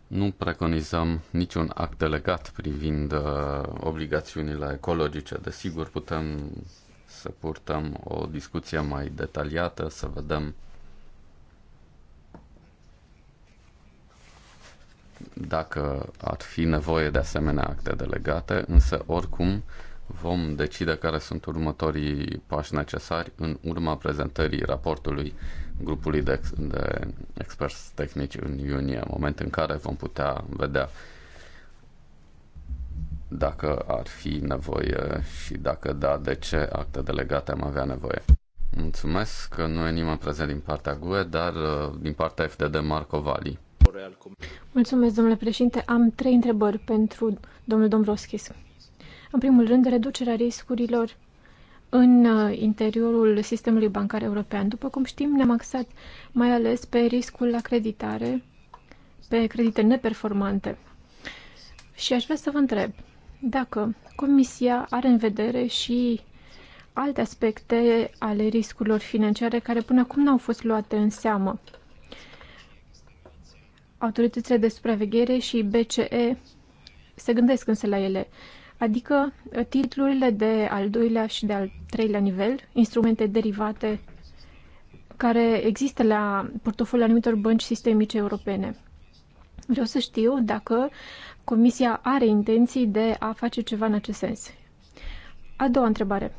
nu preconizăm niciun act delegat privind uh, obligațiunile ecologice. Desigur, putem să purtăm o discuție mai detaliată, să vedem dacă ar fi nevoie de asemenea acte delegate, însă oricum uh, vom decide care sunt următorii pași necesari în urma prezentării raportului grupului de, ex- de experți tehnici în iunie, moment în care vom putea vedea dacă ar fi nevoie și dacă da, de ce acte delegate am avea nevoie. Mulțumesc că nu e nimeni prezent din partea GUE, dar uh, din partea FDD Marco Vali. Mulțumesc, domnule președinte. Am trei întrebări pentru domnul Dombrovskis. În primul rând, reducerea riscurilor în uh, interiorul sistemului bancar european. După cum știm, ne-am axat mai ales pe riscul la creditare, pe credite neperformante. Și aș vrea să vă întreb dacă Comisia are în vedere și alte aspecte ale riscurilor financiare care până acum n-au fost luate în seamă. Autoritățile de supraveghere și BCE se gândesc însă la ele adică uh, titlurile de al doilea și de al treilea nivel, instrumente derivate care există la portofoliul anumitor bănci sistemice europene. Vreau să știu dacă Comisia are intenții de a face ceva în acest sens. A doua întrebare.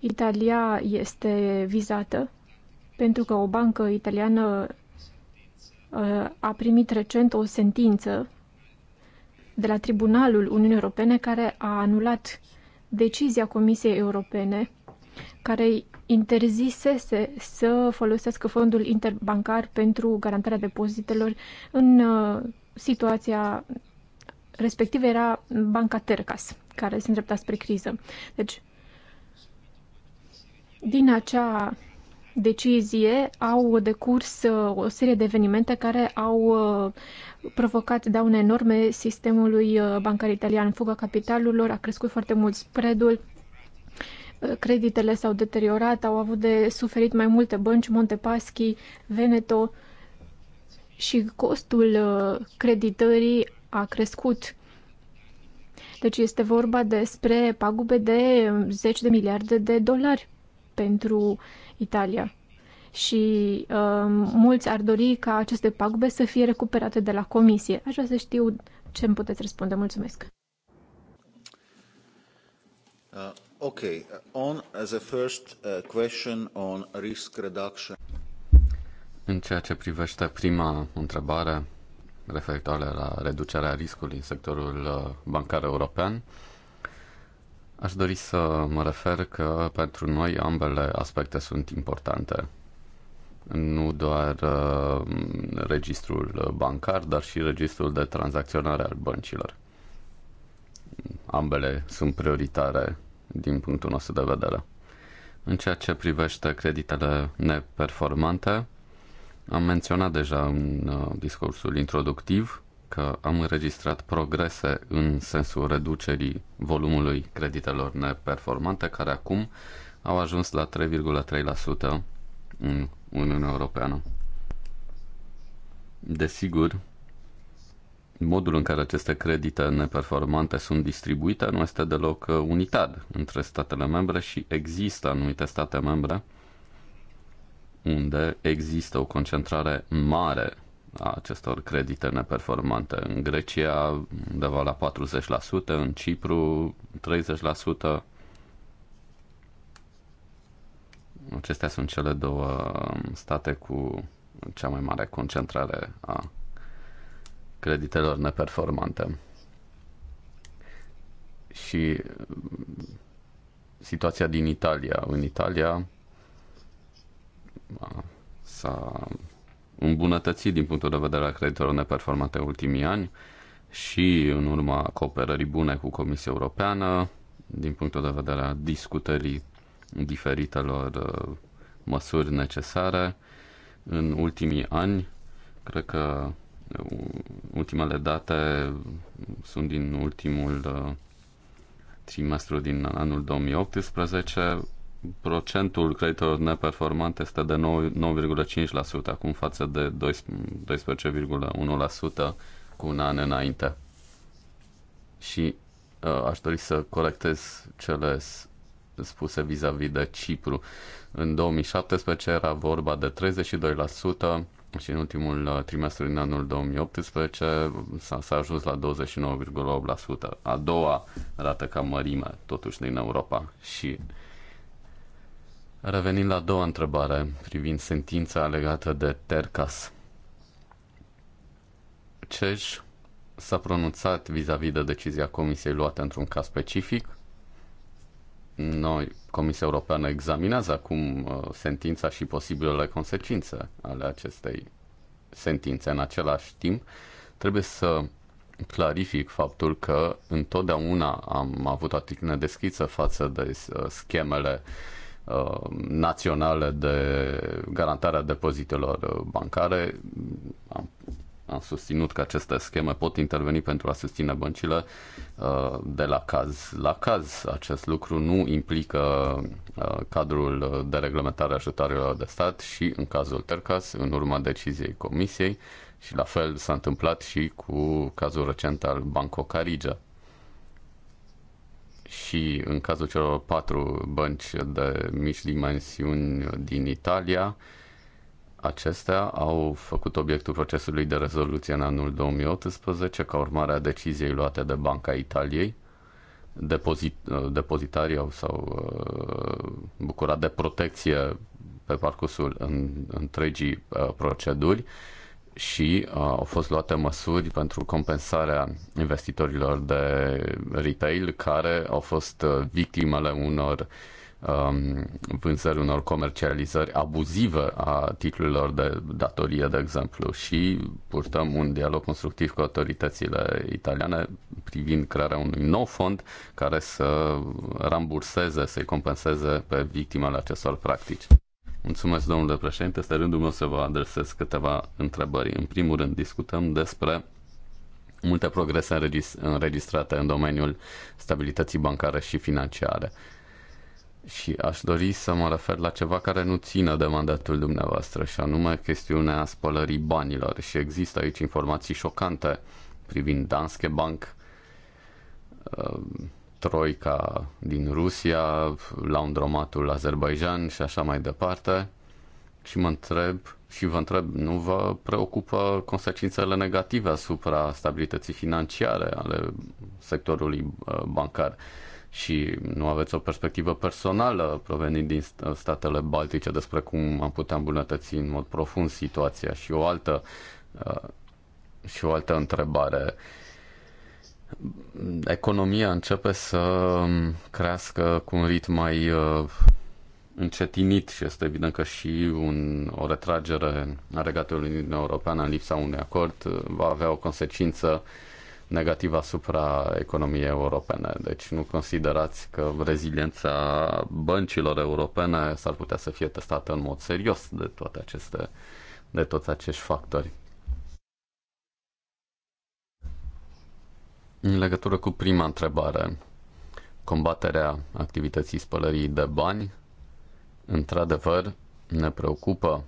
Italia este vizată pentru că o bancă italiană uh, a primit recent o sentință de la Tribunalul Uniunii Europene care a anulat decizia Comisiei Europene care interzisese să folosească fondul interbancar pentru garantarea depozitelor în uh, situația respectivă era banca Tercas, care se îndrepta spre criză. Deci, din acea decizie au decurs uh, o serie de evenimente care au uh, provocat daune enorme sistemului uh, bancar italian. Fuga capitalurilor a crescut foarte mult spreadul, creditele s-au deteriorat, au avut de suferit mai multe bănci, Montepaschi, Veneto și costul creditării a crescut. Deci este vorba despre pagube de 10 de miliarde de dolari pentru uh, Italia. Și uh, mulți ar dori ca aceste pagube să fie recuperate de la comisie. Aș vrea să știu ce îmi puteți răspunde. Mulțumesc. Uh, ok. Uh, on the first uh, question on risk reduction. În ceea ce privește prima întrebare referitoare la reducerea riscului în sectorul uh, bancar european, uh, Aș dori să mă refer că pentru noi ambele aspecte sunt importante. Nu doar uh, registrul bancar, dar și registrul de tranzacționare al băncilor. Ambele sunt prioritare din punctul nostru de vedere. În ceea ce privește creditele neperformante, am menționat deja în uh, discursul introductiv că am înregistrat progrese în sensul reducerii volumului creditelor neperformante, care acum au ajuns la 3,3% în Uniunea Europeană. Desigur, modul în care aceste credite neperformante sunt distribuite nu este deloc unitar între statele membre și există anumite state membre unde există o concentrare mare a acestor credite neperformante. În Grecia undeva la 40%, în Cipru 30%. Acestea sunt cele două state cu cea mai mare concentrare a creditelor neperformante. Și mm, situația din Italia. În Italia s-a îmbunătățit din punctul de vedere al creditelor neperformante ultimii ani și în urma cooperării bune cu Comisia Europeană, din punctul de vedere al discutării diferitelor uh, măsuri necesare. În ultimii ani, cred că uh, ultimele date sunt din ultimul uh, trimestru din anul 2018, procentul creditelor neperformante este de 9,5% acum față de 12,1% cu un an înainte. Și uh, aș dori să corectez cele spuse vis-a-vis -vis de Cipru. În 2017 era vorba de 32% și în ultimul uh, trimestru din anul 2018 s-a, s-a ajuns la 29,8%, a doua rată ca mărime totuși din Europa și Revenind la a doua întrebare privind sentința legată de Tercas. CEJ s-a pronunțat vis-a-vis -vis de decizia Comisiei luată într-un caz specific. Noi, Comisia Europeană, examinează acum uh, sentința și posibilele consecințe ale acestei sentințe. În același timp, trebuie să clarific faptul că întotdeauna am avut o atitudine deschisă față de uh, schemele uh, Uh, naționale de garantare a depozitelor bancare. Am, am susținut că aceste scheme pot interveni pentru a susține băncile uh, de la caz la caz. Acest lucru nu implică uh, cadrul de reglementare a ajutoarelor de stat și în cazul Tercas, în urma deciziei Comisiei, și la fel s-a întâmplat și cu cazul recent al Banco Carige și în cazul celor patru bănci de mici dimensiuni din Italia, acestea au făcut obiectul procesului de rezoluție în anul 2018 ca urmare a deciziei luate de Banca Italiei. Depozit, uh, depozitarii au s-au uh, bucurat de protecție pe parcursul în, întregii uh, proceduri. Uh, și uh, au fost luate măsuri pentru compensarea investitorilor de retail care au fost uh, victimele unor um, vânzări, unor comercializări abuzive a titlurilor de datorie, de exemplu, și purtăm un dialog constructiv cu autoritățile italiane privind crearea unui nou fond care să ramburseze, să-i compenseze pe victimele acestor practici. Mulțumesc, domnule președinte. Este rândul meu să vă adresez câteva întrebări. În primul rând, discutăm despre multe progrese înregistrate în domeniul stabilității bancare și financiare. Și aș dori să mă refer la ceva care nu ține de mandatul dumneavoastră, și anume chestiunea spălării banilor. Și există aici informații șocante privind Danske Bank, uh, troica din Rusia, la undromatul Azerbaijan și așa mai departe. Și mă întreb și vă întreb, nu vă preocupă consecințele negative asupra stabilității financiare ale sectorului uh, bancar? și nu aveți o perspectivă personală provenind din statele baltice despre cum am putea îmbunătăți în mod profund situația și o altă uh, și o altă întrebare economia începe să um, crească cu un ritm mai uh, încetinit și este evident că și un, o retragere a regatului din Europeană în lipsa unui acord uh, va avea o consecință negativă asupra economiei europene. Deci nu considerați că reziliența băncilor europene s-ar putea să fie testată în mod serios de toate aceste de toți acești factori. În legătură cu prima întrebare, combaterea activității spălării de bani, într-adevăr, ne preocupă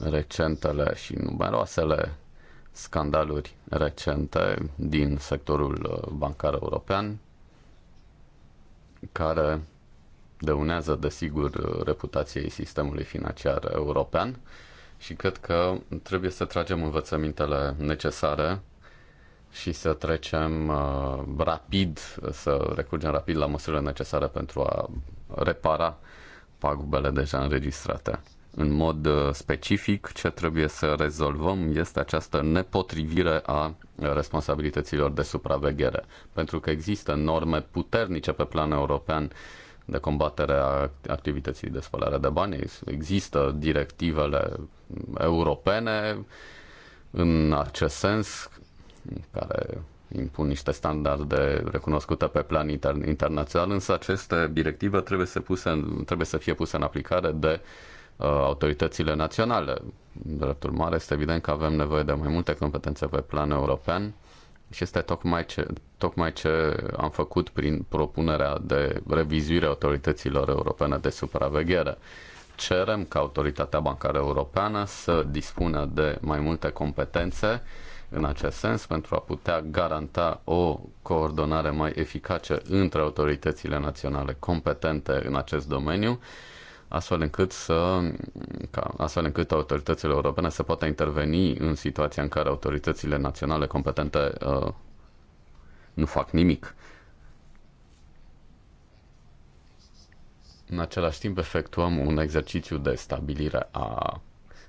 recentele și numeroasele scandaluri recente din sectorul uh, bancar european, care dăunează, desigur, uh, reputației sistemului financiar european și cred că trebuie să tragem învățămintele necesare și să trecem uh, rapid, să recurgem rapid la măsurile necesare pentru a repara pagubele deja înregistrate. În mod uh, specific, ce trebuie să rezolvăm este această nepotrivire a responsabilităților de supraveghere, pentru că există norme puternice pe plan european de combatere a activității de spălare de bani, există directivele europene în acest sens care impun niște standarde recunoscute pe plan inter- internațional, însă aceste directive trebuie să, puse în, trebuie să fie puse în aplicare de uh, autoritățile naționale. Drept urmare, este evident că avem nevoie de mai multe competențe pe plan european și este tocmai ce, tocmai ce am făcut prin propunerea de revizuire autorităților europene de supraveghere. Cerem ca autoritatea bancară europeană să dispună de mai multe competențe uh, în acest sens pentru a putea garanta o coordonare mai eficace între autoritățile naționale competente în acest domeniu, astfel încât, să, ca, astfel încât autoritățile europene să poată interveni în situația în care autoritățile naționale competente uh, nu fac nimic. În același timp efectuăm un exercițiu de stabilire a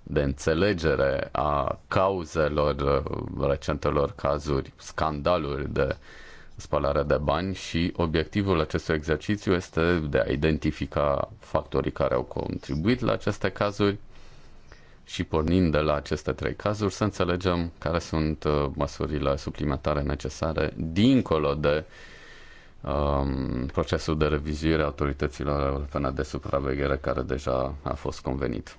de înțelegere a cauzelor uh, recentelor cazuri, scandaluri de spălare de bani și obiectivul acestui exercițiu este de a identifica factorii care au contribuit la aceste cazuri și pornind de la aceste trei cazuri să înțelegem care sunt uh, măsurile suplimentare necesare dincolo de um, procesul de revizuire a autorităților europene de supraveghere care deja a fost convenit.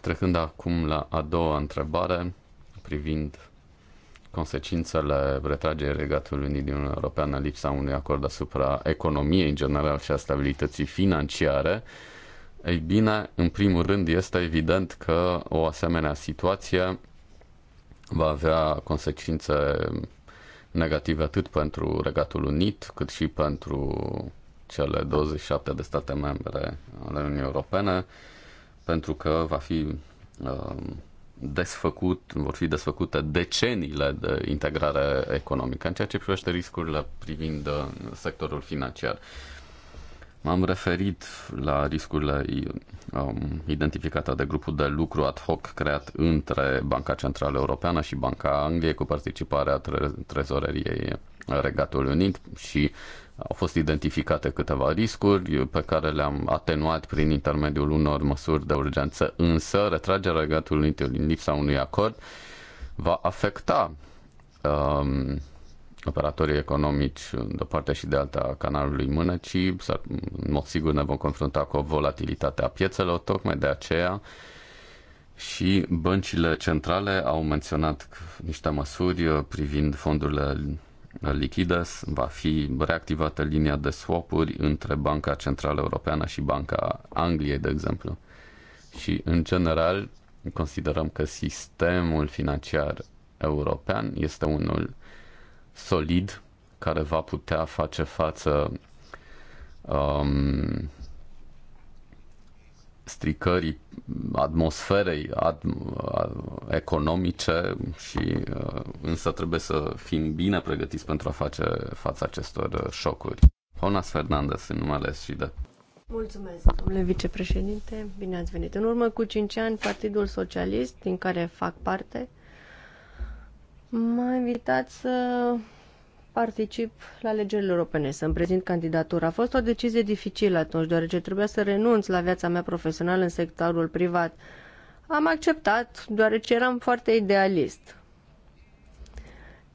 Trecând acum la a doua întrebare privind consecințele retragerii Regatului Unit din Uniunea Europeană, lipsa unui acord asupra economiei în general și a stabilității financiare, ei bine, în primul rând este evident că o asemenea situație va avea consecințe negative atât pentru Regatul Unit, cât și pentru cele 27 de state membre ale Uniunii Europene pentru că va fi um, desfăcut, vor fi desfăcute deceniile de integrare economică în ceea ce privește riscurile privind uh, sectorul financiar. M-am referit la riscurile um, identificate de grupul de lucru ad hoc creat între Banca Centrală Europeană și Banca Angliei cu participarea tre- trezoreriei Regatului Unit și au fost identificate câteva riscuri pe care le-am atenuat prin intermediul unor măsuri de urgență, însă retragerea Regatului Unit în lipsa unui acord va afecta um, operatorii economici de parte și de alta a canalului mânecii, în mod sigur ne vom confrunta cu o volatilitate a piețelor, tocmai de aceea și băncile centrale au menționat niște măsuri privind fondurile lichides, va fi reactivată linia de swapuri între Banca Centrală Europeană și Banca Angliei, de exemplu. Și, în general, considerăm că sistemul financiar european este unul solid care va putea face față um, stricării atmosferei ad, economice și uh, însă trebuie să fim bine pregătiți pentru a face față acestor uh, șocuri. Jonas Fernandez în numele SIDE. Mulțumesc, domnule vicepreședinte, bine ați venit. În urmă cu 5 ani, Partidul Socialist, din care fac parte, m-a invitat să particip la alegerile europene, să-mi prezint candidatura. A fost o decizie dificilă atunci, deoarece trebuia să renunț la viața mea profesională în sectorul privat. Am acceptat, deoarece eram foarte idealist.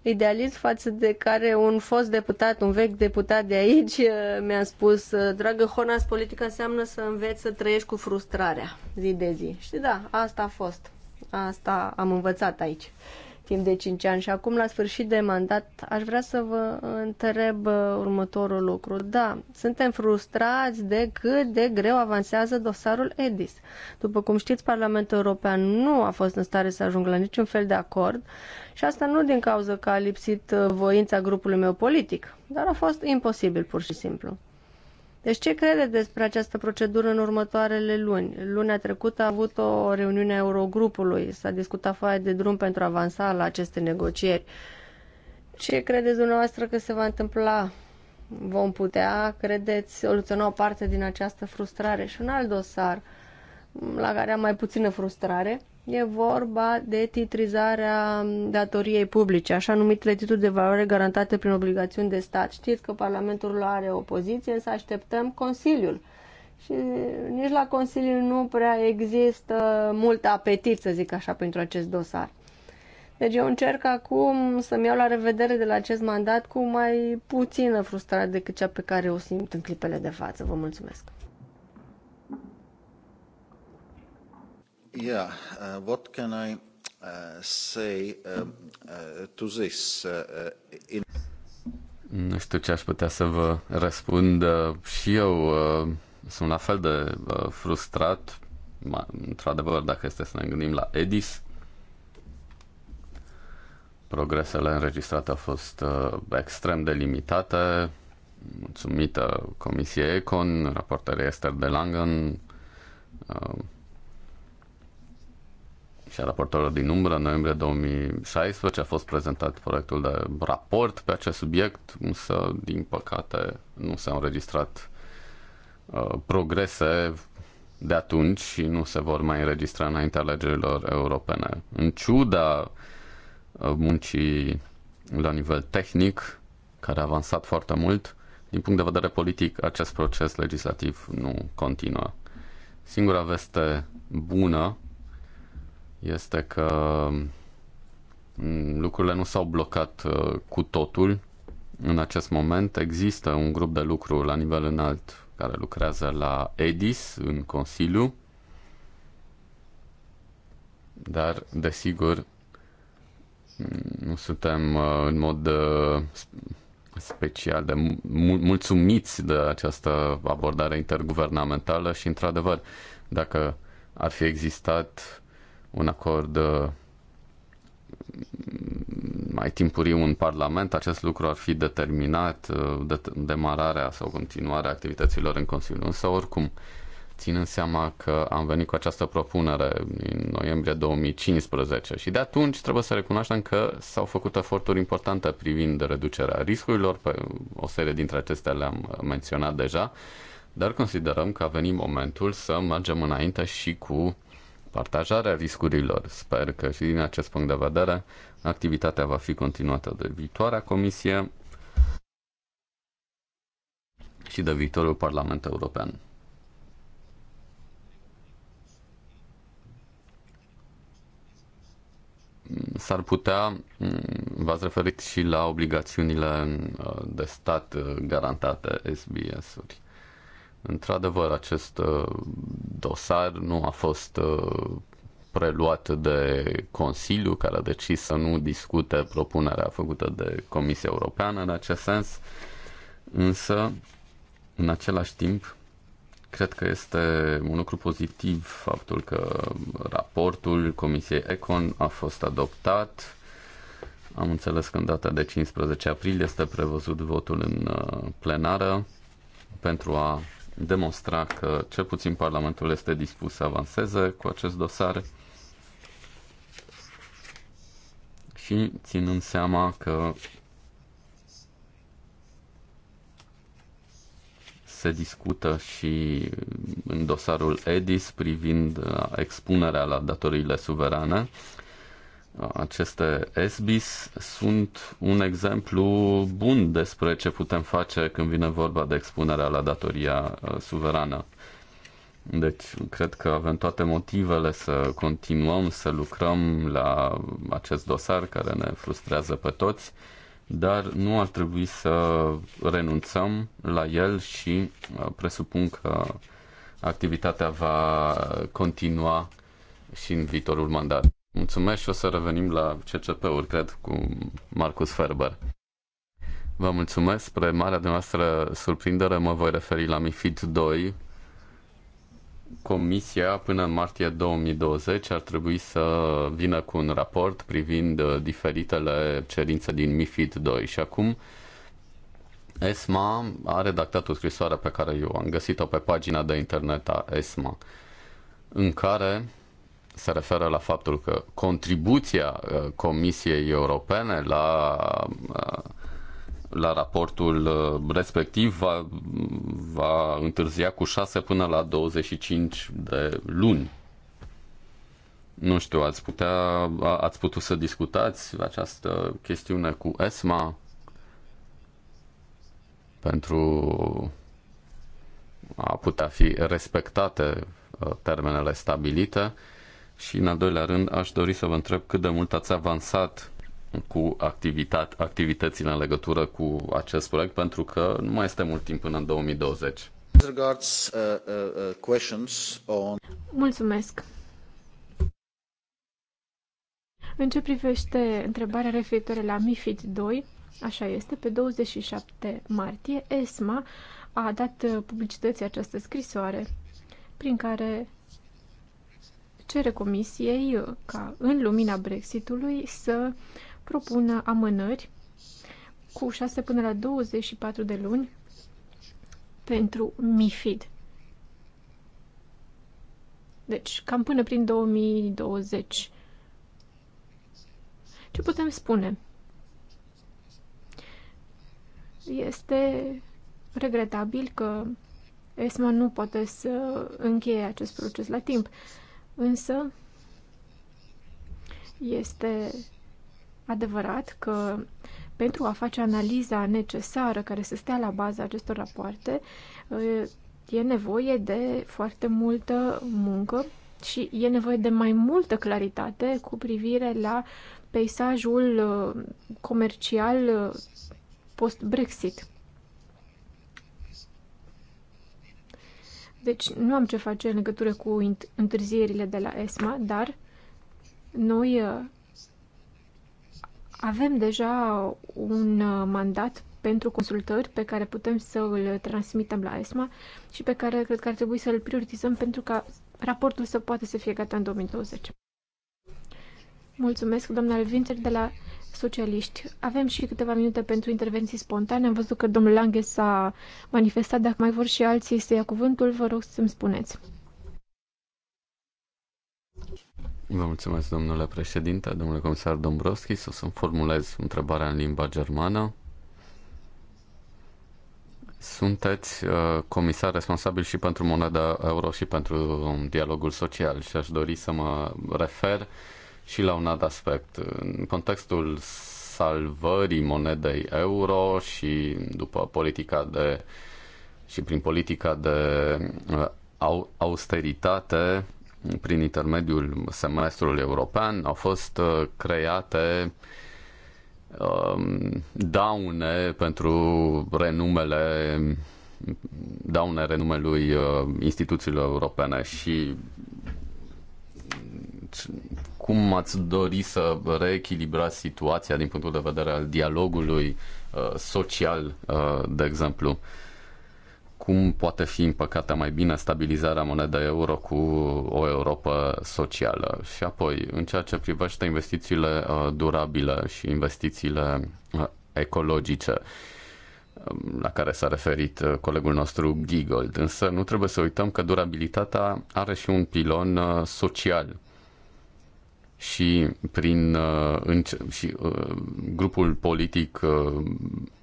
Idealist față de care un fost deputat, un vechi deputat de aici mi-a spus Dragă Honas, politica înseamnă să înveți să trăiești cu frustrarea zi de zi. Și da, asta a fost. Asta am învățat aici timp de 5 ani. Și acum, la sfârșit de mandat, aș vrea să vă întreb uh, următorul lucru. Da, suntem frustrați de cât de greu avansează dosarul EDIS. După cum știți, Parlamentul European nu a fost în stare să ajungă la niciun fel de acord și asta nu din cauza că a lipsit uh, voința grupului meu politic, dar a fost imposibil pur și simplu. Deci ce crede despre această procedură în următoarele luni? Luna trecută a avut o reuniune a Eurogrupului, s-a discutat foaia de drum pentru a avansa la aceste negocieri. Ce credeți dumneavoastră că se va întâmpla? Vom putea, credeți, soluționa o parte din această frustrare? Și un alt dosar la care am mai puțină frustrare – E vorba de titrizarea datoriei publice, așa numitele titluri de valoare garantate prin obligațiuni de stat. Știți că Parlamentul are o poziție, însă așteptăm Consiliul. Și nici la Consiliu nu prea există mult apetit, să zic așa, pentru acest dosar. Deci eu încerc acum să-mi iau la revedere de la acest mandat cu mai puțină frustrare decât cea pe care o simt în clipele de față. Vă mulțumesc! Yeah, uh, what can I uh, say uh, uh, to this? Uh, uh, in... Nu știu ce aș putea să vă răspund. Uh, și eu uh, sunt la fel de uh, frustrat, într-adevăr, dacă este să ne gândim la Edis. Progresele înregistrate au fost uh, extrem de limitate, mulțumită Comisiei Econ, raportarea Esther de Langen, uh, și a raportorilor din umbră în noiembrie 2016 a fost prezentat proiectul de raport pe acest subiect, însă, din păcate, nu s-au înregistrat uh, progrese de atunci și nu se vor mai înregistra înaintea alegerilor europene. În ciuda uh, muncii la nivel tehnic, care a avansat foarte mult, din punct de vedere politic, acest proces legislativ nu continuă. Singura veste bună este că mm, lucrurile nu s-au blocat uh, cu totul. În acest moment există un grup de lucru la nivel înalt care lucrează la EDIS în Consiliu, dar, desigur, mm, nu suntem uh, în mod uh, special de mulțumiți de această abordare interguvernamentală și, într-adevăr, dacă ar fi existat un acord uh, mai timpuriu în Parlament, acest lucru ar fi determinat uh, de, demararea sau continuarea activităților în Consiliu. Însă, oricum, ținând seama că am venit cu această propunere în noiembrie 2015 și de atunci trebuie să recunoaștem că s-au făcut eforturi importante privind reducerea riscurilor, pe o serie dintre acestea le-am uh, menționat deja, dar considerăm că a venit momentul să mergem înainte și cu partajarea riscurilor. Sper că și din acest punct de vedere activitatea va fi continuată de viitoarea comisie și de viitorul Parlament European. s-ar putea, v-ați referit și la obligațiunile uh, de stat uh, garantate SBS-uri. Într-adevăr, acest uh, dosar nu a fost uh, preluat de Consiliu, care a decis să nu discute propunerea făcută de Comisia Europeană în acest sens, însă, în același timp, cred că este un lucru pozitiv faptul că raportul Comisiei Econ a fost adoptat. Am înțeles că în data de 15 aprilie este prevăzut votul în uh, plenară pentru a demonstra că cel puțin Parlamentul este dispus să avanseze cu acest dosar și ținând seama că se discută și în dosarul EDIS privind expunerea la datoriile suverane, aceste SBIS sunt un exemplu bun despre ce putem face când vine vorba de expunerea la datoria uh, suverană. Deci, cred că avem toate motivele să continuăm să lucrăm la acest dosar care ne frustrează pe toți, dar nu ar trebui să renunțăm la el și uh, presupun că activitatea va continua și în viitorul mandat. Mulțumesc și o să revenim la CCP-uri, cred, cu Marcus Ferber. Vă mulțumesc. Spre marea noastră surprindere mă voi referi la MIFID 2. Comisia până în martie 2020 ar trebui să vină cu un raport privind uh, diferitele cerințe din MIFID 2 și acum ESMA a redactat o scrisoare pe care eu am găsit-o pe pagina de internet a ESMA în care se referă la faptul că contribuția uh, Comisiei Europene la uh, la raportul uh, respectiv va, va întârzia cu 6 până la 25 de luni. Nu știu, ați putea, ați putut să discutați această chestiune cu ESMA pentru a putea fi respectate termenele stabilite și în al doilea rând, aș dori să vă întreb cât de mult ați avansat cu activitate, activitățile în legătură cu acest proiect, pentru că nu mai este mult timp până în 2020. Uh, uh, uh, Mulțumesc. În ce privește întrebarea referitoare la MIFID 2, așa este, pe 27 martie, ESMA a dat publicității această scrisoare prin care cere Comisiei uh, ca, în lumina Brexitului, să propună amânări cu 6 până la 24 de luni pentru MIFID. Deci, cam până prin 2020. Ce putem spune? Este regretabil că ESMA nu poate să încheie acest proces la timp. Uh, Însă, este adevărat că pentru a face analiza necesară care să stea la baza acestor rapoarte, e nevoie de foarte multă muncă și e nevoie de mai multă claritate cu privire la peisajul uh, comercial uh, post-Brexit. Deci nu am ce face în legătură cu întârzierile de la ESMA, dar noi uh, avem deja un uh, mandat pentru consultări pe care putem să îl transmitem la ESMA și pe care cred că ar trebui să îl prioritizăm pentru ca raportul să poată să fie gata în 2020. Mulțumesc, doamna Revințer, de la socialiști. Avem și câteva minute pentru intervenții spontane. Am văzut că domnul Lange s-a manifestat. Dacă mai vor și alții să ia cuvântul, vă rog să-mi spuneți. Vă mulțumesc, domnule președinte, domnule comisar Dombrovski. Să să formulez întrebarea în limba germană. Sunteți uh, comisar responsabil și pentru moneda euro și pentru um, dialogul social și aș dori să mă refer uh, și la un alt aspect. În contextul salvării monedei euro și după politica de și prin politica de uh, austeritate prin intermediul semestrului european au fost uh, create um, daune pentru renumele daune renumelui uh, instituțiilor europene și deci, cum ați dori să reechilibrați situația din punctul de vedere al dialogului uh, social, uh, de exemplu? Cum poate fi împăcată mai bine stabilizarea monedei euro cu o Europa socială? Și apoi, în ceea ce privește investițiile uh, durabile și investițiile ecologice, um, la care s-a referit colegul nostru Gigold. Însă nu trebuie să uităm că durabilitatea are și un pilon social și prin uh, și uh, grupul politic uh,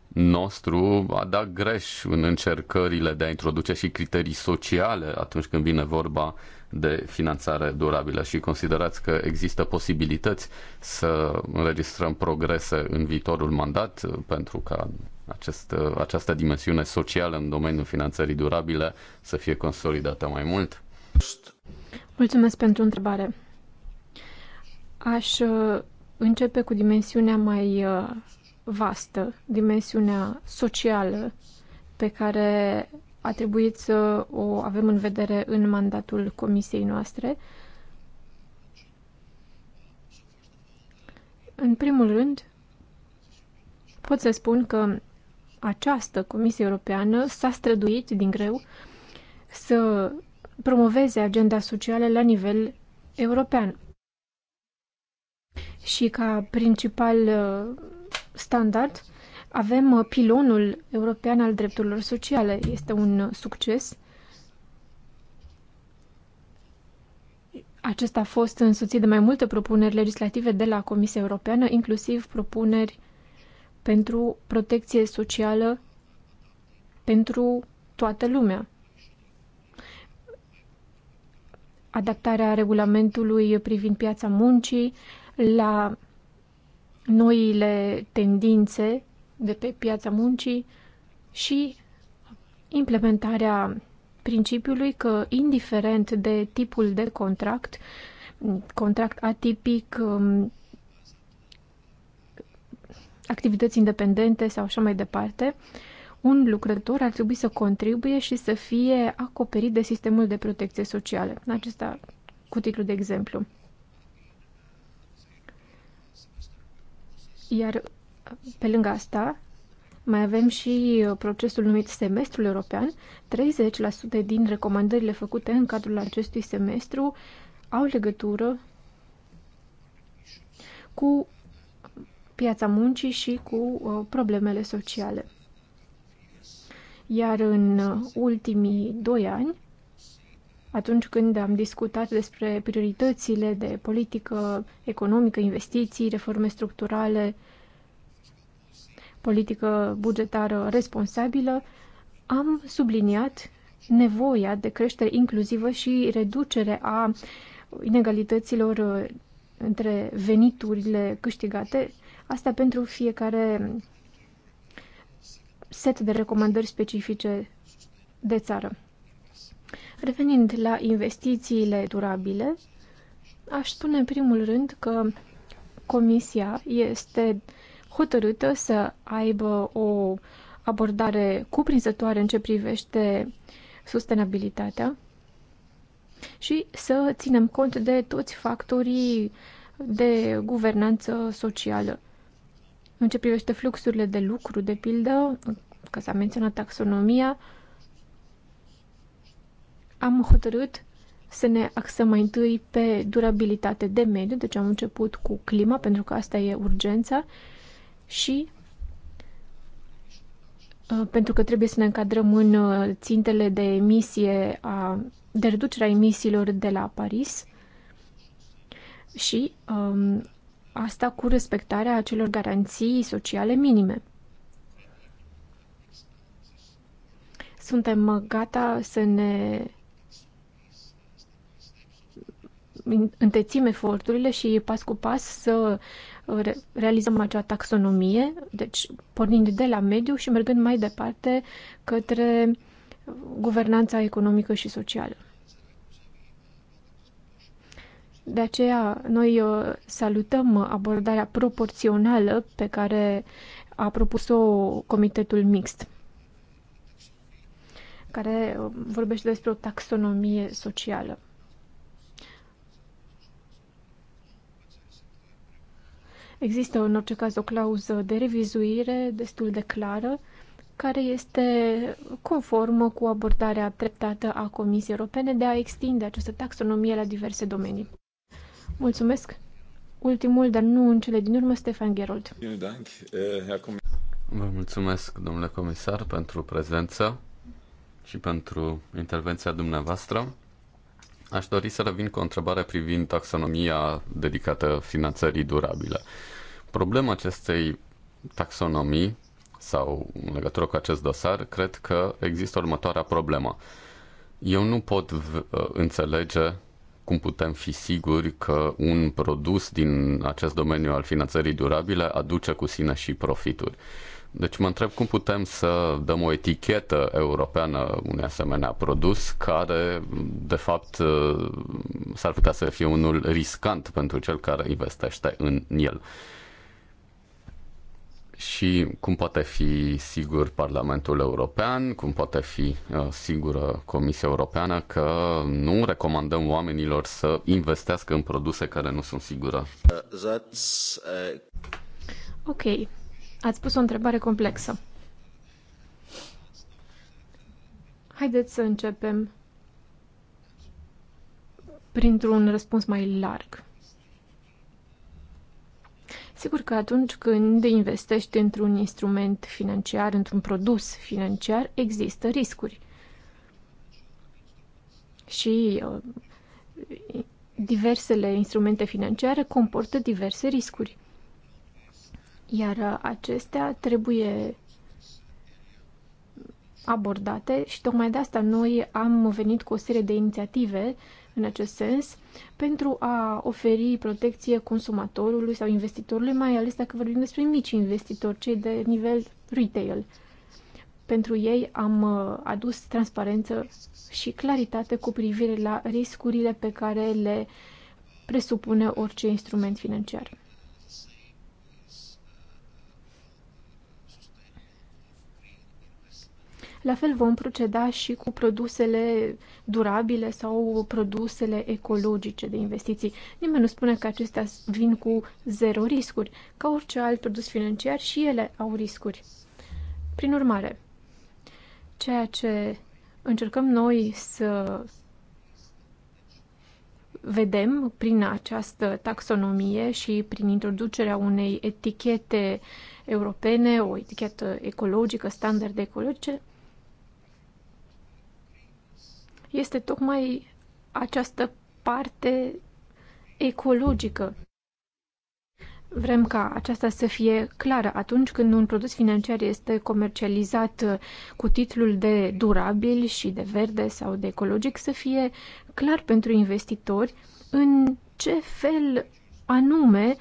nostru a dat greș în încercările de a introduce și criterii sociale atunci când vine vorba de finanțare durabilă și considerați că există posibilități să înregistrăm progrese în viitorul mandat pentru ca acest, această dimensiune socială în domeniul finanțării durabile să fie consolidată mai mult? Mulțumesc pentru întrebare. Aș uh, începe cu dimensiunea mai uh, vastă, dimensiunea socială pe care a trebuit să o avem în vedere în mandatul comisiei noastre. În primul rând, pot să spun că această Comisie Europeană s-a străduit din greu să promoveze agenda socială la nivel european și ca principal uh, standard avem uh, pilonul european al drepturilor sociale. Este un uh, succes. Acesta a fost însuțit de mai multe propuneri legislative de la Comisia Europeană, inclusiv propuneri pentru protecție socială pentru toată lumea. Adaptarea regulamentului privind piața muncii, la noile tendințe de pe piața muncii și implementarea principiului că, indiferent de tipul de contract, contract atipic, um, activități independente sau așa mai departe, un lucrător ar trebui să contribuie și să fie acoperit de sistemul de protecție socială. Acesta cu titlu de exemplu. Iar pe lângă asta, mai avem și uh, procesul numit semestrul european. 30% din recomandările făcute în cadrul acestui semestru au legătură cu piața muncii și cu uh, problemele sociale. Iar în uh, ultimii doi ani, atunci când am discutat despre prioritățile de politică economică, investiții, reforme structurale, politică bugetară responsabilă, am subliniat nevoia de creștere inclusivă și reducere a inegalităților uh, între veniturile câștigate, asta pentru fiecare set de recomandări specifice de țară. Revenind la investițiile durabile, aș spune în primul rând că Comisia este hotărâtă să aibă o abordare cuprinzătoare în ce privește sustenabilitatea și să ținem cont de toți factorii de guvernanță socială. În ce privește fluxurile de lucru, de pildă, că s-a menționat taxonomia, uh, am hotărât să ne axăm mai întâi pe durabilitate de mediu, deci am început cu clima, pentru că asta e urgența, și uh, pentru că trebuie să ne încadrăm în uh, țintele de emisie, a, de reducerea emisiilor de la Paris și um, asta cu respectarea acelor garanții sociale minime. Suntem gata să ne întețim eforturile și pas cu pas să uh, realizăm acea taxonomie, deci pornind de la mediu și mergând mai departe către guvernanța economică și socială. De aceea, noi uh, salutăm abordarea proporțională pe care a propus-o Comitetul Mixt, care uh, vorbește despre o taxonomie socială. Există în orice caz o clauză de revizuire destul de clară care este conformă cu abordarea treptată a Comisiei Europene de a extinde această taxonomie la diverse domenii. Mulțumesc! Ultimul, dar nu în cele din urmă, Stefan Gerold. Vă mulțumesc, domnule comisar, pentru prezență și pentru intervenția dumneavoastră. Aș dori să revin cu o întrebare privind taxonomia dedicată finanțării durabile. Problema acestei taxonomii sau în legătură cu acest dosar, cred că există următoarea problemă. Eu nu pot uh, înțelege cum putem fi siguri că un produs din acest domeniu al finanțării durabile aduce cu sine și profituri. Deci mă întreb cum putem să dăm o etichetă europeană unui asemenea produs care, de fapt, uh, s-ar putea să fie unul riscant pentru cel care investește în el. Și cum poate fi sigur Parlamentul European, cum poate fi uh, sigură Comisia Europeană că nu recomandăm oamenilor să investească în produse care nu sunt sigură. Uh, uh... Ok, Ați pus o întrebare complexă. Haideți să începem printr-un răspuns mai larg. Sigur că atunci când investești într-un instrument financiar, într-un produs financiar, există riscuri. Și uh, diversele instrumente financiare comportă diverse riscuri iar uh, acestea trebuie abordate și tocmai de asta noi am venit cu o serie de inițiative în acest sens pentru a oferi protecție consumatorului sau investitorului, mai ales dacă vorbim despre mici investitori, cei de nivel retail. Pentru ei am uh, adus transparență și claritate cu privire la riscurile pe care le presupune orice instrument financiar. La fel vom proceda și cu produsele durabile sau produsele ecologice de investiții. Nimeni nu spune că acestea vin cu zero riscuri. Ca orice alt produs financiar, și ele au riscuri. Prin urmare, ceea ce încercăm noi să vedem prin această taxonomie și prin introducerea unei etichete europene, o etichetă ecologică, standarde ecologice, este tocmai această parte ecologică. Vrem ca aceasta să fie clară atunci când un produs financiar este comercializat uh, cu titlul de durabil și de verde sau de ecologic, să fie clar pentru investitori în ce fel anume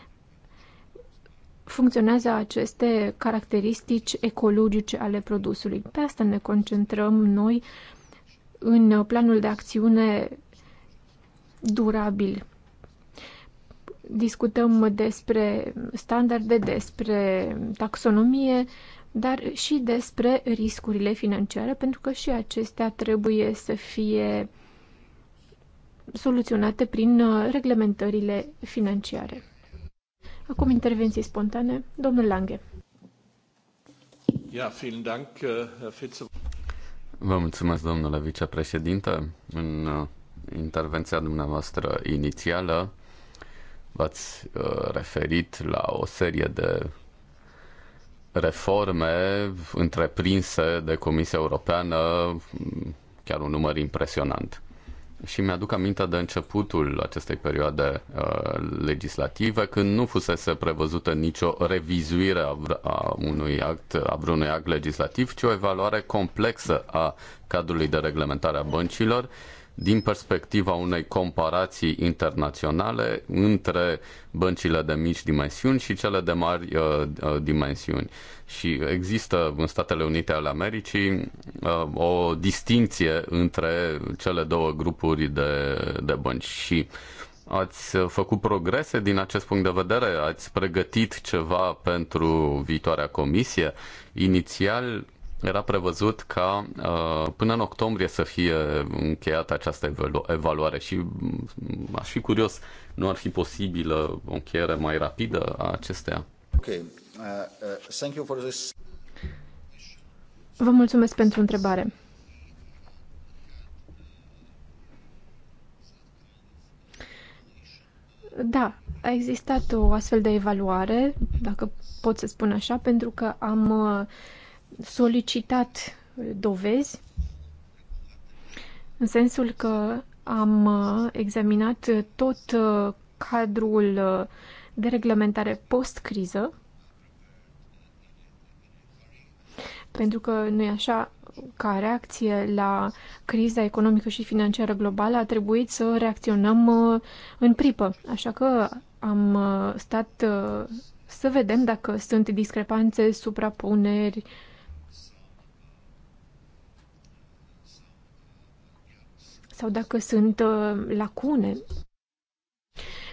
funcționează aceste caracteristici ecologice ale produsului. Pe asta ne concentrăm noi în planul de acțiune durabil. Discutăm despre standarde, despre taxonomie, dar și despre riscurile financiare, pentru că și acestea trebuie să fie soluționate prin uh, reglementările financiare. Acum intervenții spontane. Domnul Lange. Ja, vielen Dank, uh, Herr Vize. Vă mulțumesc, domnule vicepreședinte. În uh, intervenția dumneavoastră inițială v-ați uh, referit la o serie de reforme întreprinse de Comisia Europeană, mm, chiar un număr impresionant și mi-aduc aminte de începutul acestei perioade uh, legislative, când nu fusese prevăzută nicio revizuire a, a unui act, a vreunui act legislativ, ci o evaluare complexă a cadrului de reglementare a băncilor uh, din perspectiva unei comparații internaționale între băncile de mici dimensiuni și cele de mari uh, uh, dimensiuni. Și există în Statele Unite ale Americii uh, o distinție între cele două grupuri de, de bănci și Ați făcut progrese din acest punct de vedere? Ați pregătit ceva pentru viitoarea comisie? Inițial, era prevăzut ca uh, până în octombrie să fie încheiată această evaluare și mm, aș fi curios, nu ar fi posibilă o încheiere mai rapidă a acesteia? Uh, uh, thank you for this. Vă mulțumesc pentru întrebare. Da, a existat o astfel de evaluare, dacă pot să spun așa, pentru că am uh, solicitat dovezi în sensul că am uh, examinat tot uh, cadrul uh, de reglementare post-criză, pentru că nu e așa, ca reacție la criza economică și financiară globală a trebuit să reacționăm în pripă. Așa că am stat să vedem dacă sunt discrepanțe, suprapuneri, sau dacă sunt uh, lacune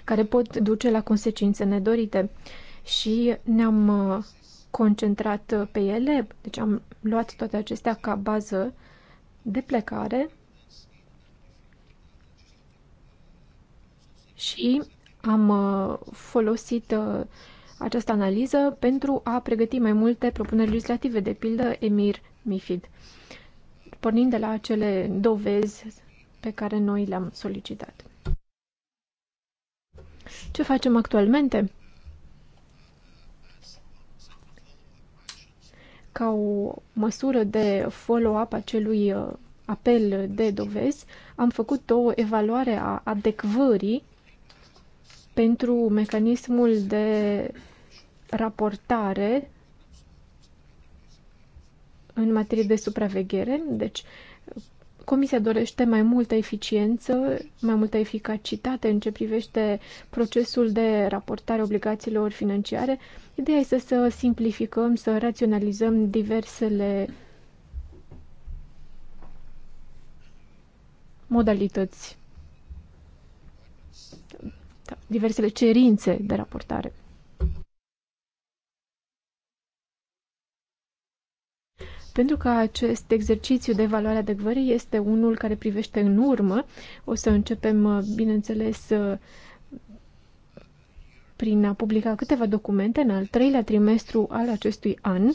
care pot duce la consecințe nedorite. Și ne-am uh, concentrat uh, pe ele, deci am luat toate acestea ca bază de plecare și am folosit această analiză pentru a pregăti mai multe propuneri legislative, de pildă EMIR MIFID. Pornind de la acele dovezi pe care noi le-am solicitat. Ce facem actualmente? Ca o măsură de follow-up acelui uh, apel de dovezi, am făcut o evaluare a adecvării pentru mecanismul de raportare în materie de supraveghere. Deci, Comisia dorește mai multă eficiență, mai multă eficacitate în ce privește procesul de raportare obligațiilor financiare. Ideea este să simplificăm, să raționalizăm diversele modalități, da, diversele cerințe de raportare. Pentru că acest exercițiu de evaluare adecvării este unul care privește în urmă, o să începem, uh, bineînțeles, uh, prin a publica câteva documente în al treilea trimestru al acestui an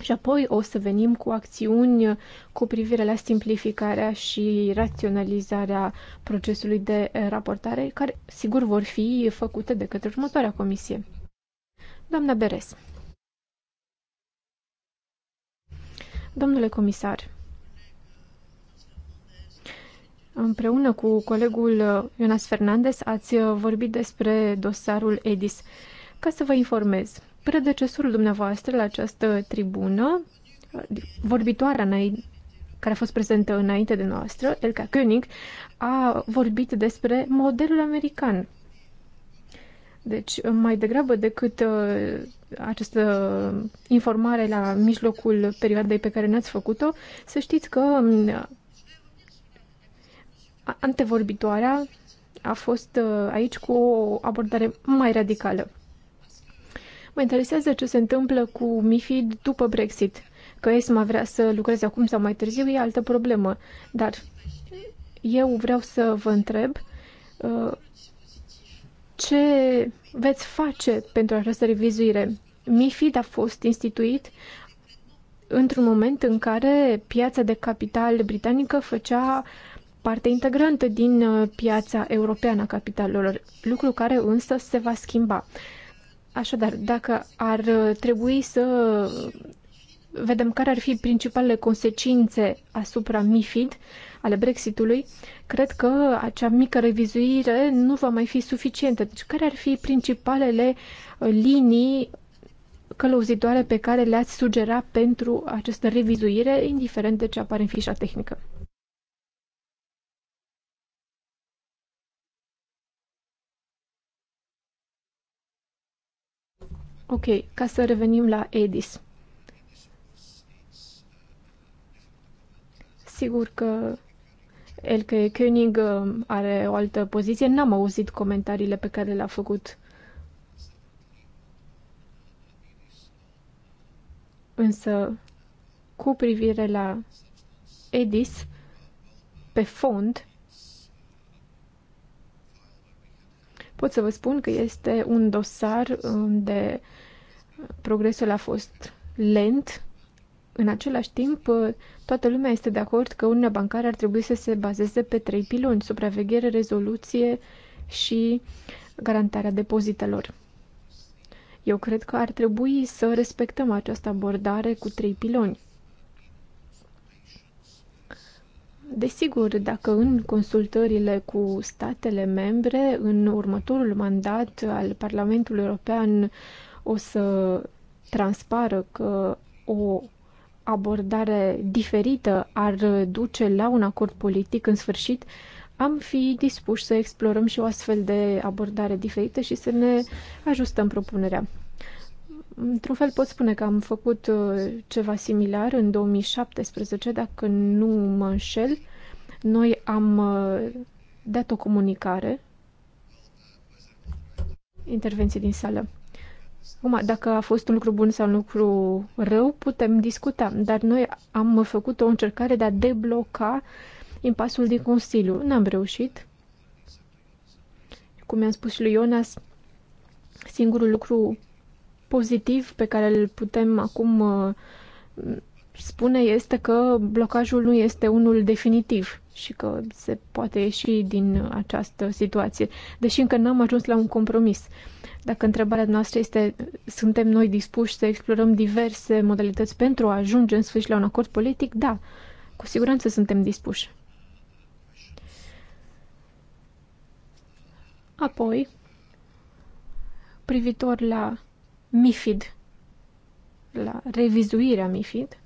și apoi o să venim cu acțiuni cu privire la simplificarea și raționalizarea procesului de raportare, care sigur vor fi făcute de către următoarea comisie. Doamna Beres. Domnule comisar, împreună cu colegul Ionas Fernandez ați vorbit despre dosarul EDIS. Ca să vă informez, predecesorul dumneavoastră la această tribună, vorbitoarea care a fost prezentă înainte de noastră, Elka König, a vorbit despre modelul american deci, mai degrabă decât uh, această informare la mijlocul perioadei pe care ne-ați făcut-o, să știți că uh, antevorbitoarea a fost uh, aici cu o abordare mai radicală. Mă interesează ce se întâmplă cu MIFID după Brexit. Că ESMA vrea să lucreze acum sau mai târziu e altă problemă, dar eu vreau să vă întreb uh, ce veți face pentru această revizuire? MIFID a fost instituit într-un moment în care piața de capital britanică făcea parte integrantă din uh, piața europeană a capitalelor, lucru care însă se va schimba. Așadar, dacă ar uh, trebui să vedem care ar fi principalele consecințe asupra MIFID, ale Brexitului, cred că acea mică revizuire nu va mai fi suficientă. Deci care ar fi principalele uh, linii călăuzitoare pe care le-ați sugera pentru această revizuire, indiferent de ce apare în fișa tehnică? Ok, ca să revenim la EDIS. Sigur că Elke König uh, are o altă poziție. N-am auzit comentariile pe care le-a făcut. Însă, cu privire la Edis, pe fond, pot să vă spun că este un dosar unde progresul a fost lent, în același timp, uh, toată lumea este de acord că Uniunea Bancară ar trebui să se bazeze pe trei piloni, supraveghere, rezoluție și garantarea depozitelor. Eu cred că ar trebui să respectăm această abordare cu trei piloni. Desigur, dacă în consultările cu statele membre, în următorul mandat al Parlamentului European, o să transpară că o abordare diferită ar duce la un acord politic în sfârșit, am fi dispuși să explorăm și o astfel de abordare diferită și să ne ajustăm propunerea. Într-un fel pot spune că am făcut uh, ceva similar în 2017, dacă nu mă înșel. Noi am uh, dat o comunicare. Intervenție din sală. Acum, dacă a fost un lucru bun sau un lucru rău, putem discuta, dar noi am făcut o încercare de a debloca impasul din Consiliu. N-am reușit. Cum i-am spus și lui Ionas, singurul lucru pozitiv pe care îl putem acum uh, spune este că blocajul nu este unul definitiv și că se poate ieși din această situație, deși încă n-am ajuns la un compromis. Dacă întrebarea noastră este, suntem noi dispuși să explorăm diverse modalități pentru a ajunge în sfârșit la un acord politic? Da, cu siguranță suntem dispuși. Apoi, privitor la MIFID, la revizuirea MIFID,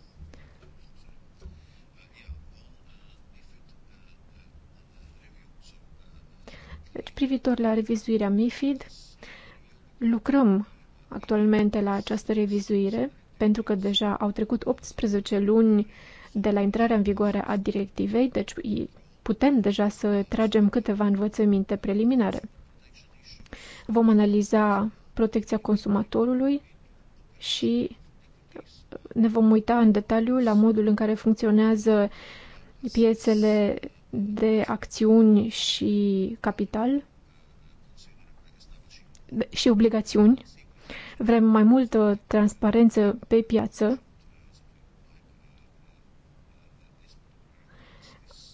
Deci, privitor la revizuirea MIFID, lucrăm actualmente la această revizuire, pentru că deja au trecut 18 luni de la intrarea în vigoare a directivei, deci putem deja să tragem câteva învățăminte preliminare. Vom analiza protecția consumatorului și ne vom uita în detaliu la modul în care funcționează piețele de acțiuni și capital și obligațiuni. Vrem mai multă transparență pe piață.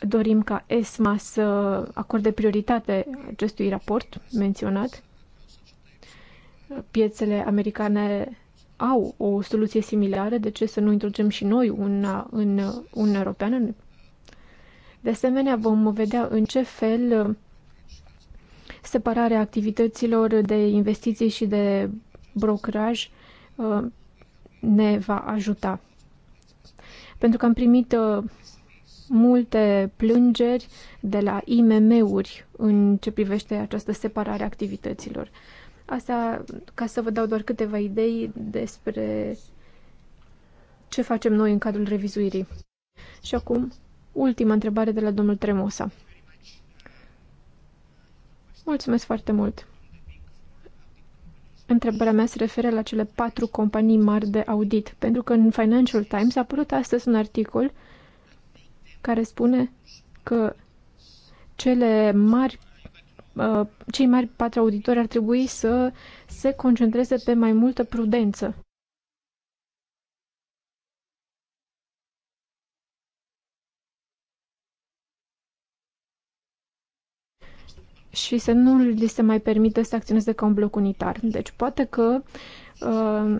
Dorim ca ESMA să acorde prioritate acestui raport menționat. Piețele americane au o soluție similară, de ce să nu introducem și noi una în Uniunea Europeană? De asemenea, vom vedea în ce fel uh, separarea activităților de investiții și de brocraj uh, ne va ajuta. Pentru că am primit uh, multe plângeri de la IMM-uri în ce privește această separare a activităților. Asta ca să vă dau doar câteva idei despre ce facem noi în cadrul revizuirii. Și acum ultima întrebare de la domnul Tremosa. Mulțumesc foarte mult. Întrebarea mea se referă la cele patru companii mari de audit, pentru că în Financial Times a apărut astăzi un articol care spune că cele mari, uh, cei mari patru auditori ar trebui să se concentreze pe mai multă prudență. și să nu li se mai permită să acționeze ca un bloc unitar. Deci poate că uh,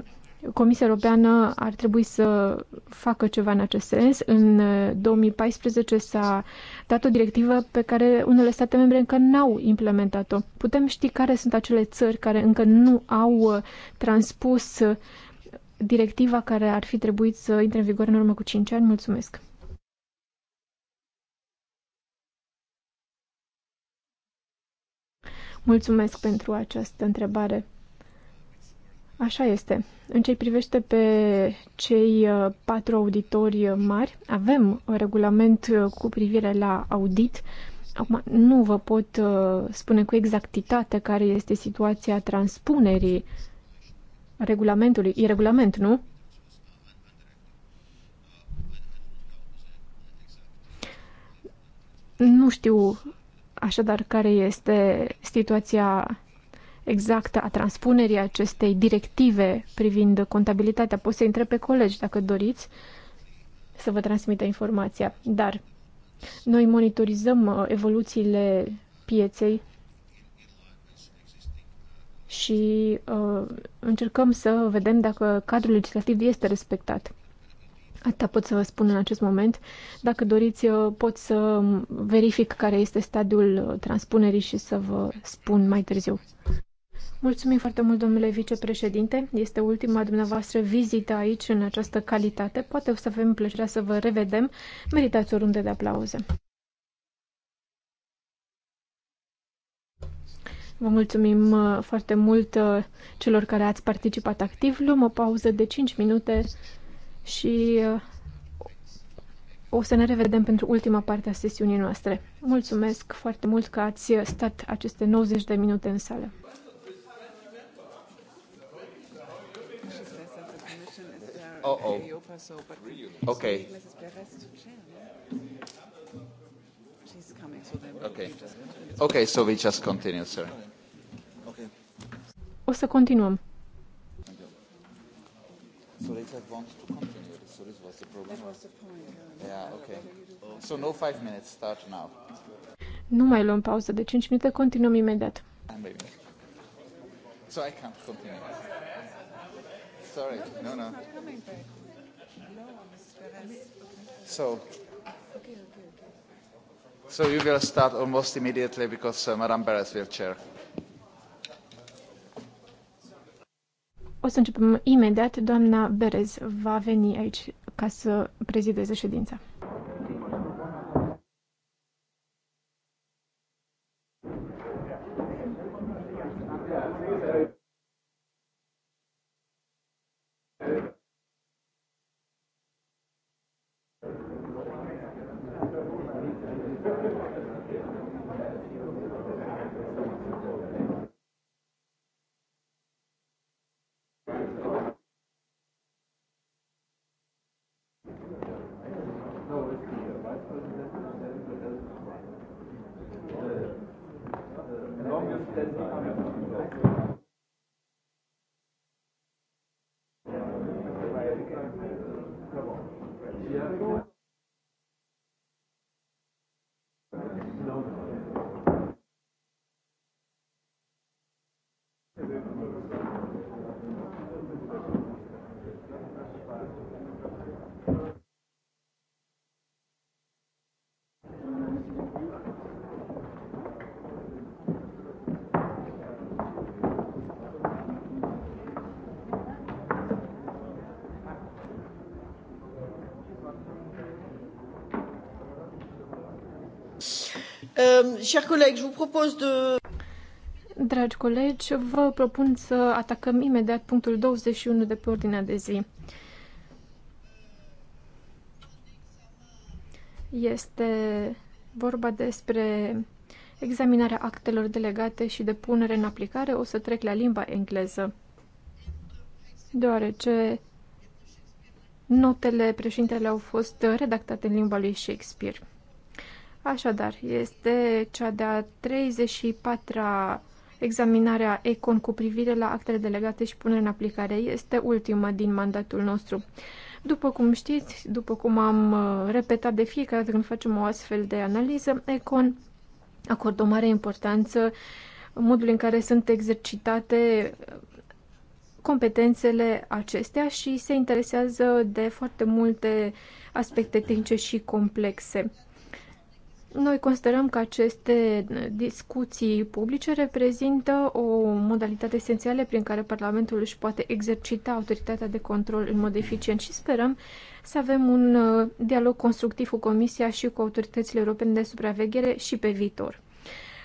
Comisia Europeană ar trebui să facă ceva în acest sens. În 2014 uh, s-a dat o directivă pe care unele state membre încă n-au implementat-o. Putem ști care sunt acele țări care încă nu au uh, transpus uh, directiva care ar fi trebuit să intre în vigoare în urmă cu 5 ani? Mulțumesc! Mulțumesc pentru această întrebare. Așa este. În ce privește pe cei uh, patru auditori uh, mari, avem un uh, regulament cu privire la audit. Acum, nu vă pot spune cu exactitate care este situația transpunerii regulamentului. E regulament, nu? Nu știu Așadar, care este situația exactă a transpunerii acestei directive privind contabilitatea? Poți să intre pe colegi dacă doriți să vă transmită informația. Dar noi monitorizăm uh, evoluțiile pieței și uh, încercăm să vedem dacă cadrul legislativ este respectat. Atâta pot să vă spun în acest moment. Dacă doriți, pot să verific care este stadiul transpunerii și să vă spun mai târziu. Mulțumim foarte mult, domnule vicepreședinte. Este ultima dumneavoastră vizită aici, în această calitate. Poate o să avem plăcerea să vă revedem. Meritați o rundă de aplauze. Vă mulțumim uh, foarte mult uh, celor care ați participat activ. Luăm o pauză de 5 minute și uh, o să ne revedem pentru ultima parte a sesiunii noastre. Mulțumesc foarte mult că ați stat aceste 90 de minute în sală. Oh, oh. Okay. Okay. Okay, so we just continue, sir. Okay. O să continuăm. So they said want to continue. So this was the problem. That was the point. Yeah, okay. So no five minutes. Start now. Nu mai luăm pauză de 5 minute, continuăm imediat. So I can't continue. Sorry. No, no. So So you will start almost immediately because uh, Madame Perez will chair. O să începem imediat. Doamna Berez va veni aici ca să prezideze ședința. chers collègues je vous propose de Dragi colegi, vă propun să atacăm imediat punctul 21 de pe ordinea de zi. Este vorba despre examinarea actelor delegate și de punere în aplicare. O să trec la limba engleză, deoarece notele președintele au fost redactate în limba lui Shakespeare. Așadar, este cea de-a 34-a Examinarea ECON cu privire la actele delegate și punerea în aplicare este ultima din mandatul nostru. După cum știți, după cum am uh, repetat de fiecare dată când facem o astfel de analiză, ECON acordă o mare importanță modul în care sunt exercitate uh, competențele acestea și se interesează de foarte multe aspecte tehnice și complexe. Noi considerăm că aceste discuții publice reprezintă o modalitate esențială prin care Parlamentul își poate exercita autoritatea de control în mod eficient și sperăm să avem un uh, dialog constructiv cu Comisia și cu autoritățile europene de supraveghere și pe viitor.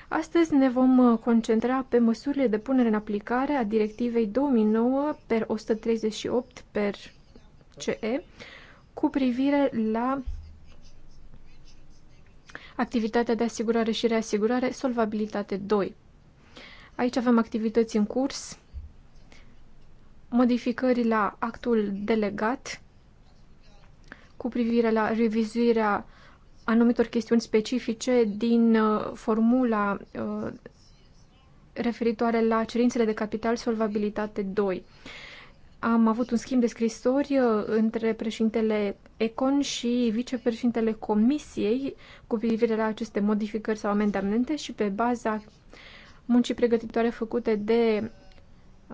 Astăzi ne vom uh, concentra pe măsurile de punere în aplicare a Directivei 2009 per 138 per CE cu privire la activitatea de asigurare și reasigurare, solvabilitate 2. Aici avem activități în curs, modificări la actul delegat cu privire la revizuirea anumitor chestiuni specifice din uh, formula uh, referitoare la cerințele de capital solvabilitate 2 am avut un schimb de scrisori uh, între președintele Econ și vicepreședintele Comisiei cu privire la aceste modificări sau amendamente și pe baza muncii pregătitoare făcute de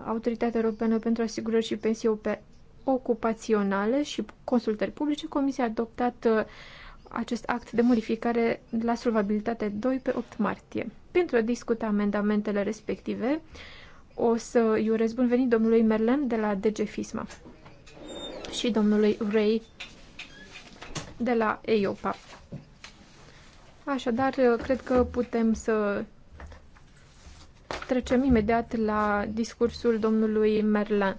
Autoritatea Europeană pentru Asigurări și Pensii Ocupaționale și consultări publice, Comisia a adoptat uh, acest act de modificare la solvabilitate 2 pe 8 martie. Pentru a discuta amendamentele respective, o să îi urez bun venit domnului Merlem de la DG Fisma și domnului Ray de la EIOPA. Așadar, cred că putem să trecem imediat la discursul domnului Merlin,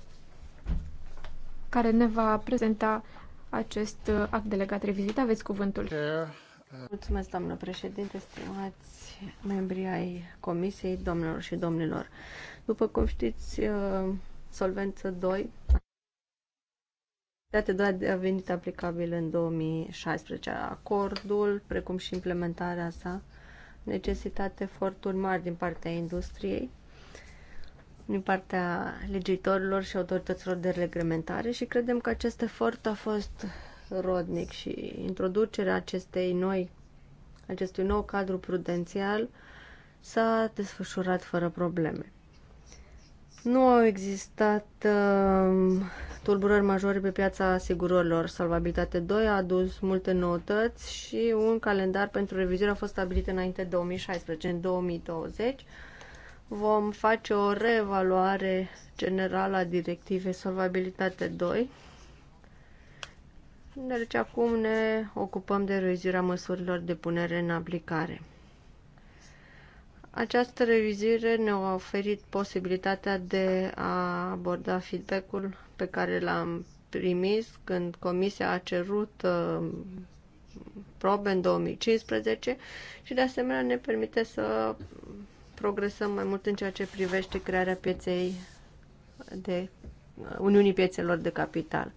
care ne va prezenta acest act delegat revizit. Aveți cuvântul. Mulțumesc, doamnă președinte, stimați membrii ai Comisiei, domnilor și domnilor. După cum știți, uh, Solvență 2 Date doar a venit aplicabil în 2016. Acordul, precum și implementarea sa, necesitat eforturi mari din partea industriei, din partea legitorilor și autorităților de reglementare și credem că acest efort a fost rodnic și introducerea acestei noi, acestui nou cadru prudențial s-a desfășurat fără probleme. Nu au existat uh, tulburări majore pe piața asigurărilor. Salvabilitate 2 a adus multe noutăți și un calendar pentru revizuire a fost stabilit înainte de 2016. În 2020 vom face o reevaluare generală a directivei Salvabilitate 2 deci acum ne ocupăm de revizuirea măsurilor de punere în aplicare. Această revizuire ne-a oferit posibilitatea de a aborda feedback-ul pe care l-am primit când Comisia a cerut uh, probe în 2015 și de asemenea ne permite să progresăm mai mult în ceea ce privește crearea pieței de Uniunii Piețelor de Capital.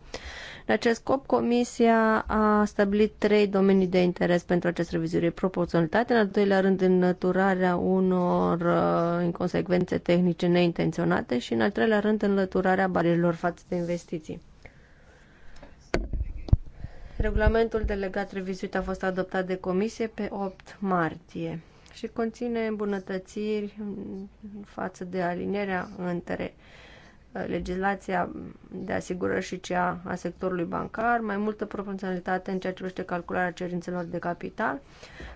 În acest scop, Comisia a stabilit trei domenii de interes pentru acest revizuire. Proporționalitate, în al doilea rând, înlăturarea unor uh, inconsecvențe tehnice neintenționate și, în al treilea rând, înlăturarea barierilor față de investiții. Regulamentul delegat revizuit a fost adoptat de comisie pe 8 martie și conține îmbunătățiri față de alinierea între legislația de asigură și cea a sectorului bancar, mai multă proporționalitate în ceea ce privește calcularea cerințelor de capital,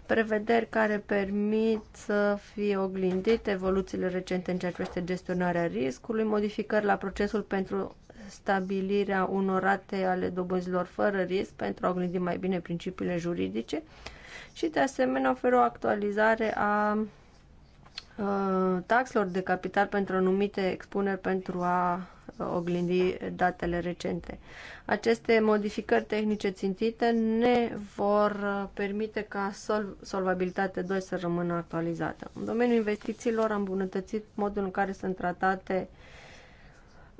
prevederi care permit să fie oglindite evoluțiile recente în ceea ce privește gestionarea riscului, modificări la procesul pentru stabilirea unor rate ale dobânzilor fără risc pentru a oglindi mai bine principiile juridice și de asemenea oferă o actualizare a Uh, taxelor de capital pentru anumite expuneri pentru a uh, oglindi datele recente. Aceste modificări tehnice țintite ne vor uh, permite ca sol- solvabilitatea 2 să rămână actualizată. În domeniul investițiilor am îmbunătățit modul în care sunt tratate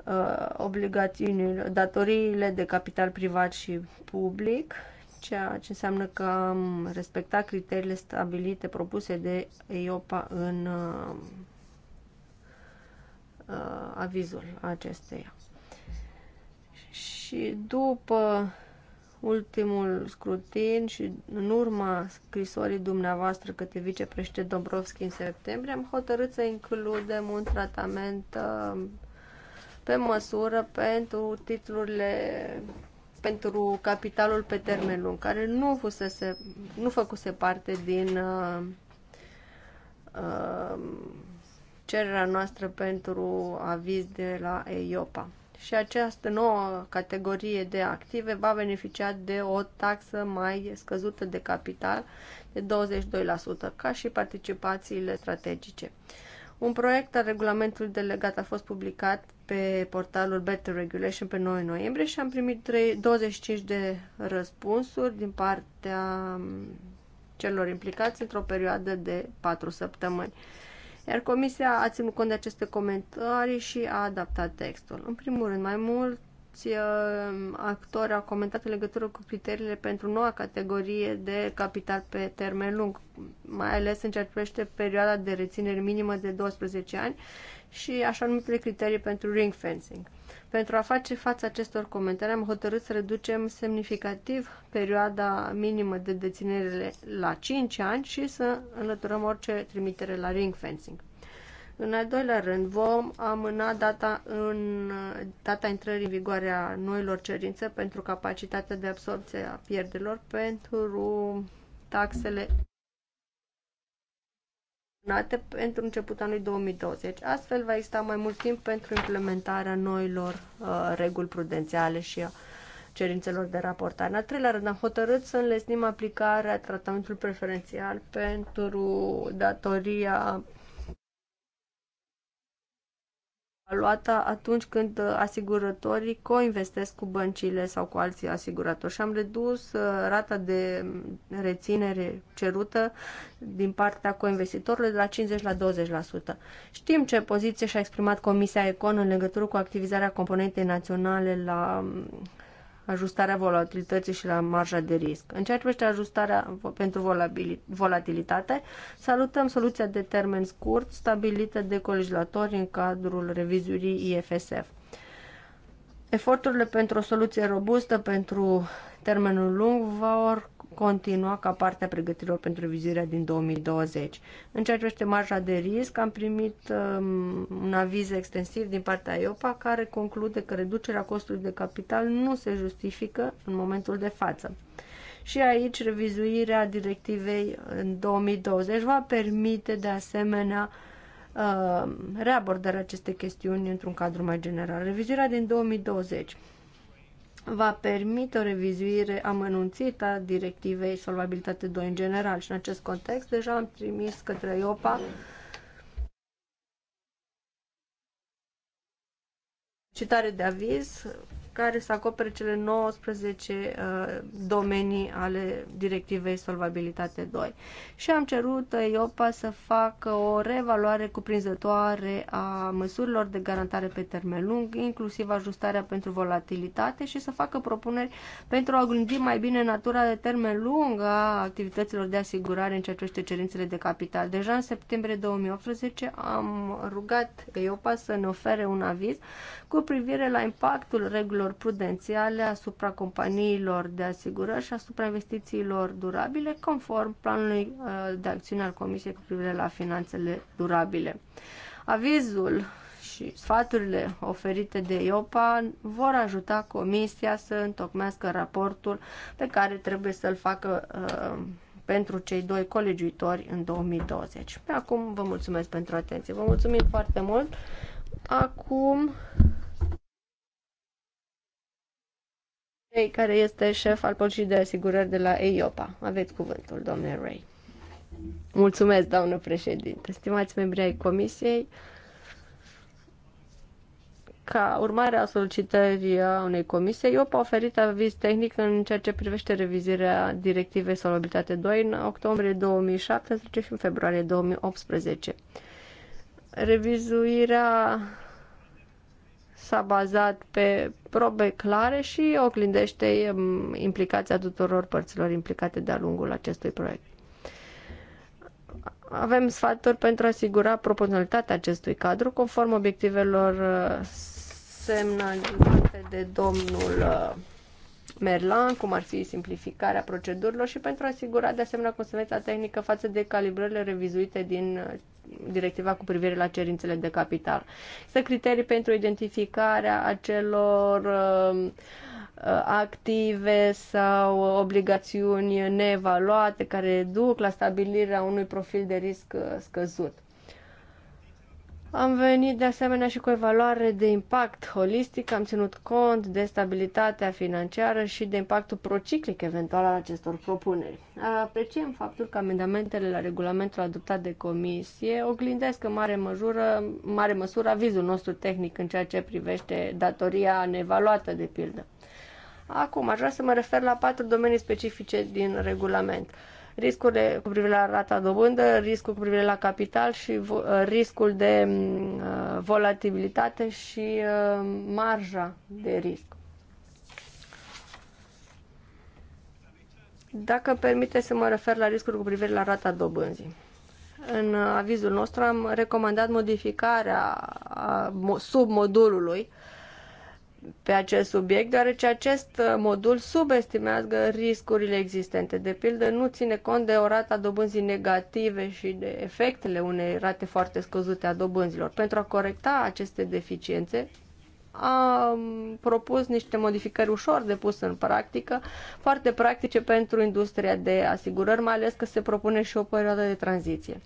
uh, obligațiunile, datoriile de capital privat și public, ceea ce înseamnă că am respectat criteriile stabilite, propuse de EIOPA în uh, uh, avizul acesteia. Și după ultimul scrutin și în urma scrisorii dumneavoastră către vicepreședinte Dombrovski în septembrie, am hotărât să includem un tratament uh, pe măsură pentru titlurile pentru capitalul pe termen lung, care nu, fusese, nu făcuse parte din uh, uh, cererea noastră pentru aviz de la EIOPA. Și această nouă categorie de active va beneficia de o taxă mai scăzută de capital de 22%, ca și participațiile strategice. Uh, un proiect al regulamentului delegat a fost publicat pe portalul Better Regulation pe 9 noiembrie și am primit 3, 25 de răspunsuri din partea mm, celor implicați într-o perioadă de 4 săptămâni. Iar comisia a ținut cont de aceste comentarii și a adaptat textul. În primul rând, mai mult mulți uh, actori au comentat în legătură cu criteriile pentru noua categorie de capital pe termen lung, mai ales în ce privește perioada de reținere minimă de 12 ani și așa numitele criterii pentru ring fencing. Pentru a face față acestor comentarii, am hotărât să reducem semnificativ perioada minimă de deținere la 5 ani și să înlăturăm orice trimitere la ring fencing. În al doilea rând, vom amâna data, în, data intrării în vigoare a noilor cerințe pentru capacitatea de absorbție a pierderilor pentru taxele pentru începutul anului 2020. Astfel va exista mai mult timp pentru implementarea noilor uh, reguli prudențiale și a cerințelor de raportare. În al treilea rând, am hotărât să înlesnim aplicarea tratamentului preferențial pentru datoria luată atunci când uh, asigurătorii coinvestesc cu băncile sau cu alții asiguratori și am redus uh, rata de mm, reținere cerută din partea coinvestitorilor de la 50 la 20%. Știm ce poziție și-a exprimat Comisia Econ în legătură cu activizarea componentei naționale la mm, ajustarea volatilității și la marja de risc. În ceea ce privește ajustarea pentru volatilitate, salutăm soluția de termen scurt stabilită de colegislatori în cadrul revizuirii IFSF. Eforturile pentru o soluție robustă pentru termenul lung vor continua ca parte a pregătirilor pentru vizirea din 2020. În ceea ce privește marja de risc, am primit um, un aviz extensiv din partea IOPA care conclude că reducerea costului de capital nu se justifică în momentul de față. Și aici revizuirea directivei în 2020 va permite de asemenea um, reabordarea acestei chestiuni într-un cadru mai general. Revizuirea din 2020 va permite o revizuire amănunțită a directivei Solvabilitate 2 în general și în acest context deja am trimis către IOPA citare de aviz care să acopere cele 19 uh, domenii ale directivei Solvabilitate 2. Și am cerut EIOPA să facă o reevaluare cuprinzătoare a măsurilor de garantare pe termen lung, inclusiv ajustarea pentru volatilitate și să facă propuneri pentru a gândi mai bine natura de termen lung a activităților de asigurare în ceea ce privește cerințele de capital. Deja în septembrie 2018 am rugat EIOPA să ne ofere un aviz cu privire la impactul regulilor măsurilor prudențiale asupra companiilor de asigurări și asupra investițiilor durabile, conform planului uh, de acțiune al Comisiei cu privire la finanțele durabile. Avizul și sfaturile oferite de IOPA vor ajuta Comisia să întocmească raportul pe care trebuie să-l facă uh, pentru cei doi colegiuitori în 2020. Acum vă mulțumesc pentru atenție. Vă mulțumim foarte mult. Acum Ray, care este șef al poliției de asigurări de la EIOPA. Aveți cuvântul, domnule Ray. Mulțumesc, doamnă președinte. Stimați membri ai comisiei, ca urmare a solicitării unei comisii, eu a oferit aviz tehnic în ceea ce privește revizirea directivei Solubilitate 2 în octombrie 2017 și în februarie 2018. Revizuirea s-a bazat pe probe clare și oglindește um, implicația tuturor părților implicate de-a lungul acestui proiect. Avem sfaturi pentru a asigura proporționalitatea acestui cadru conform obiectivelor uh, semnalizate de domnul uh, Merlan, cum ar fi simplificarea procedurilor și pentru a asigura de asemenea consecvența tehnică față de calibrările revizuite din uh, directiva cu privire la cerințele de capital. să criterii pentru identificarea acelor uh, uh, active sau obligațiuni neevaluate care duc la stabilirea unui profil de risc uh, scăzut. Am venit de asemenea și cu o evaluare de impact holistic, am ținut cont de stabilitatea financiară și de impactul prociclic eventual al acestor propuneri. Apreciem faptul că amendamentele la regulamentul adoptat de comisie oglindesc în mare, măsură, mare măsură avizul nostru tehnic în ceea ce privește datoria nevaluată, de pildă. Acum, aș vrea să mă refer la patru domenii specifice din regulament riscurile cu privire la rata dobândă, riscul cu privire la capital și uh, riscul de mm, uh, volatilitate și uh, marja de risc. Dacă permite să mă refer la riscul cu privire la rata dobânzii. În avizul nostru am recomandat modificarea submodulului pe acest subiect, deoarece acest uh, modul subestimează riscurile existente. De pildă, nu ține cont de o rata dobânzii negative și de efectele unei rate foarte scăzute a dobânzilor. Pentru a corecta aceste deficiențe, am propus niște modificări ușor de pus în practică, foarte practice pentru industria de asigurări, mai ales că se propune și o perioadă de tranziție.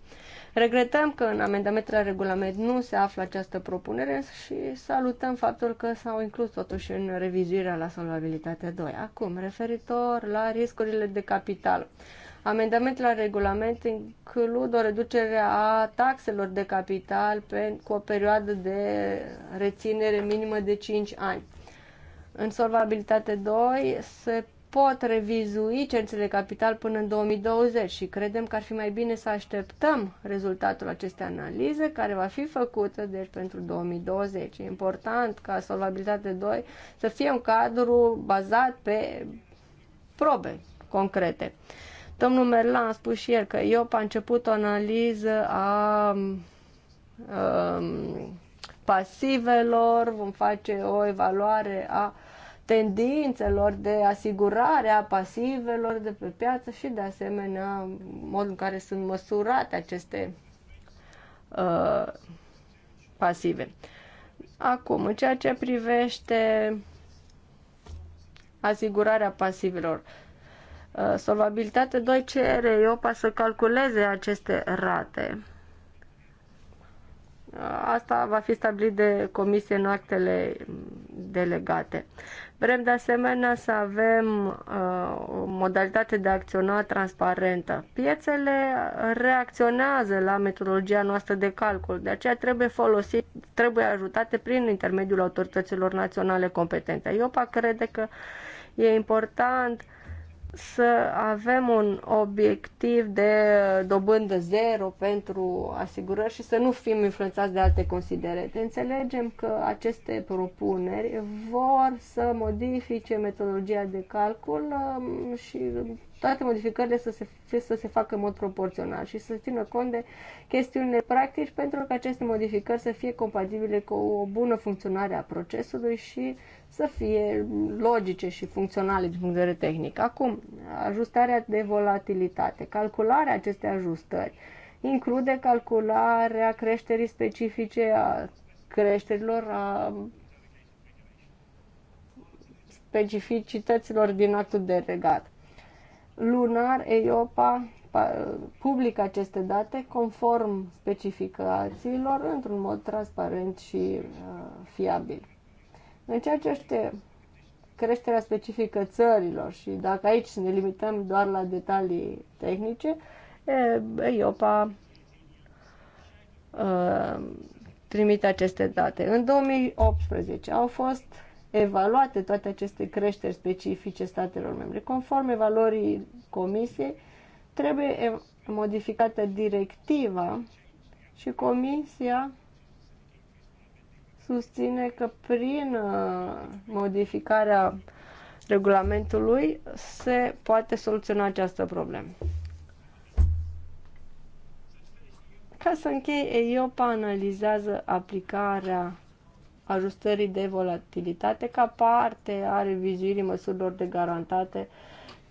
Regretăm că în amendamentele la regulament nu se află această propunere și salutăm faptul că s-au inclus totuși în revizuirea la solvabilitatea 2. Acum, referitor la riscurile de capital. Amendamentele la regulament includ o reducere a taxelor de capital pe, cu o perioadă de reținere minimă de 5 ani. În solvabilitate 2 se pot revizui cerințele de capital până în 2020 și credem că ar fi mai bine să așteptăm rezultatul acestei analize care va fi făcută deci pentru 2020. E important ca solvabilitate 2 să fie un cadru bazat pe probe concrete. Domnul Merlan a spus și el că eu a început o analiză a um, um, pasivelor, vom face o evaluare a tendințelor de asigurare a pasivelor de pe piață și, de asemenea, modul în care sunt măsurate aceste uh, pasive. Acum, în ceea ce privește asigurarea pasivelor, uh, solvabilitate 2 cere EIOPA să calculeze aceste rate. Uh, asta va fi stabilit de comisie în actele delegate. Vrem de asemenea să avem uh, o modalitate de a acționa transparentă. Piețele reacționează la metodologia noastră de calcul, de aceea trebuie folosit, trebuie ajutate prin intermediul autorităților naționale competente. IOPA crede că e important să avem un obiectiv de dobândă zero pentru asigurări și să nu fim influențați de alte considerente. Înțelegem că aceste propuneri vor să modifice metodologia de calcul um, și toate modificările să se, să se facă în mod proporțional și să țină cont de chestiunile practici pentru că aceste modificări să fie compatibile cu o bună funcționare a procesului și uh, să fie logice și funcționale din punct de vedere tehnic. Acum, ajustarea de volatilitate, calcularea acestei ajustări, include calcularea creșterii specifice a creșterilor, a specificităților din actul de regat. Lunar, EIOPA publică aceste date conform specificațiilor într-un mod transparent și uh, fiabil. În ceea ce este creșterea specifică țărilor și dacă aici ne limităm doar la detalii tehnice, EIOPA ă, trimite aceste date. În 2018 au fost evaluate toate aceste creșteri specifice statelor membre. Conform evaluării comisiei, trebuie modificată directiva și comisia susține că prin uh, modificarea regulamentului se poate soluționa această problemă. Ca să închei, EIOPA analizează aplicarea ajustării de volatilitate ca parte a revizuirii măsurilor de garantate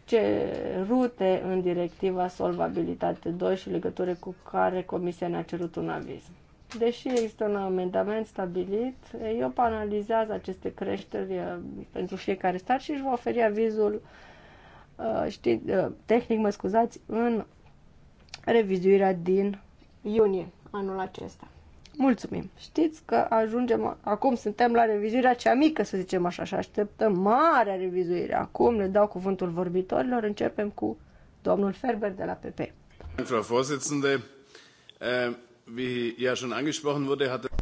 cerute în directiva Solvabilitate 2 și legătură cu care Comisia ne-a cerut un aviz deși există un amendament stabilit, EIOPA analizează aceste creșteri uh, pentru fiecare stat și își va oferi avizul uh, știi, uh, tehnic, mă scuzați, în revizuirea din iunie anul acesta. Mulțumim! Știți că ajungem, acum suntem la revizuirea cea mică, să zicem așa, și așteptăm marea revizuire. Acum le dau cuvântul vorbitorilor, începem cu domnul Ferber de la PP. Frau Vorsitzende, äh,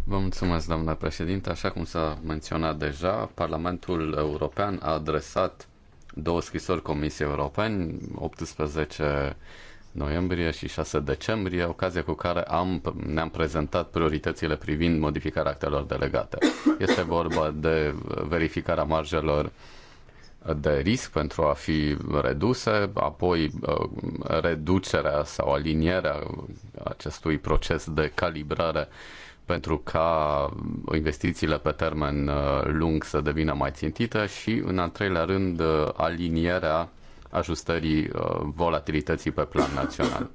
Vă mulțumesc, doamna președinte. Așa cum s-a menționat deja, Parlamentul European a adresat două scrisori Comisiei Europene, 18 noiembrie și 6 decembrie, ocazia cu care am, ne-am prezentat prioritățile privind modificarea actelor delegate. Este vorba de verificarea marjelor de risc pentru a fi reduse, apoi uh, reducerea sau alinierea acestui proces de calibrare pentru ca investițiile pe termen uh, lung să devină mai țintite și, în al treilea rând, uh, alinierea ajustării volatilității pe plan național.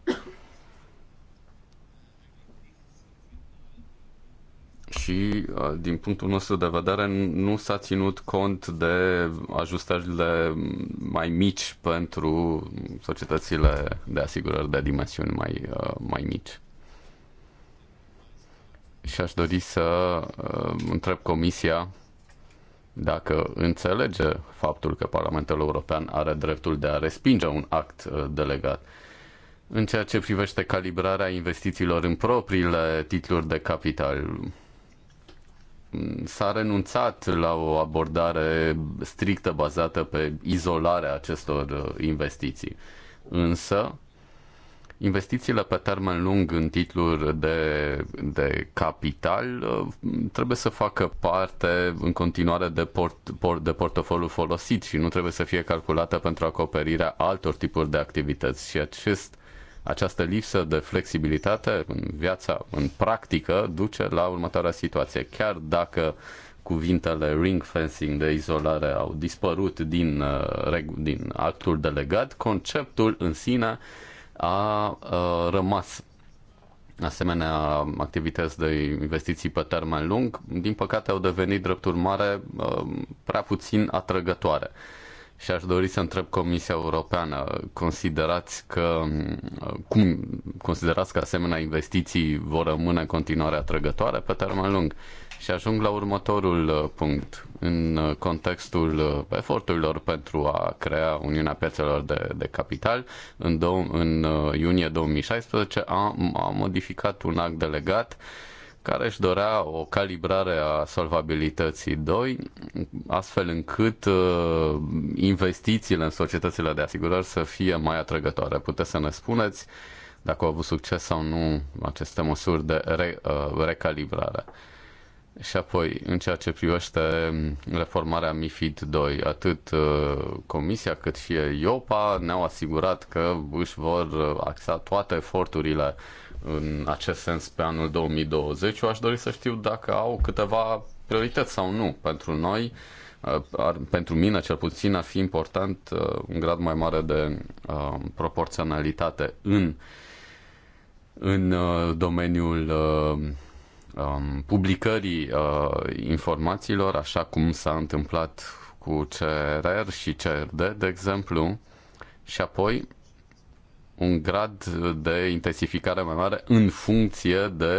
și, uh, din punctul nostru de vedere, nu s-a ținut cont de ajustările mai mici pentru societățile de asigurări de dimensiuni mai, uh, mai mici. Și aș dori să uh, întreb Comisia dacă înțelege faptul că Parlamentul European are dreptul de a respinge un act delegat. În ceea ce privește calibrarea investițiilor în propriile titluri de capital, s-a renunțat la o abordare strictă bazată pe izolarea acestor uh, investiții. Însă, investițiile pe termen lung în titluri de, de capital uh, trebuie să facă parte în continuare de, port, port, de portofoliul folosit și nu trebuie să fie calculată pentru acoperirea altor tipuri de activități și acest această lipsă de flexibilitate în viața, în practică, duce la următoarea situație. Chiar dacă cuvintele ring fencing de izolare au dispărut din, uh, din actul delegat, conceptul în sine a, a uh, rămas asemenea activități de investiții pe termen lung, din păcate au devenit drepturi mare, uh, prea puțin atrăgătoare și aș dori să întreb Comisia Europeană, considerați că, cum considerați că asemenea investiții vor rămâne în continuare atrăgătoare pe termen lung? Și ajung la următorul uh, punct. În uh, contextul uh, eforturilor pentru a crea Uniunea Piețelor de, de Capital, în, dou- în iunie 2016 a a modificat un act delegat uh, care își dorea o calibrare a solvabilității 2, astfel încât uh, investițiile în societățile de asigurări să fie mai atrăgătoare. Puteți să ne spuneți dacă au avut succes sau nu aceste măsuri de re, uh, recalibrare. Și apoi, în ceea ce privește reformarea MIFID 2, atât uh, Comisia cât și EIOPA ne-au asigurat că își vor axa toate eforturile în acest sens pe anul 2020. Eu aș dori să știu dacă au câteva priorități sau nu. Pentru noi, uh, ar, pentru mine cel puțin, ar fi important uh, un grad mai mare de uh, proporționalitate în, în uh, domeniul uh, um, publicării uh, informațiilor, așa cum s-a întâmplat cu CRR și CRD, de exemplu, și apoi un grad de intensificare mai mare în funcție de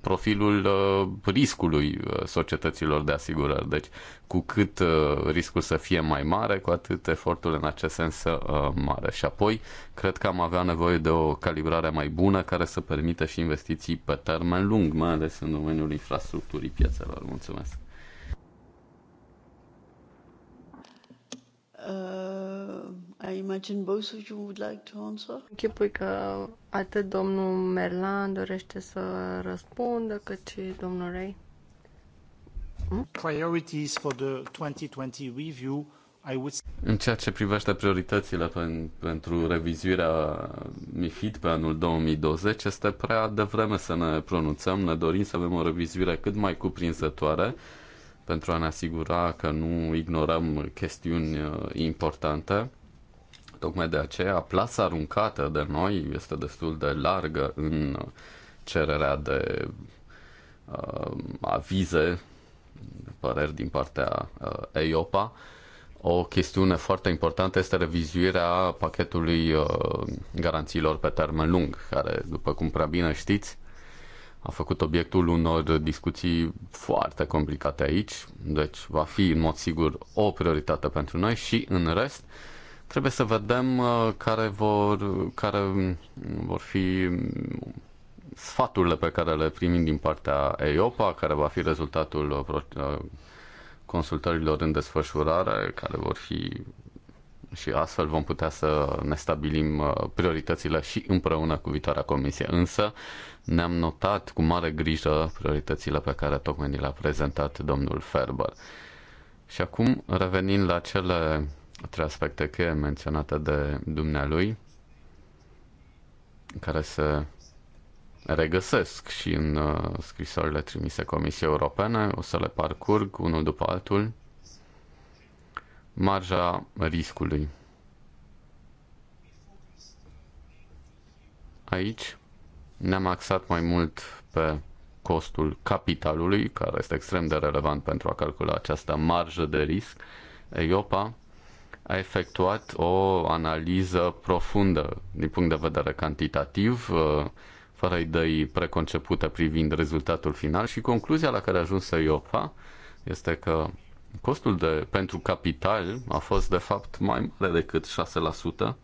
profilul uh, riscului uh, societăților de asigurări. Deci, cu cât uh, riscul să fie mai mare, cu atât efortul în acest sens să mare. Și apoi, cred că am avea nevoie de o calibrare mai bună care să permită și investiții pe termen lung, mai ales în domeniul infrastructurii piețelor. Mulțumesc! Uh I imagine both of you would like to answer. Închipui că atât domnul Merlan dorește să răspundă, cât și domnul Ray. Hmm? Priorities for the 2020 review, I would... În ceea ce privește prioritățile pentru revizuirea MIFID pe anul 2020, este prea devreme să ne pronunțăm. Ne dorim să avem o revizuire cât mai cuprinzătoare pentru a ne asigura că nu ignorăm chestiuni uh, importante Tocmai de aceea plasa aruncată de noi este destul de largă în cererea de uh, avize, păreri din partea uh, EIOPA. O chestiune foarte importantă este revizuirea pachetului uh, garanțiilor pe termen lung, care, după cum prea bine știți, a făcut obiectul unor discuții foarte complicate aici, deci va fi în mod sigur o prioritate pentru noi și în rest Trebuie să vedem uh, care vor, care vor fi sfaturile pe care le primim din partea EIOPA, care va fi rezultatul uh, uh, consultărilor în desfășurare, care vor fi și astfel vom putea să ne stabilim prioritățile și împreună cu viitoarea comisie. Însă ne-am notat cu mare grijă prioritățile pe care tocmai ni le-a prezentat domnul Ferber. Și acum, revenind la cele trei aspecte cheie menționate de dumnealui, care se regăsesc și în uh, scrisorile trimise Comisiei Europene, o să le parcurg unul după altul. Marja riscului. Aici ne-am axat mai mult pe costul capitalului, care este extrem de relevant pentru a calcula această marjă de risc. EIOPA a efectuat o analiză profundă din punct de vedere cantitativ, uh, fără idei preconcepute privind rezultatul final și concluzia la care a ajuns IOPA este că costul de, pentru capital a fost de fapt mai mare decât 6%.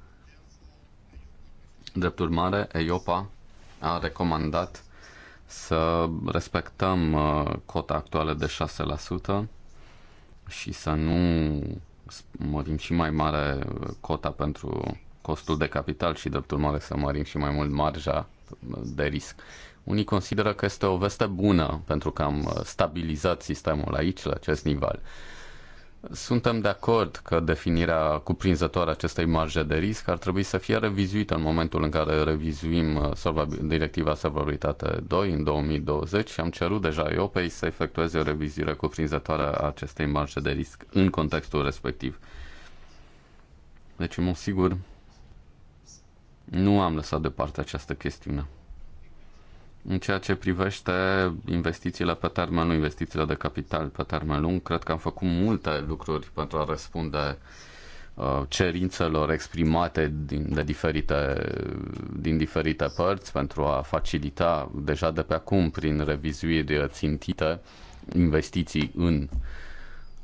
Drept urmare, EIOPA a recomandat să respectăm uh, cota actuală de 6% și să nu mărim și mai mare cota pentru costul de capital și, de urmare, să mărim și mai mult marja de risc. Unii consideră că este o veste bună pentru că am stabilizat sistemul aici, la acest nivel. Suntem de acord că definirea cuprinzătoare acestei marje de risc ar trebui să fie revizuită în momentul în care revizuim uh, directiva Solvabilitate 2 în 2020 și am cerut deja EOPEI să efectueze o revizuire cuprinzătoare a acestei marje de risc în contextul respectiv. Deci, în mod sigur, nu am lăsat deoparte această chestiune. În ceea ce privește investițiile pe termen nu investițiile de capital pe termen lung, cred că am făcut multe lucruri pentru a răspunde uh, cerințelor exprimate din, de diferite, din diferite părți pentru a facilita deja de pe acum prin revizuiri țintite investiții în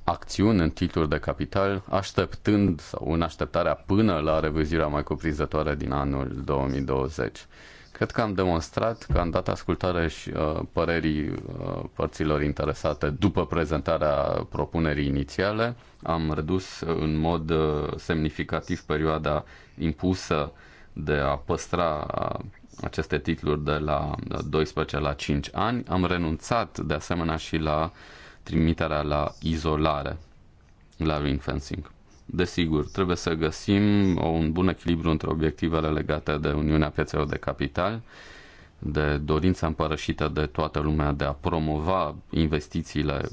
acțiuni, în titluri de capital, așteptând sau în așteptarea până la revizuirea mai cuprinzătoare din anul 2020. Cred că am demonstrat că am dat ascultare și uh, părerii uh, părților interesate după prezentarea propunerii inițiale. Am redus în mod uh, semnificativ perioada impusă de a păstra uh, aceste titluri de la 12 uh, la 5 ani. Am renunțat de asemenea și la trimiterea la izolare, la ring fencing. Desigur, trebuie să găsim un bun echilibru între obiectivele legate de Uniunea Piețelor de Capital, de dorința împărășită de toată lumea de a promova investițiile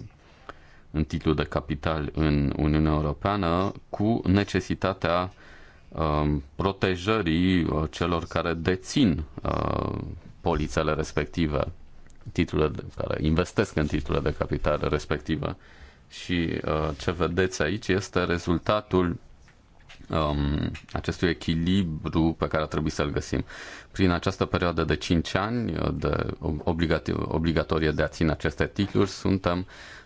în titlu de capital în Uniunea Europeană cu necesitatea um, protejării uh, celor care dețin uh, polițele respective, titlurile care investesc în titlurile de capital respective și uh, ce vedeți aici este rezultatul um, acestui echilibru pe care a trebuit să-l găsim. Prin această perioadă de 5 ani uh, de obligatorie de a ține aceste titluri, suntem uh,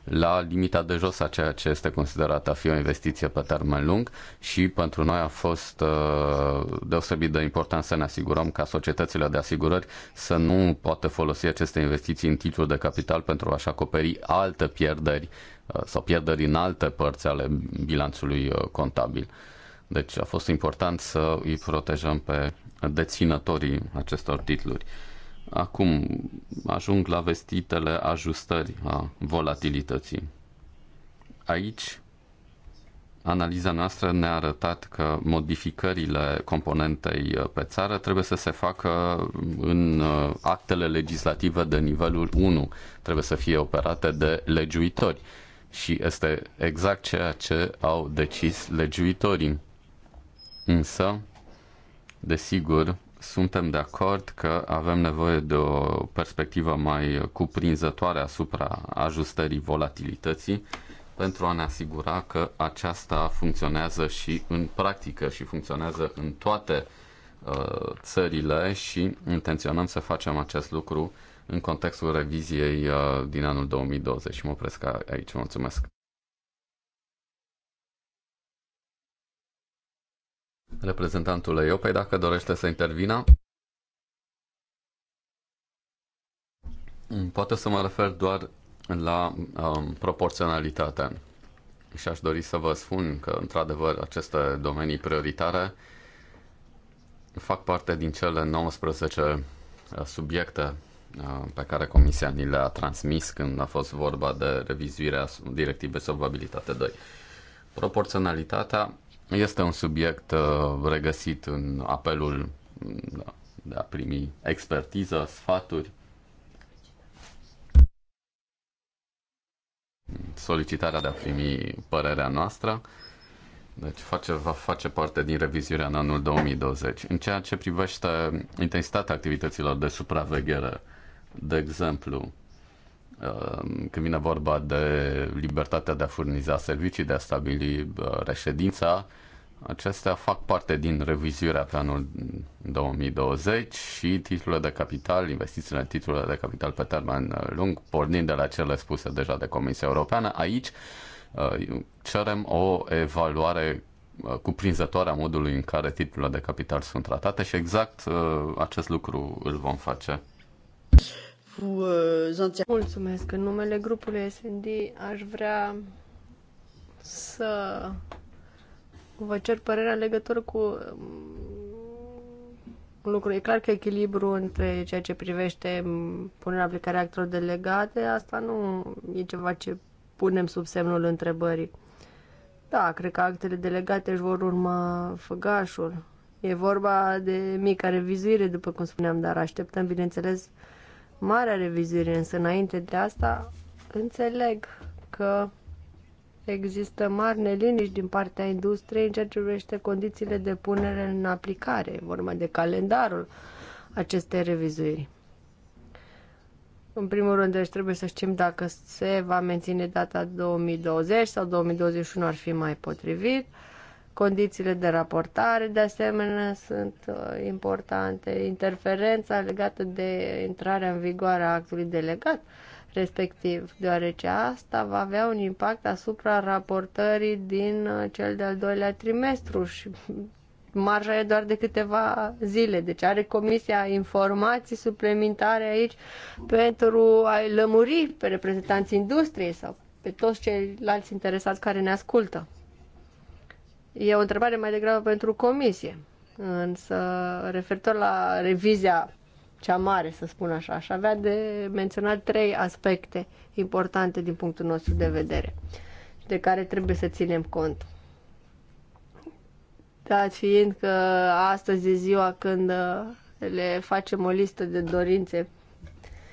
la limita de jos a ceea ce este considerată a fi o investiție pe termen lung și pentru noi a fost uh, deosebit de important să ne asigurăm ca societățile de asigurări să nu poată folosi aceste investiții în titluri de capital pentru a-și acoperi alte pierderi uh, sau pierderi în alte părți ale bilanțului uh, contabil. Deci a fost important să îi protejăm pe deținătorii acestor titluri. Acum ajung la vestitele ajustări a volatilității. Aici, analiza noastră ne-a arătat că modificările componentei uh, pe țară trebuie să se facă în uh, actele legislative de nivelul 1, trebuie să fie operate de legiuitori. Și este exact ceea ce au decis legiuitorii. Însă, desigur, suntem de acord că avem nevoie de o perspectivă mai cuprinzătoare asupra ajustării volatilității pentru a ne asigura că aceasta funcționează și în practică și funcționează în toate uh, țările și intenționăm să facem acest lucru în contextul reviziei uh, din anul 2020 și mă opresc aici. Mulțumesc! reprezentantul EIOPEI dacă dorește să intervină. Mm, poate să mă refer doar la um, proporționalitate. Și aș dori să vă spun că, într-adevăr, aceste domenii prioritare fac parte din cele 19 uh, subiecte uh, pe care Comisia ni le-a transmis când a fost vorba de revizuirea directivei solvabilitate 2. Proporționalitatea este un subiect uh, regăsit în apelul mm, da, de a primi expertiză, sfaturi, solicitarea de a primi părerea noastră. Deci face, va face parte din revizuirea în anul 2020. În ceea ce privește intensitatea activităților de supraveghere, de exemplu, uh, când vine vorba de libertatea de a furniza servicii, de a stabili uh, reședința, Acestea fac parte din revizuirea pe anul 2020 și titlurile de capital, investițiile în titlurile de capital pe termen lung, pornind de la cele spuse deja de Comisia Europeană. Aici uh, cerem o evaluare uh, cuprinzătoare a modului în care titlurile de capital sunt tratate și exact uh, acest lucru îl vom face. Mulțumesc. În numele grupului SND aș vrea să vă cer părerea în legătură cu um, un lucru. E clar că echilibru între ceea ce privește um, punerea aplicarea actelor delegate, asta nu e ceva ce punem sub semnul întrebării. Da, cred că actele delegate își vor urma făgașul. E vorba de mica revizuire, după cum spuneam, dar așteptăm, bineînțeles, marea revizuire, însă înainte de asta înțeleg că există mari neliniști din partea industriei în ceea ce privește condițiile de punere în aplicare, e vorba de calendarul acestei revizuiri. În primul rând, deci trebuie să știm dacă se va menține data 2020 sau 2021 ar fi mai potrivit. Condițiile de raportare, de asemenea, sunt uh, importante. Interferența legată de intrarea în vigoare a actului delegat respectiv, deoarece asta va avea un impact asupra raportării din uh, cel de-al doilea trimestru și marja e doar de câteva zile. Deci are comisia informații suplimentare aici pentru a-i lămuri pe reprezentanții industriei sau pe toți ceilalți interesați care ne ascultă. E o întrebare mai degrabă pentru comisie. Însă, referitor la revizia cea mare, să spun așa. Și avea de menționat trei aspecte importante din punctul nostru de vedere, de care trebuie să ținem cont. Dat fiind că astăzi e ziua când uh, le facem o listă de dorințe,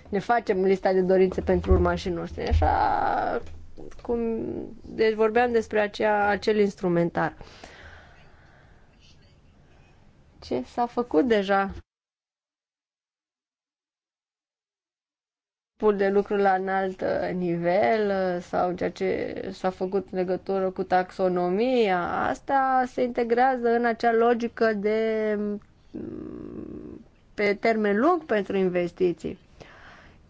ne facem lista de dorințe pentru urmașii noștri. Așa cum... Deci vorbeam despre acea, acel instrumentar. Ce s-a făcut deja grupul de lucru la înalt uh, nivel uh, sau ceea ce s-a făcut în legătură cu taxonomia, asta se integrează în acea logică de mm, pe termen lung pentru investiții.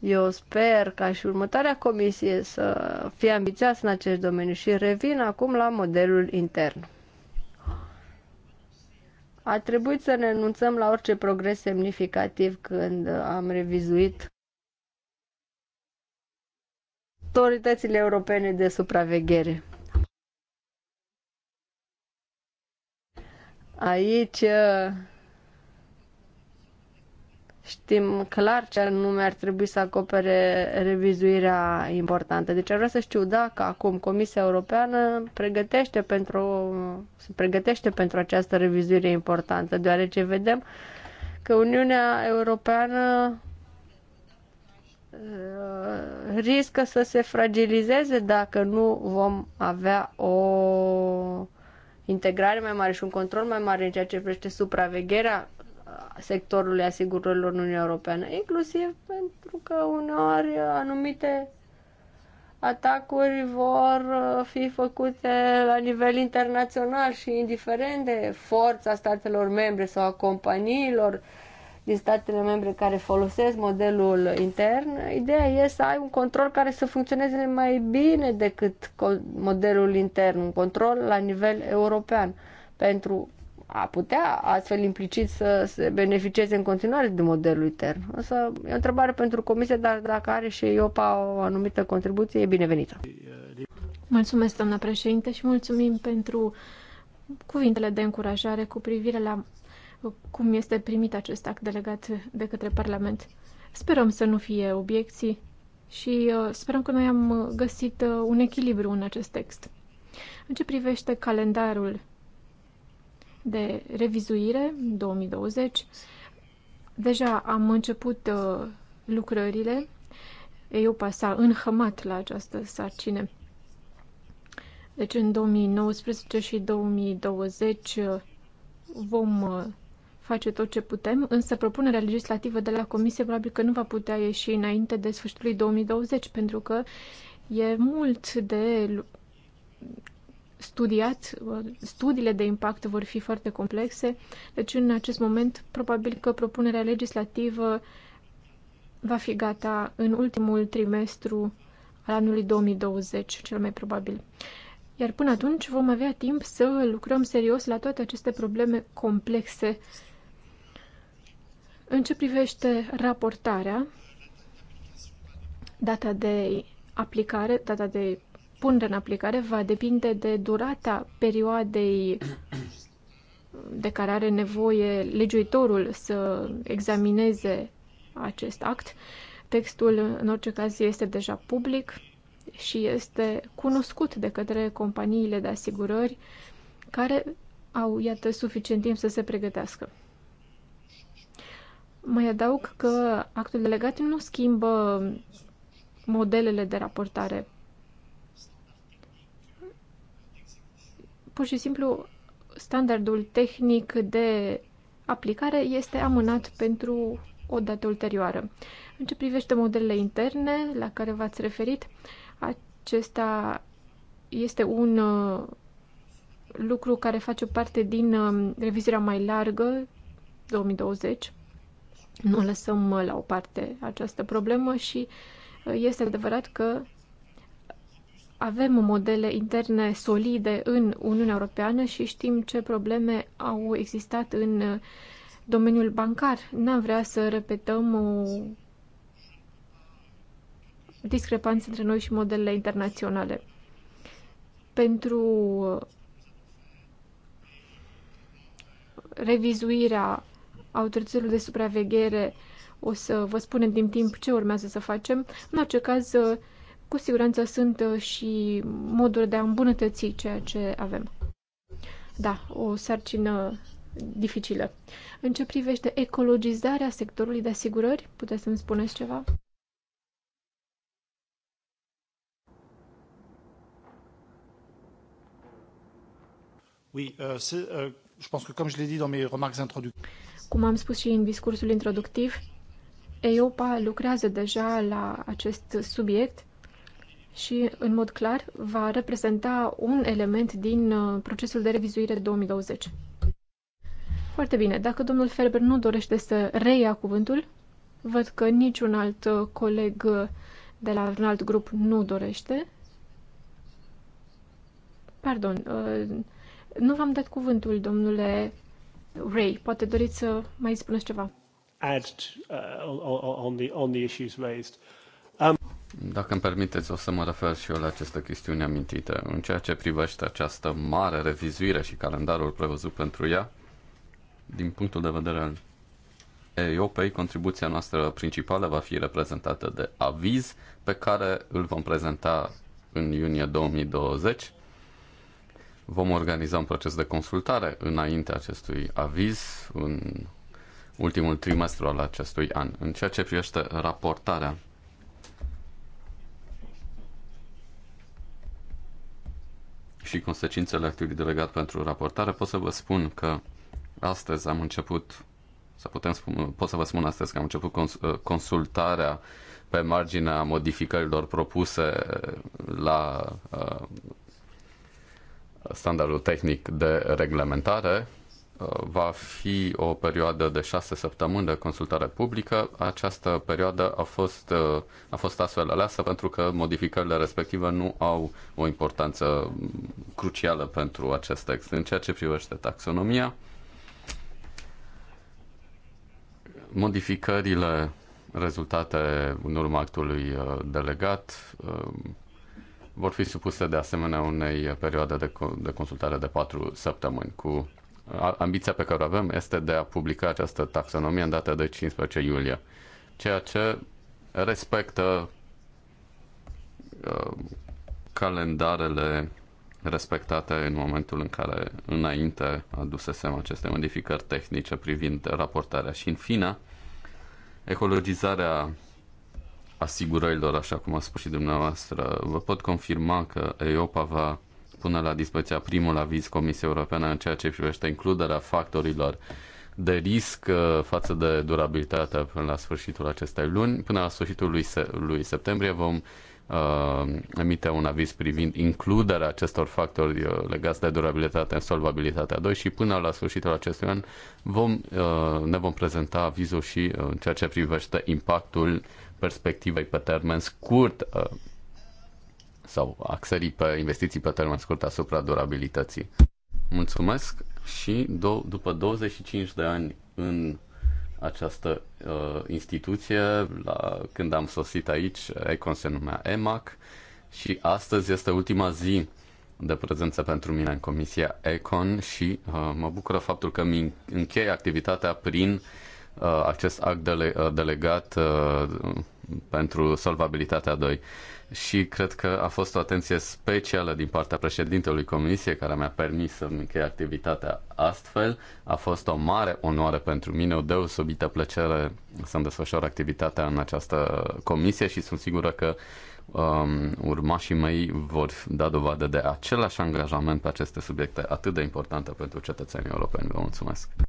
Eu sper ca și următoarea comisie să fie ambițioasă în acest domeniu și revin acum la modelul intern. A trebuit să ne anunțăm la orice progres semnificativ când am revizuit autoritățile europene de supraveghere. Aici uh, știm clar ce anume ar trebui să acopere revizuirea importantă. Deci ar vrea să știu dacă acum Comisia Europeană pregătește pentru, se pregătește pentru această revizuire importantă, deoarece vedem că Uniunea Europeană Uh, riscă să se fragilizeze dacă nu vom avea o integrare mai mare și un control mai mare în ceea ce privește supravegherea uh, sectorului asigurărilor în Uniunea Europeană, inclusiv pentru că uneori anumite atacuri vor uh, fi făcute la nivel internațional și indiferent de forța statelor membre sau a companiilor din statele membre care folosesc modelul intern, ideea e să ai un control care să funcționeze mai bine decât modelul intern, un control la nivel european, pentru a putea astfel implicit să se beneficieze în continuare de modelul intern. Însă e o întrebare pentru comisie, dar dacă are și EIOPA o anumită contribuție, e binevenită. Mulțumesc, doamna președinte, și mulțumim pentru cuvintele de încurajare cu privire la cum este primit acest act delegat de către Parlament. Sperăm să nu fie obiecții și uh, sperăm că noi am găsit uh, un echilibru în acest text. În ce privește calendarul de revizuire 2020, deja am început uh, lucrările. Eu pasa înhămat la această sarcină. Deci în 2019 și 2020 vom face tot ce putem, însă propunerea legislativă de la Comisie probabil că nu va putea ieși înainte de sfârșitul 2020, pentru că e mult de studiat, studiile de impact vor fi foarte complexe, deci în acest moment probabil că propunerea legislativă va fi gata în ultimul trimestru al anului 2020, cel mai probabil. Iar până atunci vom avea timp să lucrăm serios la toate aceste probleme complexe în ce privește raportarea, data de aplicare, data de punere în aplicare va depinde de durata perioadei de care are nevoie legiuitorul să examineze acest act. Textul, în orice caz, este deja public și este cunoscut de către companiile de asigurări care au, iată, suficient timp să se pregătească. Mai adaug că actul delegat nu schimbă modelele de raportare. Pur și simplu, standardul tehnic de aplicare este amânat pentru o dată ulterioară. În ce privește modelele interne la care v-ați referit, acesta este un uh, lucru care face parte din uh, revizirea mai largă 2020 nu lăsăm uh, la o parte această problemă și uh, este adevărat că avem modele interne solide în Uniunea Europeană și știm ce probleme au existat în uh, domeniul bancar. N-am vrea să repetăm o discrepanță între noi și modelele internaționale. Pentru revizuirea autorităților de supraveghere o să vă spunem din timp ce urmează să facem. În orice caz, cu siguranță sunt uh, și moduri de a îmbunătăți ceea ce avem. Da, o sarcină dificilă. În ce privește ecologizarea sectorului de asigurări, puteți să-mi spuneți ceva? Oui, euh, euh, je pense que comme je l'ai dit dans mes remarques introductives. Cum am spus și în discursul introductiv, EIOPA lucrează deja la acest subiect și, în mod clar, va reprezenta un element din uh, procesul de revizuire 2020. Foarte bine. Dacă domnul Ferber nu dorește să reia cuvântul, văd că niciun alt uh, coleg de la un alt grup nu dorește. Pardon, uh, nu v-am dat cuvântul, domnule Ray, poate doriți să mai spuneți ceva. Add uh, on, the, on the issues raised. Um... Dacă îmi permiteți, o să mă refer și eu la această chestiune amintită. În ceea ce privește această mare revizuire și calendarul prevăzut pentru ea, din punctul de vedere al EIOPEI, contribuția noastră principală va fi reprezentată de aviz pe care îl vom prezenta în iunie 2020 Vom organiza un proces de consultare înainte acestui aviz, în ultimul trimestru al acestui an. În ceea ce privește raportarea, și consecințele actului delegat pentru raportare, pot să vă spun că astăzi am început, să putem spune, pot să vă spun astăzi că am început cons- uh, consultarea pe marginea modificărilor propuse la uh, standardul tehnic de reglementare. Uh, va fi o perioadă de șase săptămâni de consultare publică. Această perioadă a fost, uh, a fost astfel aleasă pentru că modificările respective nu au o importanță crucială pentru acest text. În ceea ce privește taxonomia, modificările rezultate în urma actului uh, delegat vor fi supuse de asemenea unei perioade de, de consultare de patru săptămâni cu ambiția pe care o avem este de a publica această taxonomie în data de 15 iulie, ceea ce respectă uh, calendarele respectate în momentul în care înainte adusesem aceste modificări tehnice privind raportarea. Și în fine, ecologizarea asigurărilor, așa cum a spus și dumneavoastră. Vă pot confirma că EIOPA va pune la dispoziția primul aviz Comisiei Europene în ceea ce privește includerea factorilor de risc uh, față de durabilitatea până la sfârșitul acestei luni. Până la sfârșitul lui, se- lui septembrie vom uh, emite un aviz privind includerea acestor factori uh, legați de durabilitate în solvabilitatea 2 și până la sfârșitul acestui an vom, uh, ne vom prezenta avizul și uh, în ceea ce privește impactul perspectivei pe termen scurt uh, sau axării pe investiții pe termen scurt asupra durabilității. Mulțumesc și do- după 25 de ani în această uh, instituție, la, când am sosit aici, Econ se numea EMAC și astăzi este ultima zi de prezență pentru mine în Comisia Econ și uh, mă bucură faptul că mi închei activitatea prin uh, Uh, acest act dele- uh, delegat uh, pentru solvabilitatea 2. Și cred că a fost o atenție specială din partea președintelui Comisiei care mi-a permis să-mi închei activitatea astfel. A fost o mare onoare pentru mine, o deosebită plăcere să-mi desfășor activitatea în această comisie și sunt sigură că um, urmașii mei vor da dovadă de același angajament pe aceste subiecte atât de importante pentru cetățenii europeni. Vă mulțumesc!